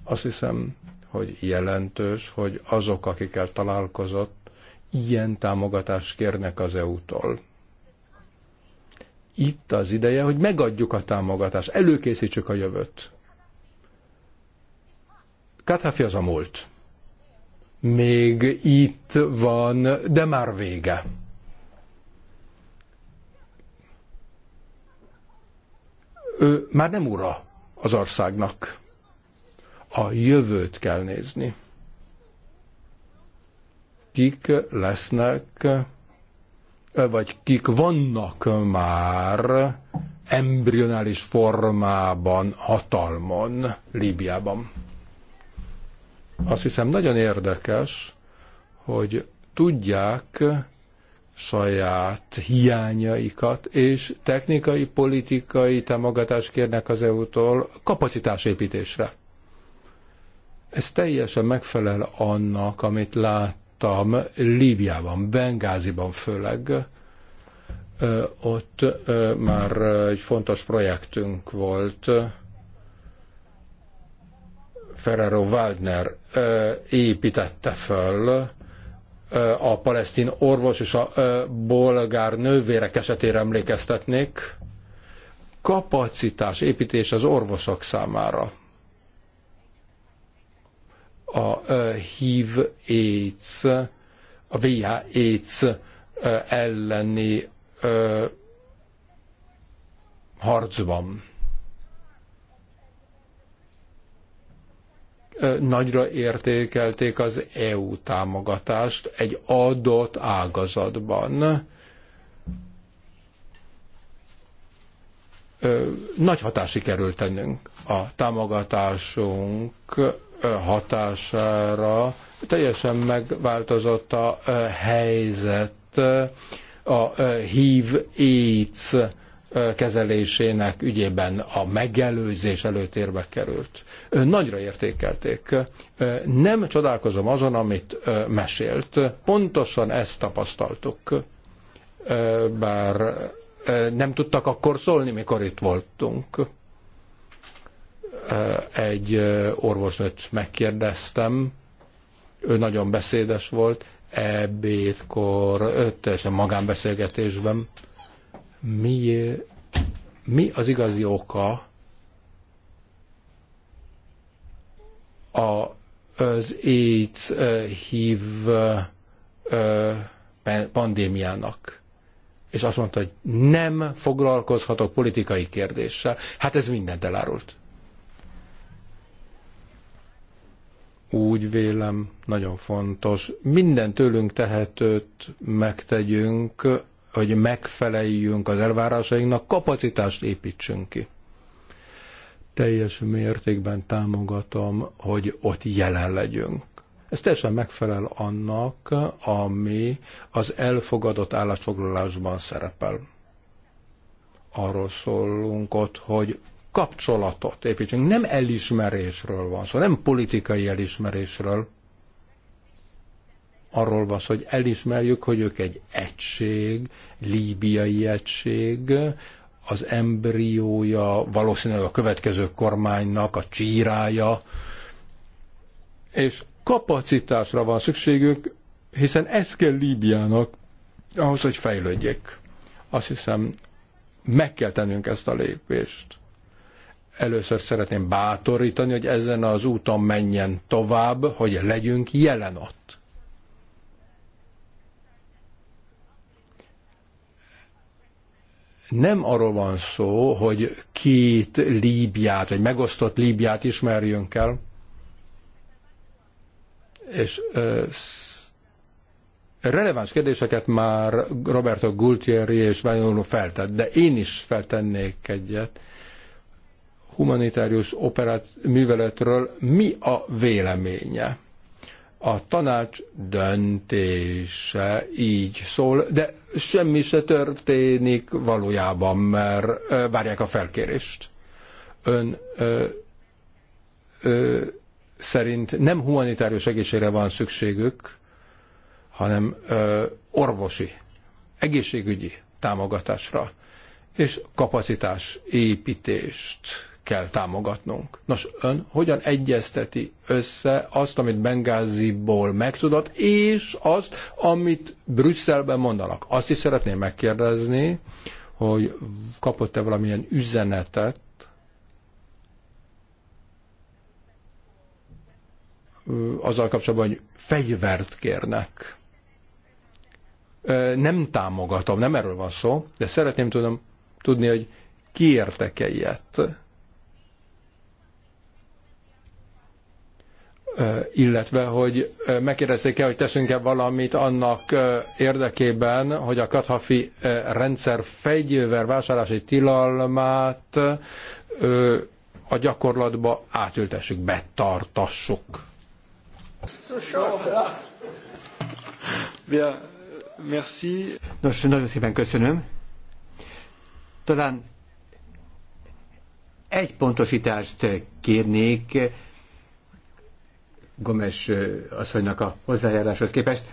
B: Azt hiszem, hogy jelentős, hogy azok, akikkel találkozott, ilyen támogatást kérnek az EU-tól. Itt az ideje, hogy megadjuk a támogatást, előkészítsük a jövőt. Kathafi az a múlt még itt van, de már vége. Ő már nem ura az országnak. A jövőt kell nézni. Kik lesznek, vagy kik vannak már embrionális formában hatalmon Líbiában azt hiszem nagyon érdekes, hogy tudják saját hiányaikat, és technikai, politikai támogatást kérnek az EU-tól kapacitásépítésre. Ez teljesen megfelel annak, amit láttam Líbiában, Bengáziban főleg. Ott már egy fontos projektünk volt, Ferrero Waldner építette föl a palesztin orvos és a bolgár nővérek esetére emlékeztetnék, kapacitás építés az orvosok számára. A HIV AIDS, a VIH AIDS elleni harcban nagyra értékelték az EU támogatást egy adott ágazatban. Nagy hatás került tennünk a támogatásunk hatására. Teljesen megváltozott a helyzet a HIV AIDS kezelésének ügyében a megelőzés előtérbe került. Nagyra értékelték. Nem csodálkozom azon, amit mesélt. Pontosan ezt tapasztaltuk. Bár nem tudtak akkor szólni, mikor itt voltunk. Egy orvosnőt megkérdeztem, ő nagyon beszédes volt, ebédkor, teljesen magánbeszélgetésben mi, mi az igazi oka a, az AIDS hív pandémiának. És azt mondta, hogy nem foglalkozhatok politikai kérdéssel. Hát ez mindent elárult. Úgy vélem, nagyon fontos, minden tőlünk tehetőt megtegyünk hogy megfeleljünk az elvárásainknak, kapacitást építsünk ki. Teljes mértékben támogatom, hogy ott jelen legyünk. Ez teljesen megfelel annak, ami az elfogadott állásfoglalásban szerepel. Arról szólunk ott, hogy kapcsolatot építsünk. Nem elismerésről van szó, nem politikai elismerésről, arról van hogy elismerjük, hogy ők egy egység, líbiai egység, az embriója, valószínűleg a következő kormánynak a csírája, és kapacitásra van szükségük, hiszen ez kell Líbiának ahhoz, hogy fejlődjék. Azt hiszem, meg kell tennünk ezt a lépést. Először szeretném bátorítani, hogy ezen az úton menjen tovább, hogy legyünk jelen ott. nem arról van szó, hogy két Líbiát, vagy megosztott Líbiát ismerjünk el, és ö, releváns kérdéseket már Roberto Gultieri és Vanyoló feltett, de én is feltennék egyet humanitárius operáció műveletről mi a véleménye? A tanács döntése így szól, de semmi se történik valójában, mert várják a felkérést. Ön ö, ö, szerint nem humanitárius egészségre van szükségük, hanem ö, orvosi, egészségügyi támogatásra és kapacitás építést kell támogatnunk. Nos, ön hogyan egyezteti össze azt, amit Bengáziból megtudott, és azt, amit Brüsszelben mondanak? Azt is szeretném megkérdezni, hogy kapott-e valamilyen üzenetet azzal kapcsolatban, hogy fegyvert kérnek. Nem támogatom, nem erről van szó, de szeretném tudom, tudni, hogy kiértek -e ilyet. illetve hogy megkérdezték-e, hogy teszünk-e valamit annak érdekében, hogy a Kadhafi rendszer fegyvervásárlási tilalmát a gyakorlatba átültessük, betartassuk. Bien, merci.
A: Nos, nagyon szépen köszönöm. Talán egy pontosítást kérnék, Gomes asszonynak a hozzájáráshoz képest,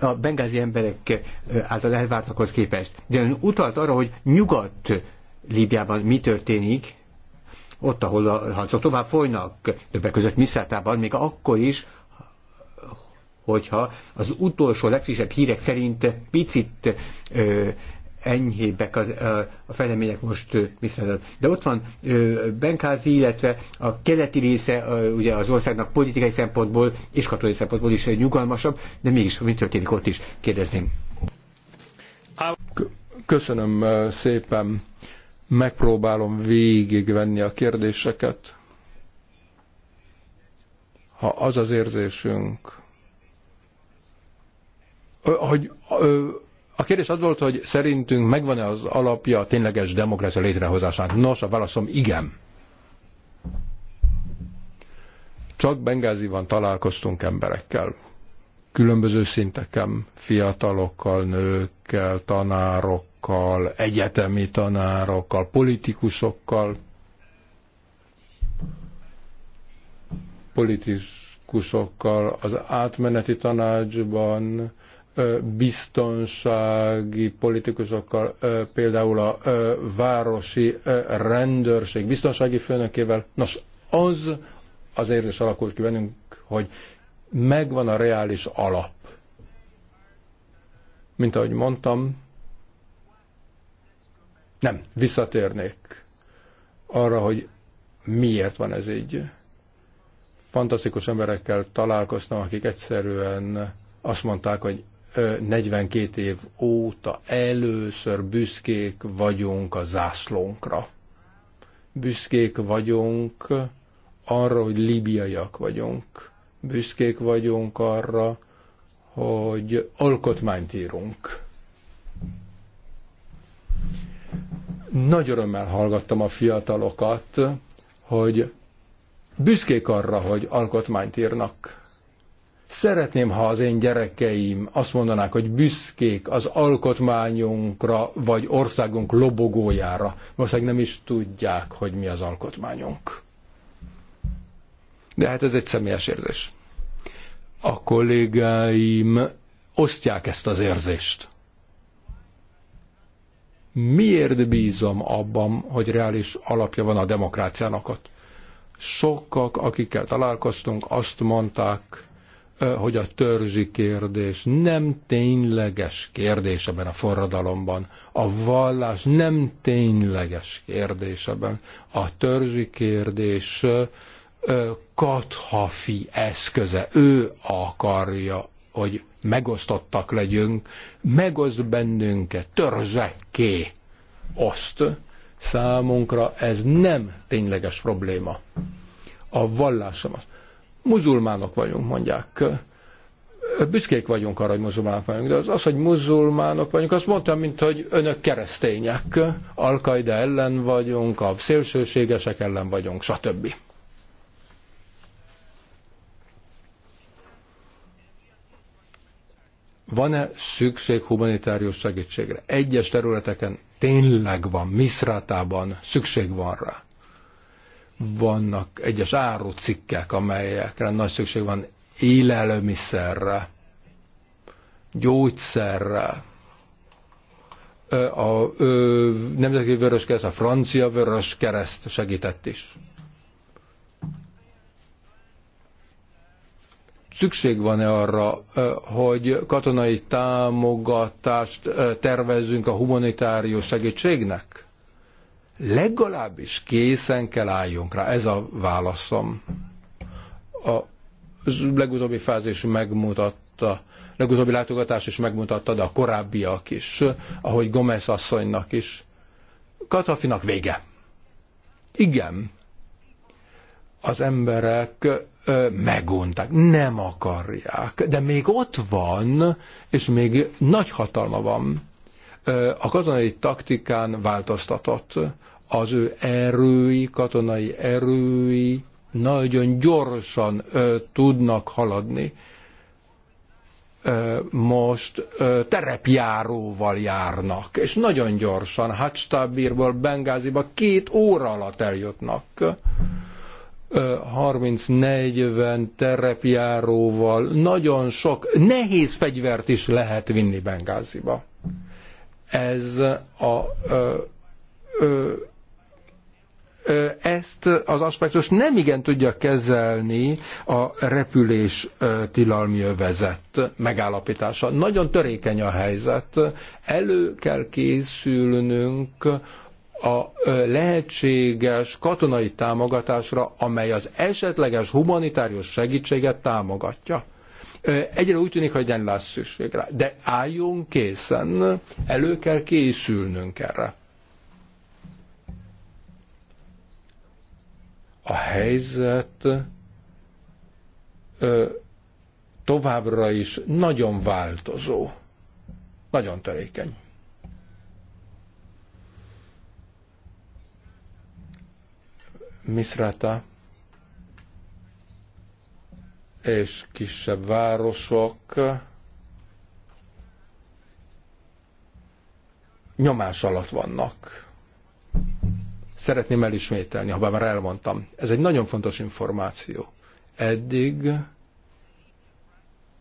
A: a bengázi emberek által elvártakhoz képest. De ön utalt arra, hogy nyugat Líbiában mi történik, ott, ahol a harcok tovább folynak, többek között Miszátában, még akkor is, hogyha az utolsó legfrissebb hírek szerint picit ö, enyhébbek az, a fejlemények most viszont. De ott van Benkázi, illetve a keleti része ugye az országnak politikai szempontból és katonai szempontból is nyugalmasabb, de mégis mi történik ott is, kérdezném.
B: Köszönöm szépen. Megpróbálom végigvenni a kérdéseket. Ha az az érzésünk, hogy a kérdés az volt, hogy szerintünk megvan-e az alapja a tényleges demokrácia létrehozásának. Nos, a válaszom igen. Csak Bengáziban találkoztunk emberekkel, különböző szinteken, fiatalokkal, nőkkel, tanárokkal, egyetemi tanárokkal, politikusokkal, politikusokkal az átmeneti tanácsban, biztonsági politikusokkal, például a városi rendőrség biztonsági főnökével. Nos, az az érzés alakult ki bennünk, hogy megvan a reális alap. Mint ahogy mondtam, nem, visszatérnék arra, hogy miért van ez így. Fantasztikus emberekkel találkoztam, akik egyszerűen azt mondták, hogy 42 év óta először büszkék vagyunk a zászlónkra. Büszkék vagyunk arra, hogy libiaiak vagyunk. Büszkék vagyunk arra, hogy alkotmányt írunk. Nagy örömmel hallgattam a fiatalokat, hogy büszkék arra, hogy alkotmányt írnak Szeretném, ha az én gyerekeim azt mondanák, hogy büszkék az alkotmányunkra, vagy országunk lobogójára. Valószínűleg nem is tudják, hogy mi az alkotmányunk. De hát ez egy személyes érzés. A kollégáim osztják ezt az érzést. Miért bízom abban, hogy reális alapja van a demokráciának ott? Sokak, akikkel találkoztunk, azt mondták, hogy a törzsi kérdés nem tényleges kérdés ebben a forradalomban. A vallás nem tényleges kérdés ebben. A törzsi kérdés kathafi eszköze. Ő akarja, hogy megosztottak legyünk, megoszt bennünket, törzsekké oszt. Számunkra ez nem tényleges probléma. A vallásomat muzulmánok vagyunk, mondják. Büszkék vagyunk arra, hogy muzulmánok vagyunk, de az, az hogy muzulmánok vagyunk, azt mondtam, mint hogy önök keresztények, al ellen vagyunk, a szélsőségesek ellen vagyunk, stb. van-e szükség humanitárius segítségre? Egyes területeken tényleg van, Misrátában szükség van rá. Vannak egyes árucikkek, amelyekre nagy szükség van élelmiszerre, gyógyszerre, a ö, Nemzeti Kereszt, a Francia Kereszt segített is. Szükség van-e arra, hogy katonai támogatást tervezzünk a humanitárius segítségnek? Legalábbis készen kell álljunk rá. Ez a válaszom. A legutóbbi fázis megmutatta, legutóbbi látogatás is megmutatta, de a korábbiak is, ahogy Gomez asszonynak is. Katafinak vége. Igen, az emberek ö, megunták, nem akarják, de még ott van, és még nagy hatalma van. Ö, a katonai taktikán változtatott az ő erői, katonai erői nagyon gyorsan ö, tudnak haladni. Ö, most ö, terepjáróval járnak, és nagyon gyorsan, Hacstábírból Bengáziba két óra alatt eljutnak. 30-40 terepjáróval, nagyon sok nehéz fegyvert is lehet vinni Bengáziba. Ez a ö, ö, ezt az aspektus nem igen tudja kezelni a repülés tilalmi övezet megállapítása. Nagyon törékeny a helyzet. Elő kell készülnünk a lehetséges katonai támogatásra, amely az esetleges humanitárius segítséget támogatja. Egyre úgy tűnik, hogy nem lesz szükség rá, de álljunk készen, elő kell készülnünk erre A helyzet ö, továbbra is nagyon változó, nagyon törékeny. Misrata és kisebb városok nyomás alatt vannak. Szeretném elismételni, ha már elmondtam. Ez egy nagyon fontos információ. Eddig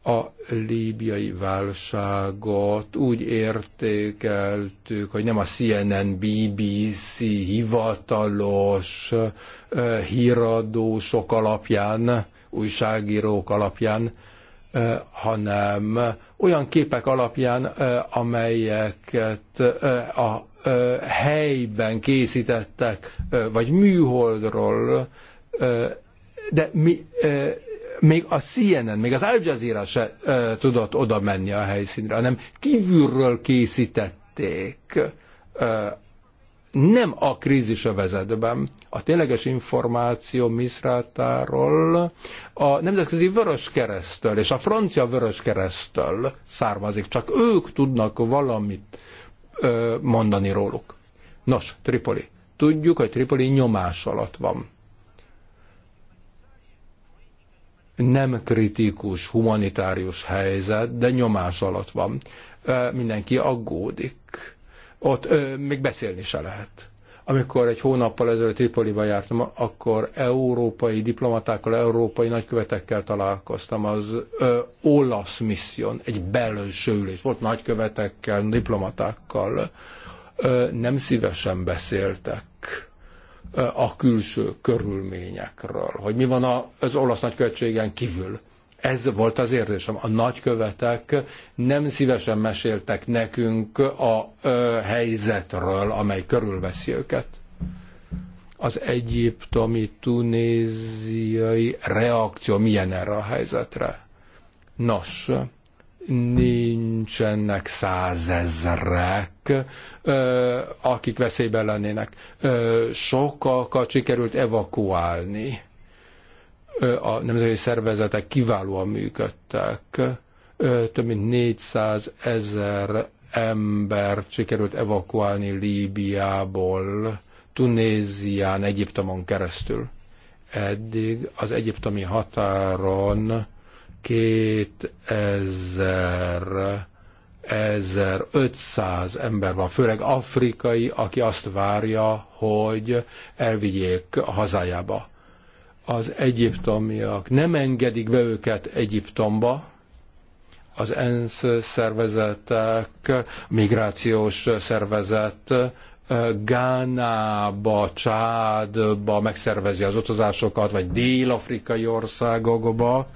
B: a líbiai válságot úgy értékeltük, hogy nem a CNN, BBC hivatalos híradósok alapján, újságírók alapján, hanem olyan képek alapján, amelyeket a helyben készítettek, vagy műholdról, de mi, még a CNN, még az Al Jazeera se tudott oda menni a helyszínre, hanem kívülről készítették nem a krízis a tényleges információ misrátáról a Nemzetközi Vöröskeresztől és a Francia Vöröskeresztől származik. Csak ők tudnak valamit mondani róluk. Nos, Tripoli. Tudjuk, hogy Tripoli nyomás alatt van. Nem kritikus, humanitárius helyzet, de nyomás alatt van. Mindenki aggódik. Ott még beszélni se lehet amikor egy hónappal ezelőtt Tripoliba jártam, akkor európai diplomatákkal, európai nagykövetekkel találkoztam. Az ö, olasz misszion, egy belső ülés volt nagykövetekkel, diplomatákkal. Ö, nem szívesen beszéltek ö, a külső körülményekről, hogy mi van az olasz nagykövetségen kívül ez volt az érzésem. A nagykövetek nem szívesen meséltek nekünk a ö, helyzetről, amely körülveszi őket. Az egyiptomi, tunéziai reakció milyen erre a helyzetre? Nos, nincsenek százezrek, akik veszélyben lennének. Sokakat sikerült evakuálni a nemzeti szervezetek kiválóan működtek. Több mint 400 ezer ember sikerült evakuálni Líbiából, Tunézián, Egyiptomon keresztül. Eddig az egyiptomi határon 2000 1500 ember van, főleg afrikai, aki azt várja, hogy elvigyék hazájába az egyiptomiak nem engedik be őket Egyiptomba, az ENSZ szervezetek, migrációs szervezet Gánába, Csádba megszervezi az utazásokat, vagy dél-afrikai országokba,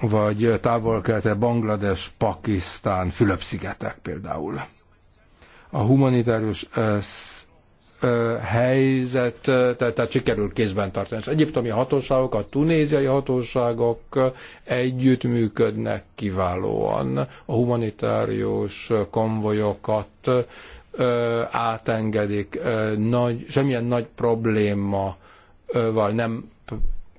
B: vagy távol-kelete, Banglades, Pakisztán, Fülöp-szigetek például. A humanitárius helyzet, tehát sikerült kézben tartani. Az egyiptomi hatóságok, a tunéziai hatóságok együttműködnek kiválóan. A humanitárius konvojokat átengedik, nagy, semmilyen nagy probléma vagy nem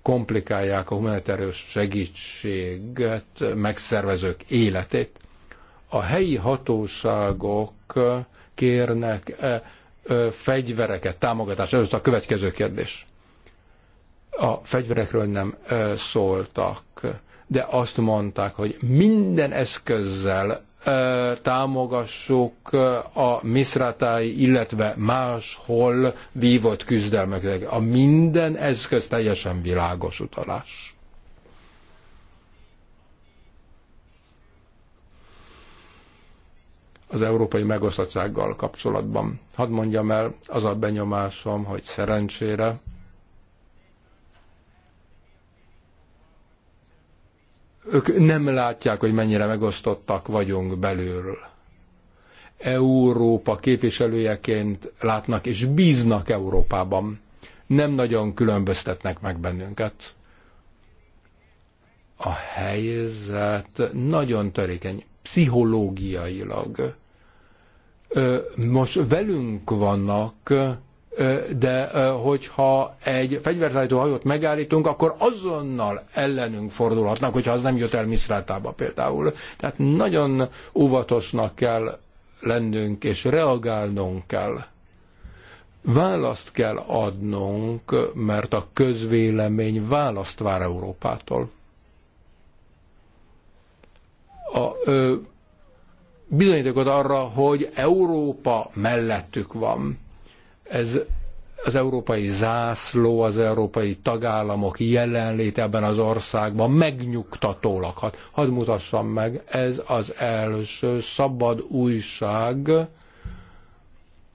B: komplikálják a humanitárius segítséget, megszervezők életét. A helyi hatóságok kérnek fegyvereket, támogatást. Ez a következő kérdés. A fegyverekről nem szóltak, de azt mondták, hogy minden eszközzel támogassuk a miszrátái, illetve máshol vívott küzdelmeket. A minden eszköz teljesen világos utalás. az európai megosztottsággal kapcsolatban. Hadd mondjam el, az a benyomásom, hogy szerencsére ők nem látják, hogy mennyire megosztottak vagyunk belülről. Európa képviselőjeként látnak és bíznak Európában. Nem nagyon különböztetnek meg bennünket. A helyzet nagyon törékeny, pszichológiailag most velünk vannak, de hogyha egy fegyverzállító hajót megállítunk, akkor azonnal ellenünk fordulhatnak, hogyha az nem jött el Misrátába például. Tehát nagyon óvatosnak kell lennünk, és reagálnunk kell. Választ kell adnunk, mert a közvélemény választ vár Európától. A ö, bizonyítékot arra, hogy Európa mellettük van. Ez az európai zászló, az európai tagállamok jelenléte ebben az országban megnyugtató lakat. Hadd mutassam meg, ez az első szabad újság,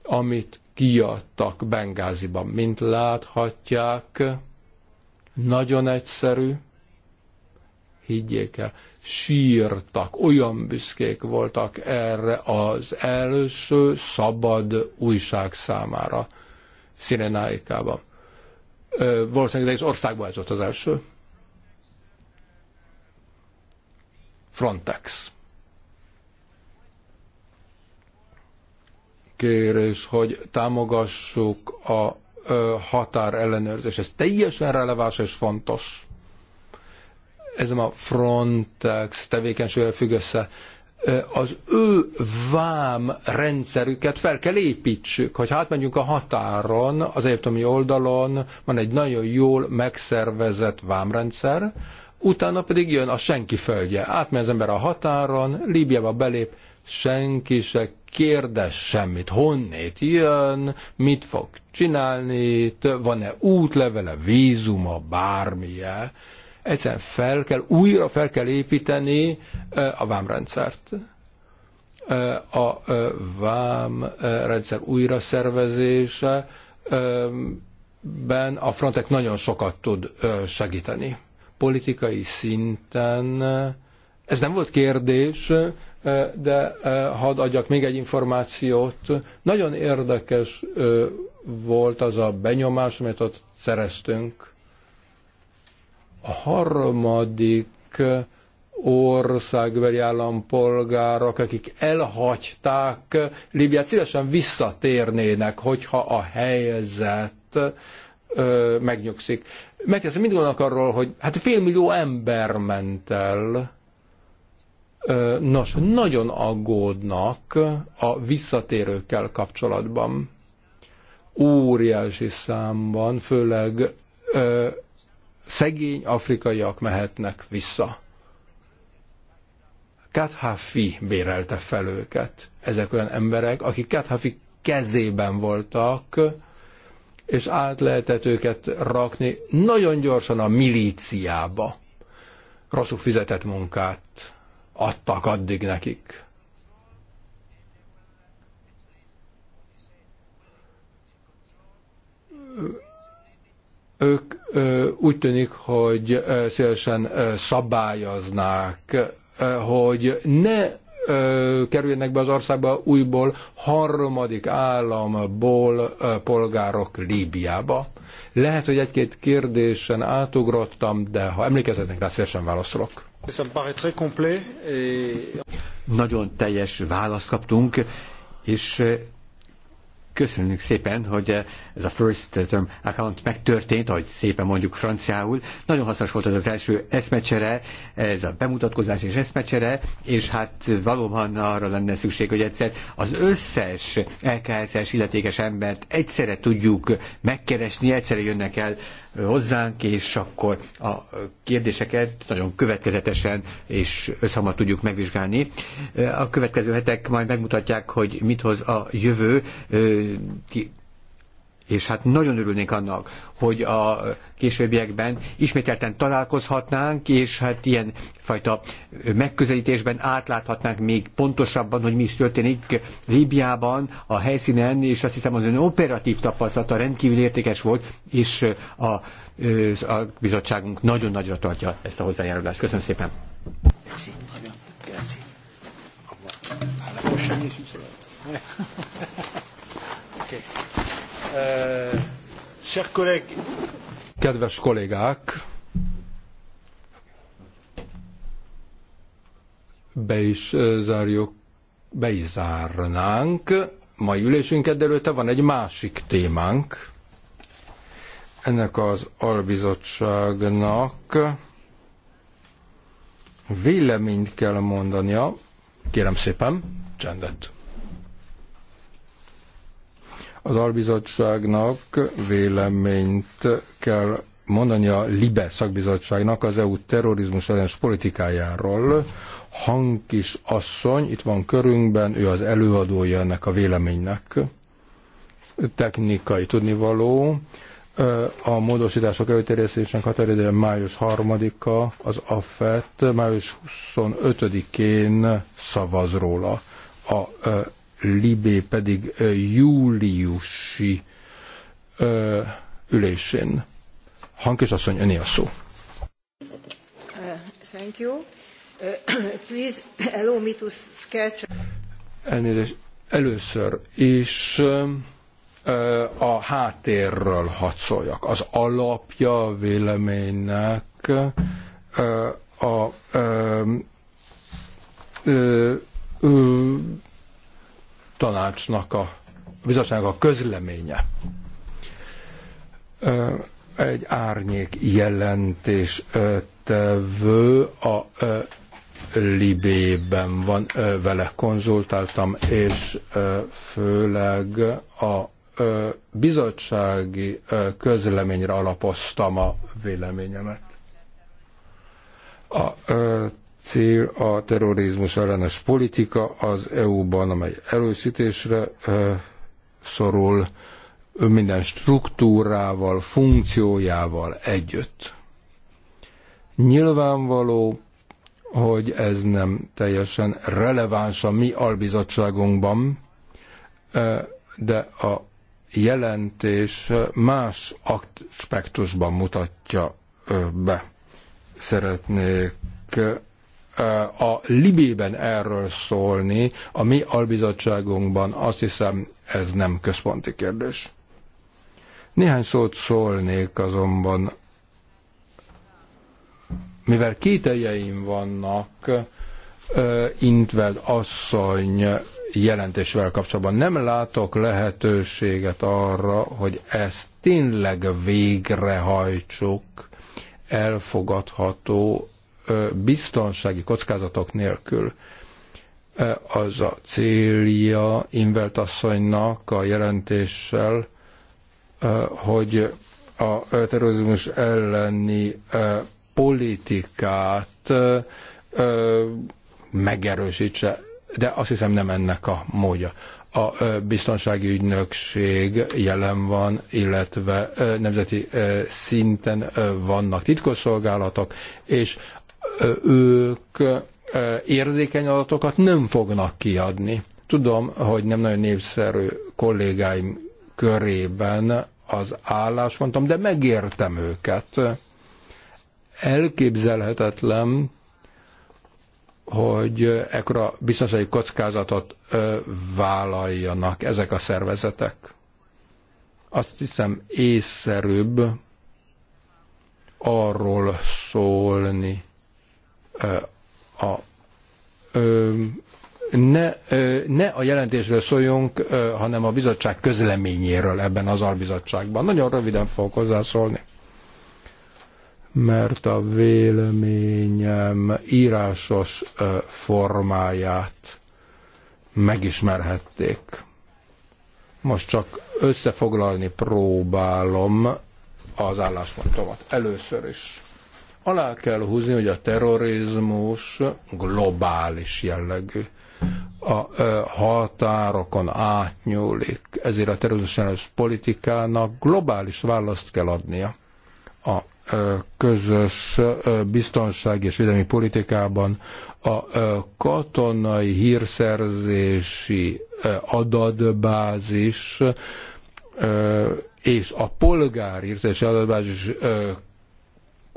B: amit kiadtak Bengáziban. Mint láthatják, nagyon egyszerű, higgyék el, sírtak, olyan büszkék voltak erre az első szabad újság számára Szirenáikában. Valószínűleg az országban ez volt az első. Frontex. Kérés, hogy támogassuk a határellenőrzés. Ez teljesen releváns és fontos ez nem a Frontex tevékenységgel függ össze, az ő vám rendszerüket fel kell építsük, hogy menjünk a határon, az egyiptomi oldalon van egy nagyon jól megszervezett vámrendszer, utána pedig jön a senki földje. Átmegy az ember a határon, Líbiába belép, senki se kérdez semmit, honnét jön, mit fog csinálni, van-e útlevele, vízuma, bármilyen Egyszerűen fel kell, újra fel kell építeni a vámrendszert. A vámrendszer újraszervezése ben a Frontex nagyon sokat tud segíteni. Politikai szinten ez nem volt kérdés, de hadd adjak még egy információt. Nagyon érdekes volt az a benyomás, amit ott szereztünk. A harmadik országbeli állampolgárok, akik elhagyták Libiát, szívesen visszatérnének, hogyha a helyzet ö, megnyugszik. Megkérdezem, mit gondolnak arról, hogy hát félmillió ember ment el. Ö, nos, nagyon aggódnak a visszatérőkkel kapcsolatban. Óriási számban, főleg ö, szegény afrikaiak mehetnek vissza. Kathafi bérelte fel őket. Ezek olyan emberek, akik Kathafi kezében voltak, és át lehetett őket rakni nagyon gyorsan a milíciába. Rosszul fizetett munkát adtak addig nekik. Ö ők úgy tűnik, hogy szélesen szabályoznák, hogy ne kerüljenek be az országba újból harmadik államból polgárok Líbiába. Lehet, hogy egy-két kérdésen átugrottam, de ha emlékezhetnek rá, szívesen válaszolok. Nagyon teljes
A: választ kaptunk, és köszönjük szépen, hogy eh, ez a first term account megtörtént, ahogy szépen mondjuk franciául. Nagyon hasznos volt ez az első eszmecsere, ez a bemutatkozás és eszmecsere, és hát valóban arra lenne szükség, hogy egyszer az összes LKSZ-es illetékes embert egyszerre tudjuk megkeresni, egyszerre jönnek el hozzánk, és akkor a kérdéseket nagyon következetesen és összhamar tudjuk megvizsgálni. A következő hetek majd megmutatják, hogy mit hoz a jövő, és hát nagyon örülnénk annak, hogy a későbbiekben ismételten találkozhatnánk, és hát ilyen fajta megközelítésben átláthatnánk még pontosabban, hogy mi is történik Líbiában, a helyszínen, és azt hiszem az ön operatív tapasztalata rendkívül értékes volt, és a, a bizottságunk nagyon nagyra tartja ezt a hozzájárulást. Köszönöm szépen!
C: Köszönöm.
B: Eh, Kedves kollégák, be is eh, zárjuk, be is zárnánk mai ülésünket, de előtte van egy másik témánk. Ennek az albizottságnak véleményt kell mondania. Kérem szépen, csendet. Az albizottságnak véleményt kell mondani a LIBE szakbizottságnak az EU terrorizmus ellenes politikájáról. Hankis asszony, itt van körünkben, ő az előadója ennek a véleménynek. Technikai tudnivaló. A módosítások előterjesztésének határideje május 3-a, az AFET május 25-én szavaz róla. A Libé pedig júliusi ö, ülésén. Hankis asszony, öné a szó. Uh,
D: thank you. Uh, please allow me to sketch...
B: Elnézést. Először is ö, um, uh, a háttérről hadd szóljak. Az alapja a véleménynek ö, a ö, tanácsnak a, a bizottságnak a közleménye. Egy árnyék jelentés tevő a Libében van, vele konzultáltam, és főleg a bizottsági közleményre alapoztam a véleményemet. A cél a terrorizmus ellenes politika az EU-ban, amely erőszítésre szorul minden struktúrával, funkciójával együtt. Nyilvánvaló, hogy ez nem teljesen releváns a mi albizottságunkban, de a jelentés más aspektusban mutatja be. Szeretnék a Libében erről szólni, a mi albizottságunkban azt hiszem ez nem központi kérdés. Néhány szót szólnék azonban, mivel kételjeim vannak, Intveld asszony jelentésvel kapcsolatban. Nem látok lehetőséget arra, hogy ezt tényleg végrehajtsuk elfogadható biztonsági kockázatok nélkül. Az a célja Invert asszonynak a jelentéssel, hogy a terrorizmus elleni politikát megerősítse, de azt hiszem nem ennek a módja a biztonsági ügynökség jelen van, illetve nemzeti szinten vannak titkosszolgálatok, és ők érzékeny adatokat nem fognak kiadni. Tudom, hogy nem nagyon népszerű kollégáim körében az állás mondtam, de megértem őket. Elképzelhetetlen, hogy ekkora biztonsági kockázatot vállaljanak ezek a szervezetek. Azt hiszem észszerűbb arról szólni, a, ne, ne a jelentésről szóljunk, hanem a bizottság közleményéről ebben az albizottságban. Nagyon röviden fogok hozzászólni mert a véleményem írásos formáját megismerhették. Most csak összefoglalni próbálom az álláspontomat. Először is Alá kell húzni, hogy a terrorizmus globális jellegű. A határokon átnyúlik, ezért a terrorizmus politikának globális választ kell adnia. A közös biztonsági és védelmi politikában a katonai hírszerzési adatbázis és a polgári hírszerzési adatbázis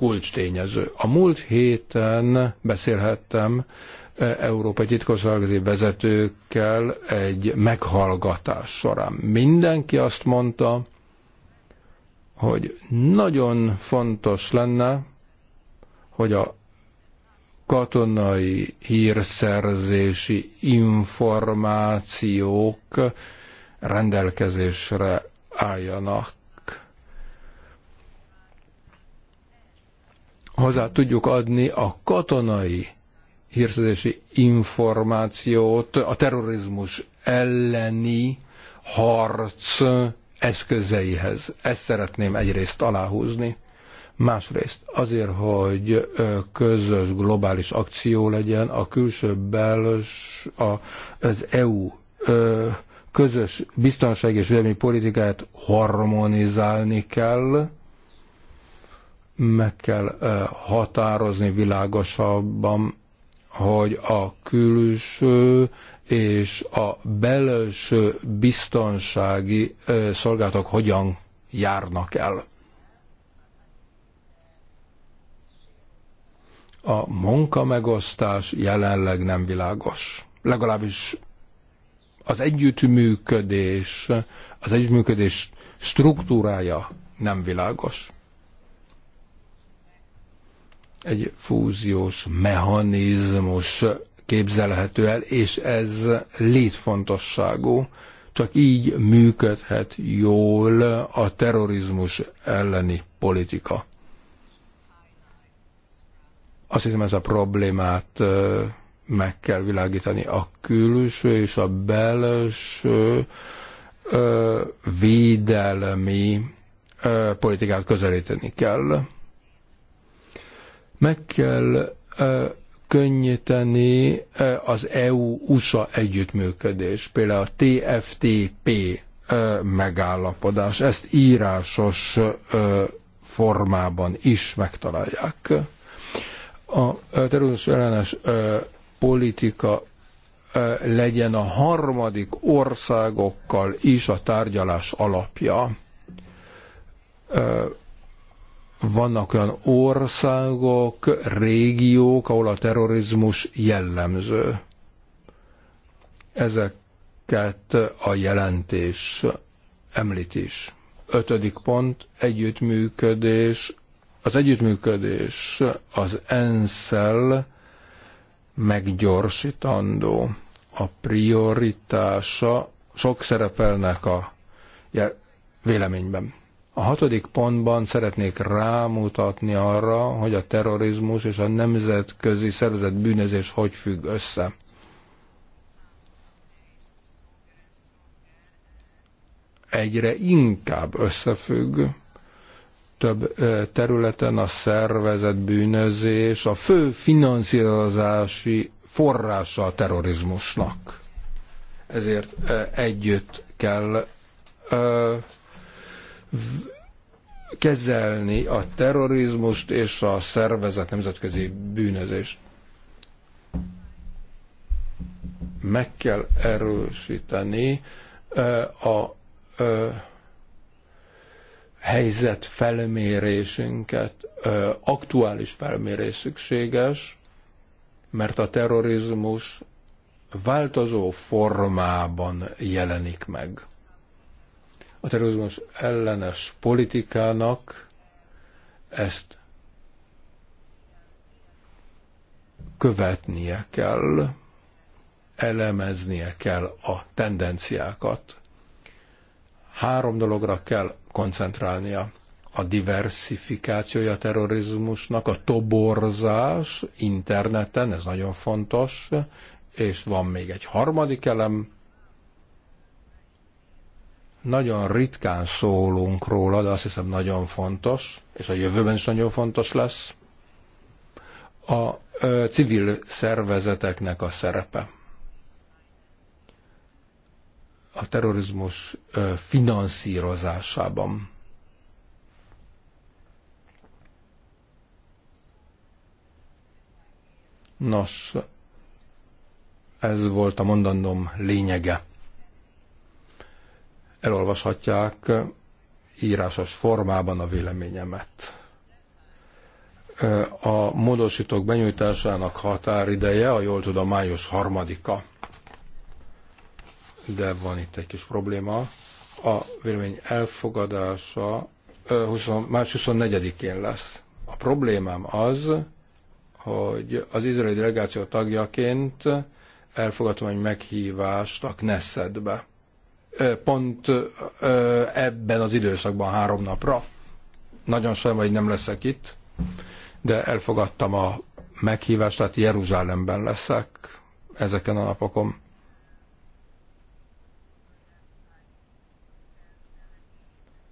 B: kulcstényező. A múlt héten beszélhettem e, európai titkosszolgálati vezetőkkel egy meghallgatás során. Mindenki azt mondta, hogy nagyon fontos lenne, hogy a katonai hírszerzési információk rendelkezésre álljanak hozzá tudjuk adni a katonai hírszerzési információt a terrorizmus elleni harc eszközeihez. Ezt szeretném egyrészt aláhúzni. Másrészt azért, hogy közös globális akció legyen, a külső belös, a, az EU közös biztonság és védelmi politikáját harmonizálni kell, meg kell határozni világosabban, hogy a külső és a belső biztonsági szolgálatok hogyan járnak el. A munkamegosztás jelenleg nem világos. Legalábbis az együttműködés, az együttműködés struktúrája nem világos egy fúziós mechanizmus képzelhető el, és ez létfontosságú. Csak így működhet jól a terrorizmus elleni politika. Azt hiszem, ez a problémát meg kell világítani a külső és a belső védelmi politikát közelíteni kell meg kell könnyíteni az EU-USA együttműködés, például a TFTP megállapodás, ezt írásos formában is megtalálják. A terrorizmus ellenes politika legyen a harmadik országokkal is a tárgyalás alapja vannak olyan országok, régiók, ahol a terrorizmus jellemző. Ezeket a jelentés említés. Ötödik pont, együttműködés. Az együttműködés az ensz meggyorsítandó. A prioritása, sok szerepelnek a véleményben a hatodik pontban szeretnék rámutatni arra, hogy a terrorizmus és a nemzetközi szervezet bűnözés hogy függ össze. Egyre inkább összefügg, több területen a szervezet bűnözés a fő finanszírozási forrása a terrorizmusnak. Ezért együtt kell kezelni a terrorizmust és a szervezet nemzetközi bűnözést. Meg kell erősíteni a helyzet felmérésünket, aktuális felmérés szükséges, mert a terrorizmus változó formában jelenik meg a terrorizmus ellenes politikának ezt követnie kell, elemeznie kell a tendenciákat. Három dologra kell koncentrálnia. A diversifikációja a terrorizmusnak, a toborzás interneten, ez nagyon fontos, és van még egy harmadik elem, nagyon ritkán szólunk róla, de azt hiszem nagyon fontos, és a jövőben is nagyon fontos lesz, a civil szervezeteknek a szerepe. A terrorizmus finanszírozásában. Nos, ez volt a mondanom lényege elolvashatják írásos formában a véleményemet. A módosítók benyújtásának határideje, a jól tudom, május harmadika. De van itt egy kis probléma. A vélemény elfogadása 20, május 24-én lesz. A problémám az, hogy az izraeli delegáció tagjaként elfogadtam egy meghívást a Knessetbe pont ebben az időszakban három napra. Nagyon sajnálom, hogy nem leszek itt, de elfogadtam a meghívást, tehát Jeruzsálemben leszek ezeken a napokon.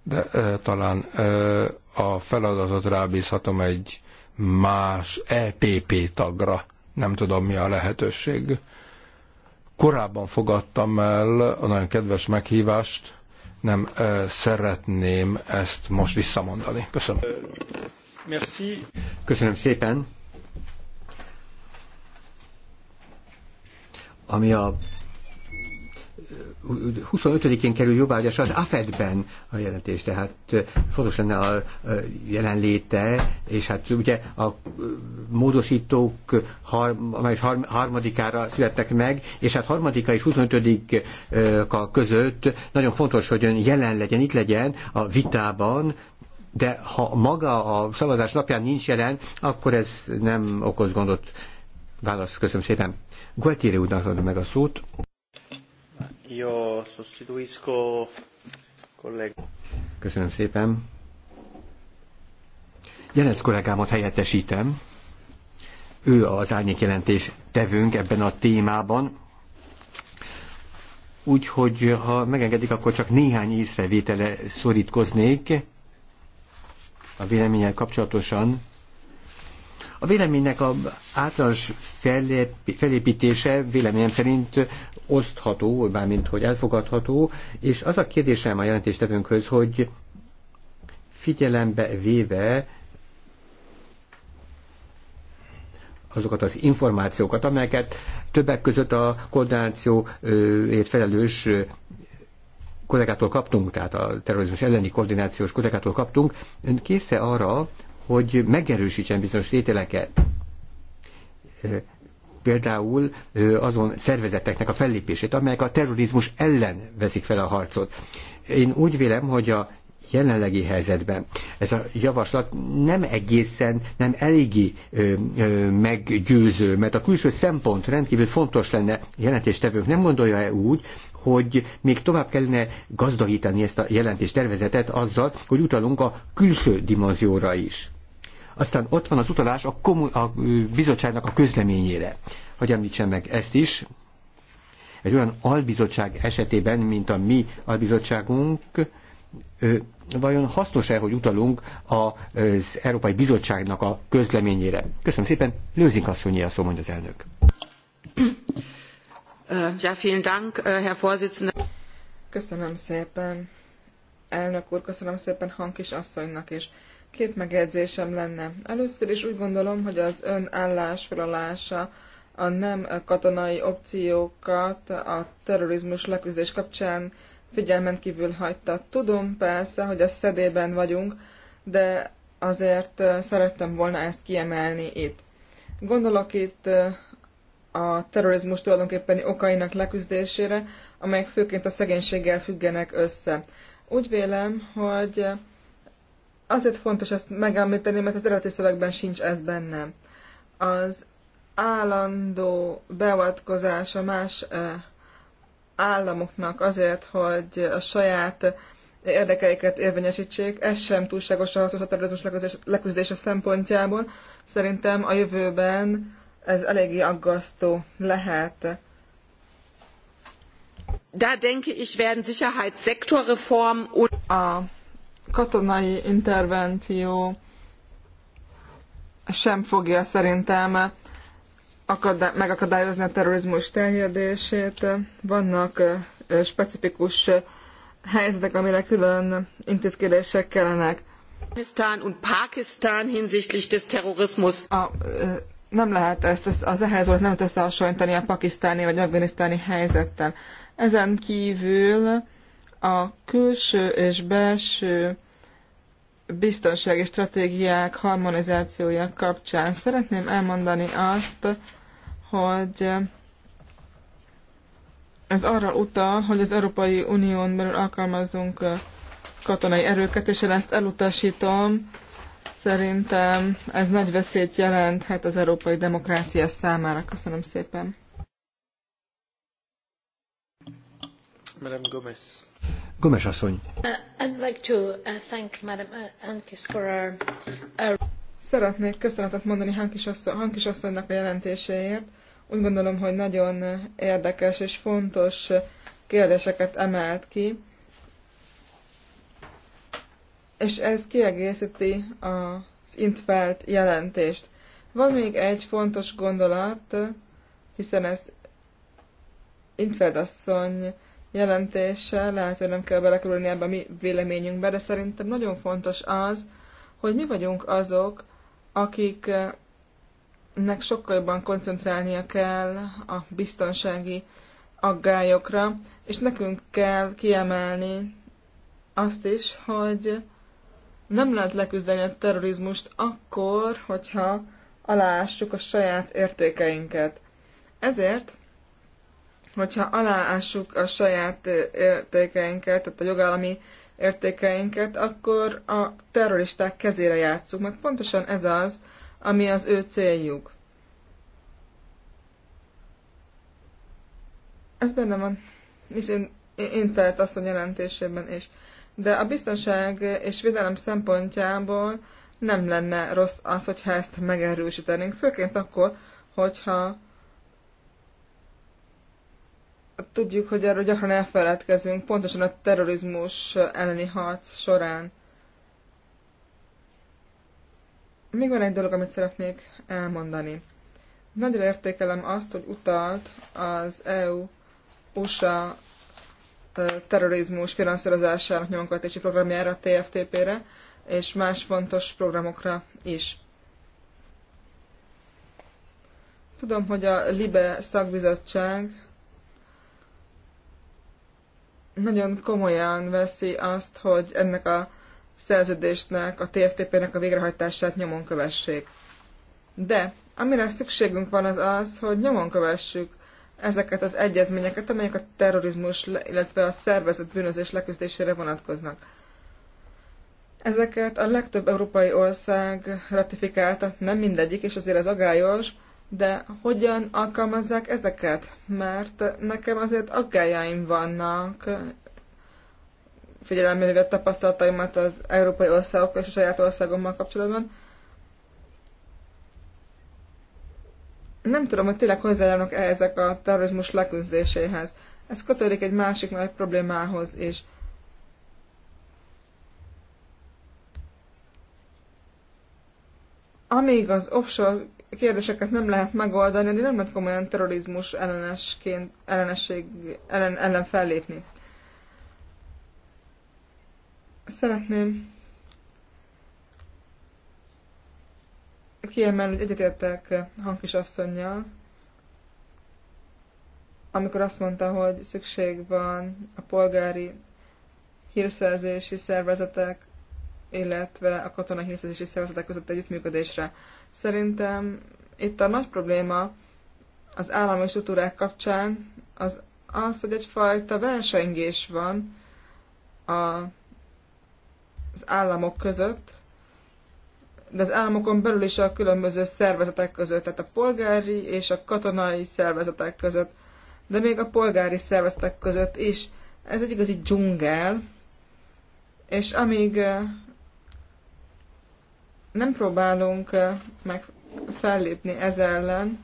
B: de e, talán e, a feladatot rábízhatom egy más EPP tagra. Nem tudom, mi a lehetőség korábban fogadtam el a nagyon kedves meghívást, nem szeretném ezt most visszamondani. Köszönöm. Merci. Köszönöm szépen.
A: Ami a 25-én kerül jóvágyásra az AFED-ben a jelentés, tehát fontos lenne a jelenléte, és hát ugye a módosítók május harmadikára születtek meg, és hát harmadika és 25-a között nagyon fontos, hogy ön jelen legyen, itt legyen a vitában, de ha maga a szavazás napján nincs jelen, akkor ez nem okoz gondot. Válasz, köszönöm szépen. Gualtieri úrnak adom meg a szót. Io sostituisco collega. Köszönöm szépen. Jelenc kollégámat helyettesítem. Ő az jelentés tevünk ebben a témában. Úgyhogy, ha megengedik, akkor csak néhány észrevétele szorítkoznék a véleményel kapcsolatosan. A véleménynek a általános felépítése véleményem szerint osztható, bármint hogy elfogadható, és az a kérdésem a jelentéstevőnkhöz, hogy figyelembe véve azokat az információkat, amelyeket többek között a koordinációért felelős kollégától kaptunk, tehát a terrorizmus elleni koordinációs kollégától kaptunk, ön készen arra, hogy megerősítsen bizonyos tételeket. Például azon szervezeteknek a fellépését, amelyek a terrorizmus ellen veszik fel a harcot. Én úgy vélem, hogy a jelenlegi helyzetben ez a javaslat nem egészen, nem eléggé ö, ö, meggyőző, mert a külső szempont rendkívül fontos lenne jelentéstevők. Nem gondolja-e úgy, hogy még tovább kellene gazdagítani ezt a jelentéstervezetet azzal, hogy utalunk a külső dimenzióra is? Aztán ott van az utalás a, kommun- a bizottságnak a közleményére. Hogy említsen meg ezt is, egy olyan albizottság esetében, mint a mi albizottságunk, vajon hasznos-e, hogy utalunk az Európai Bizottságnak a közleményére? Köszönöm szépen, Lőzink asszonyi a szó, mondja az elnök.
C: Ja, vielen Dank, Herr Vorsitzender. Köszönöm szépen, elnök úr, köszönöm szépen Hankis asszonynak is. És Két megjegyzésem lenne. Először is úgy gondolom, hogy az ön állásfoglalása a nem katonai opciókat a terrorizmus leküzdés kapcsán figyelmen kívül hagyta. Tudom persze, hogy a szedében vagyunk, de azért szerettem volna ezt kiemelni itt. Gondolok itt a terrorizmus tulajdonképpeni okainak leküzdésére, amelyek főként a szegénységgel függenek össze. Úgy vélem, hogy Azért fontos ezt megemlíteni, mert az eredeti szövegben sincs ez benne. Az állandó beavatkozása más eh, államoknak azért, hogy a saját érdekeiket érvényesítsék, ez sem túlságosan hasznos a terrorizmus leküzdése szempontjából. Szerintem a jövőben ez eléggé aggasztó lehet. Da denke ich, werden Sicherheitssektorreform und... A katonai intervenció sem fogja szerintem megakadályozni a terrorizmus terjedését. Vannak specifikus helyzetek, amire külön intézkedések kellenek. Afganisztán und Pakistan hinsichtlich des Terrorismus. A, nem lehet ezt az, az ehhez volt nem összehasonlítani a pakisztáni vagy afganisztáni helyzettel. Ezen kívül a külső és belső biztonsági stratégiák harmonizációja kapcsán szeretném elmondani azt, hogy ez arra utal, hogy az Európai Unión belül alkalmazunk katonai erőket, és én ezt elutasítom. Szerintem ez nagy veszélyt jelenthet az európai demokrácia számára. Köszönöm szépen.
B: Madame Gomez.
A: Gomes asszony.
C: Uh, uh, uh, Szeretnék köszönetet mondani Hankis asszonynak a jelentéséért. Úgy gondolom, hogy nagyon érdekes és fontos kérdéseket emelt ki, és ez kiegészíti az Intfelt jelentést. Van még egy fontos gondolat, hiszen ez Intfeld asszony jelentéssel, lehet, hogy nem kell belekerülni ebbe a mi véleményünkbe, de szerintem nagyon fontos az, hogy mi vagyunk azok, akiknek sokkal jobban koncentrálnia kell a biztonsági aggályokra, és nekünk kell kiemelni azt is, hogy nem lehet leküzdeni a terrorizmust akkor, hogyha aláássuk a saját értékeinket. Ezért hogyha aláássuk a saját értékeinket, tehát a jogállami értékeinket, akkor a terroristák kezére játszunk, mert pontosan ez az, ami az ő céljuk. Ez benne van, felt azt a jelentésében is. De a biztonság és védelem szempontjából nem lenne rossz az, hogyha ezt megerősítenénk, főként akkor, hogyha tudjuk, hogy erről gyakran elfeledkezünk, pontosan a terrorizmus elleni harc során. Még van egy dolog, amit szeretnék elmondani. Nagyra értékelem azt, hogy utalt az EU-USA terrorizmus finanszírozásának nyomonkövetési programjára, TFTP-re, és más fontos programokra is. Tudom, hogy a LIBE szakbizottság nagyon komolyan veszi azt, hogy ennek a szerződésnek, a TFTP-nek a végrehajtását nyomon kövessék. De amire szükségünk van az az, hogy nyomon kövessük ezeket az egyezményeket, amelyek a terrorizmus, illetve a szervezett bűnözés leküzdésére vonatkoznak. Ezeket a legtöbb európai ország ratifikálta, nem mindegyik, és azért az agályos, de hogyan alkalmazzák ezeket? Mert nekem azért aggájaim vannak, figyelembe véve tapasztalataimat az európai országokkal és a saját országommal kapcsolatban. Nem tudom, hogy tényleg hozzájárulnak -e ezek a terrorizmus leküzdéséhez. Ez kötődik egy másik nagy problémához is. Amíg az offshore kérdéseket nem lehet megoldani, de nem lehet komolyan terrorizmus ellenesként, ellenesség ellen, ellen fellépni. Szeretném kiemelni, hogy egyetértek Hankis asszonynal, amikor azt mondta, hogy szükség van a polgári hírszerzési szervezetek illetve a katonai hírszerzési szervezetek között együttműködésre. Szerintem itt a nagy probléma az állami struktúrák kapcsán az, az hogy egyfajta versengés van a, az államok között, de az államokon belül is a különböző szervezetek között, tehát a polgári és a katonai szervezetek között, de még a polgári szervezetek között is. Ez egy igazi dzsungel, és amíg nem próbálunk eh, meg fellépni ez ellen,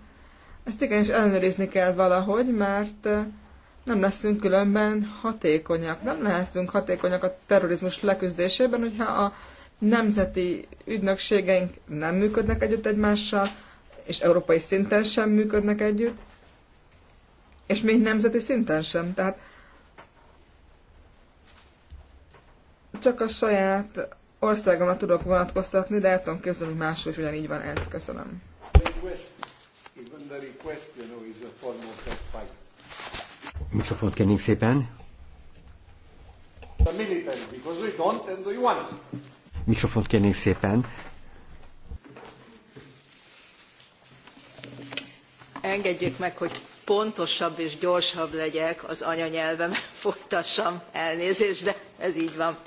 C: ezt igenis ellenőrizni kell valahogy, mert eh, nem leszünk különben hatékonyak. Nem leszünk hatékonyak a terrorizmus leküzdésében, hogyha a nemzeti ügynökségeink nem működnek együtt egymással, és európai szinten sem működnek együtt, és még nemzeti szinten sem. Tehát csak a saját országomra tudok vonatkoztatni, de el tudom képzelni, hogy máshol is ugyanígy van ez. Köszönöm.
B: Mikrofon
A: kérnénk szépen. Mikrofon kérnénk szépen.
D: Engedjék meg, hogy pontosabb és gyorsabb legyek az anyanyelvem folytassam elnézést, de ez így van. Uh,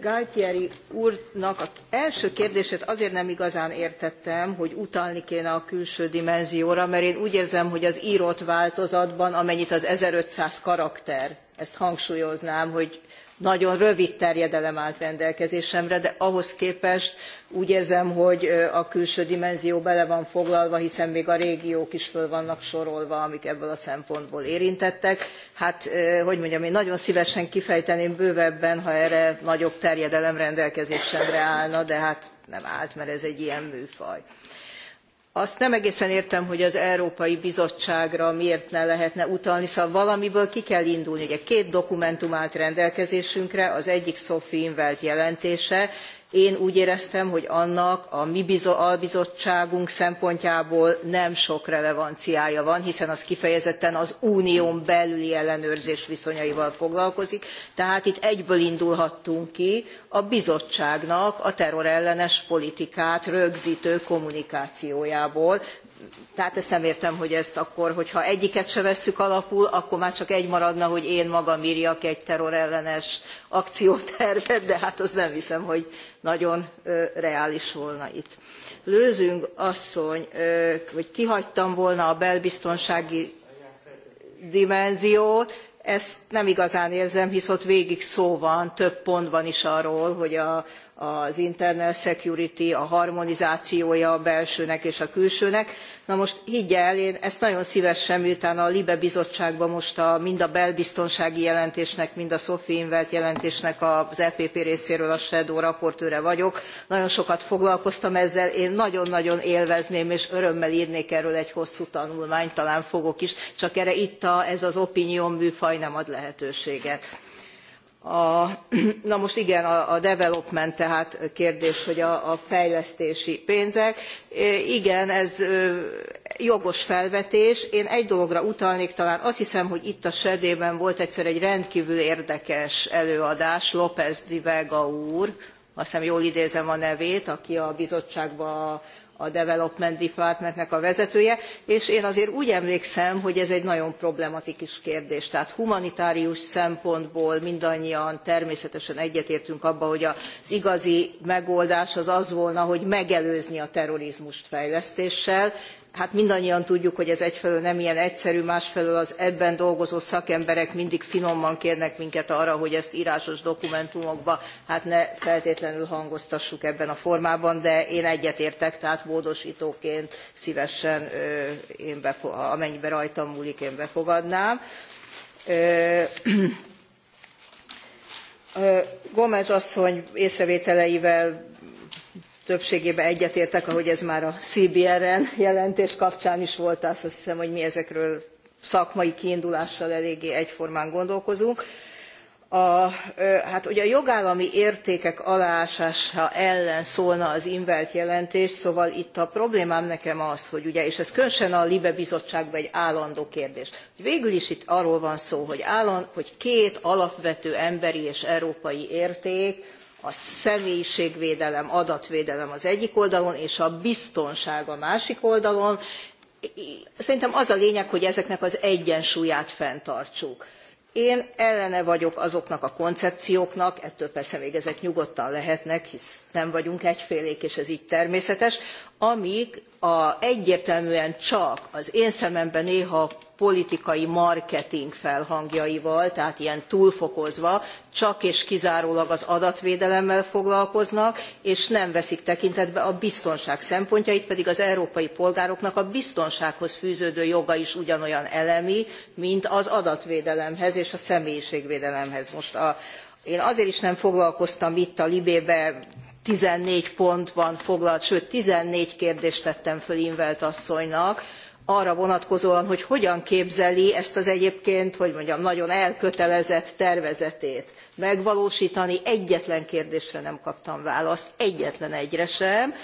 D: Galtieri úrnak az első kérdését azért nem igazán értettem, hogy utalni kéne a külső dimenzióra, mert én úgy érzem, hogy az írott változatban, amennyit az 1500 karakter, ezt hangsúlyoznám, hogy nagyon rövid terjedelem állt rendelkezésemre, de ahhoz képest úgy érzem, hogy a külső dimenzió bele van foglalva, hiszen még a régiók is föl vannak sorolva, amik ebből a szempontból érintettek. Hát, hogy mondjam, én nagyon szívesen kifejteném bővebben, ha erre nagyobb terjedelem rendelkezésemre állna, de hát nem állt, mert ez egy ilyen műfaj azt nem egészen értem, hogy az Európai Bizottságra miért ne lehetne utalni, szóval valamiből ki kell indulni. Ugye két dokumentum állt rendelkezésünkre, az egyik Sophie Invelt jelentése, én úgy éreztem, hogy annak a mi albizottságunk szempontjából nem sok relevanciája van, hiszen az kifejezetten az unión belüli ellenőrzés viszonyaival foglalkozik, tehát itt egyből indulhattunk ki a bizottságnak a terrorellenes politikát rögzítő kommunikációjából, tehát ezt nem értem, hogy ezt akkor, hogyha egyiket se vesszük alapul, akkor már csak egy maradna, hogy én magam írjak egy terrorellenes akciótervet, de hát az nem hiszem, hogy nagyon reális volna itt. Lőzünk asszony, hogy kihagytam volna a belbiztonsági dimenziót, ezt nem igazán érzem, hisz ott végig szó van több pontban is arról, hogy a, az internal security, a harmonizációja a belsőnek és a külsőnek. Na most higgy el, én ezt nagyon szívesen, miután a Libe bizottságban most a, mind a belbiztonsági jelentésnek, mind a Sophie invert jelentésnek az EPP részéről a Shadow raportőre vagyok, nagyon sokat foglalkoztam ezzel, én nagyon-nagyon élvezném, és örömmel írnék erről egy hosszú tanulmányt, talán fogok is, csak erre itt a, ez az opinion műfaj nem ad lehetőséget na most igen a, development tehát kérdés hogy a, fejlesztési pénzek igen ez jogos felvetés én egy dologra utalnék talán azt hiszem hogy itt a sedében volt egyszer egy rendkvül érdekes előadás lópez de vega úr azt hiszem jól idézem a nevét aki a bizottságban a a Development Departmentnek a vezetője, és én azért úgy emlékszem, hogy ez egy nagyon problematikus kérdés. Tehát humanitárius szempontból mindannyian természetesen egyetértünk abban, hogy az igazi megoldás az az volna, hogy megelőzni a terrorizmust fejlesztéssel, hát mindannyian tudjuk, hogy ez egyfelől nem ilyen egyszerű, másfelől az ebben dolgozó szakemberek mindig finoman kérnek minket arra, hogy ezt írásos dokumentumokba hát ne feltétlenül hangoztassuk ebben a formában, de én egyetértek, tehát módosítóként szívesen, én befo- amennyiben rajtam múlik, én befogadnám. Gomez asszony észrevételeivel többségében egyetértek, ahogy ez már a CBRN jelentés kapcsán is volt, azt hiszem, hogy mi ezekről szakmai kiindulással eléggé egyformán gondolkozunk. A, hát ugye a jogállami értékek aláásása ellen szólna az invelt jelentés, szóval itt a problémám nekem az, hogy ugye, és ez különösen a Libe Bizottságban egy állandó kérdés, hogy végül is itt arról van szó, hogy, állandó, hogy két alapvető emberi és európai érték, a személyiségvédelem, adatvédelem az egyik oldalon, és a biztonság a másik oldalon. Szerintem az a lényeg, hogy ezeknek az egyensúlyát fenntartsuk. Én ellene vagyok azoknak a koncepcióknak, ettől persze még ezek nyugodtan lehetnek, hisz nem vagyunk egyfélék, és ez így természetes, amik a, egyértelműen csak az én szememben néha politikai marketing felhangjaival, tehát ilyen túlfokozva, csak és kizárólag az adatvédelemmel foglalkoznak, és nem veszik tekintetbe a biztonság szempontjait, pedig az európai polgároknak a biztonsághoz fűződő joga is ugyanolyan elemi, mint az adatvédelemhez és a személyiségvédelemhez. Most a, én azért is nem foglalkoztam itt a libébe 14 pontban foglalt, sőt 14 kérdést tettem föl Invelt asszonynak, arra vonatkozóan, hogy hogyan képzeli ezt az egyébként, hogy mondjam, nagyon elkötelezett tervezetét megvalósítani. Egyetlen kérdésre nem kaptam választ, egyetlen egyre sem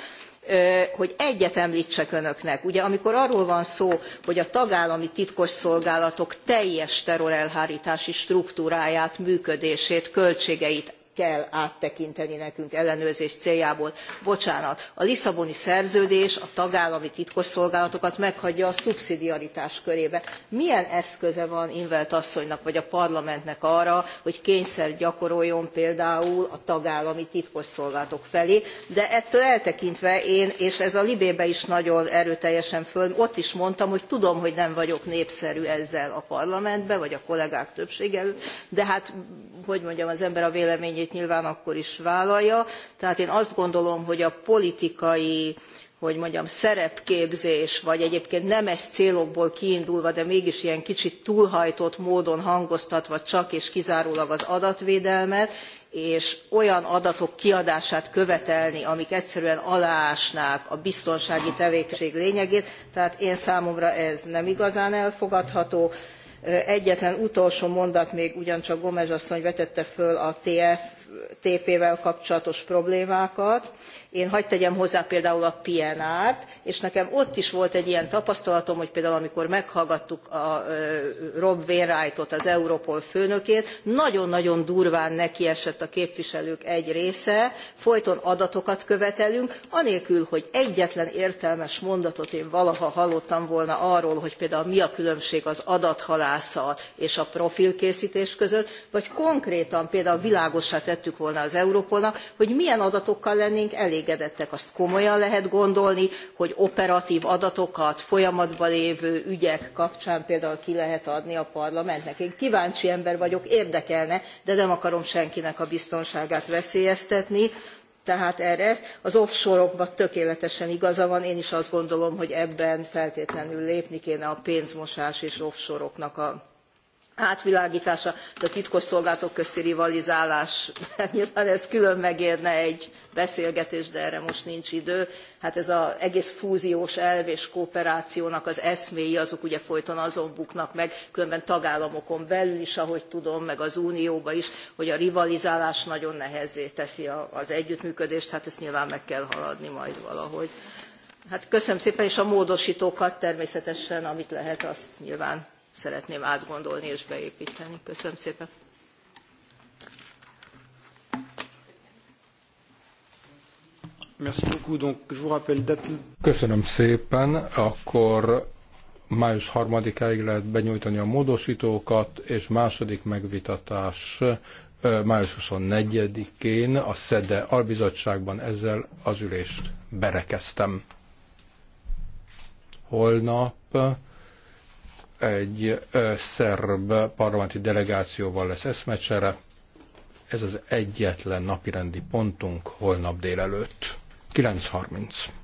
D: hogy egyet említsek önöknek. Ugye amikor arról van szó, hogy a tagállami titkosszolgálatok teljes terrorelhárítási struktúráját, működését, költségeit kell áttekinteni nekünk ellenőrzés céljából. Bocsánat, a Lisszaboni szerződés a tagállami titkosszolgálatokat meghagyja a szubszidiaritás körébe. Milyen eszköze van Invelt asszonynak vagy a parlamentnek arra, hogy kényszer gyakoroljon például a tagállami titkosszolgálatok felé, de ettől eltekintve én, és ez a Libébe is nagyon erőteljesen föl, ott is mondtam, hogy tudom, hogy nem vagyok népszerű ezzel a parlamentben, vagy a kollégák többsége előtt, de hát hogy mondjam, az ember a véleményét nyilván akkor is vállalja. Tehát én azt gondolom, hogy a politikai hogy mondjam, szerepképzés, vagy egyébként nemes célokból kiindulva, de mégis ilyen kicsit túlhajtott módon hangoztatva csak és kizárólag az adatvédelmet, és olyan adatok kiadását követelni, amik egyszerűen aláásnák a biztonsági tevékenység lényegét, tehát én számomra ez nem igazán elfogadható Egyetlen utolsó mondat még ugyancsak Gomez asszony vetette föl a TF, TP-vel kapcsolatos problémákat én hagyd tegyem hozzá például a PNR-t, és nekem ott is volt egy ilyen tapasztalatom, hogy például amikor meghallgattuk a Rob Wainwrightot, az Europol főnökét, nagyon-nagyon durván nekiesett a képviselők egy része, folyton adatokat követelünk, anélkül, hogy egyetlen értelmes mondatot én valaha hallottam volna arról, hogy például mi a különbség az adathalászat és a profilkészítés között, vagy konkrétan például világossá tettük volna az Europolnak, hogy milyen adatokkal lennénk elég elégedettek, azt komolyan lehet gondolni, hogy operatív adatokat folyamatban lévő ügyek kapcsán például ki lehet adni a parlamentnek. Én kíváncsi ember vagyok, érdekelne, de nem akarom senkinek a biztonságát veszélyeztetni, tehát erre az offshore okban tökéletesen igaza van, én is azt gondolom, hogy ebben feltétlenül lépni kéne a pénzmosás és offshore oknak a átvilágtása de a titkosszolgálatok közti rivalizálás nyilván ez külön megérne egy beszélgetést de erre most nincs idő hát ez az egész fúziós elv és kooperációnak az eszméi azok ugye folyton azon buknak meg különben tagállamokon belül is ahogy tudom meg az unióban is hogy a rivalizálás nagyon nehezzé teszi az együttműködést hát ezt nyilván meg kell haladni majd valahogy. Hát köszönöm szépen, és a módosítókat természetesen, amit lehet, azt nyilván szeretném átgondolni és beépíteni. Köszönöm szépen.
B: Köszönöm szépen, akkor május 3-áig lehet benyújtani a módosítókat, és második megvitatás május 24-én a SZEDE albizottságban ezzel az ülést berekeztem. Holnap egy szerb parlamenti delegációval lesz eszmecsere. Ez az egyetlen napirendi pontunk holnap délelőtt. 9.30.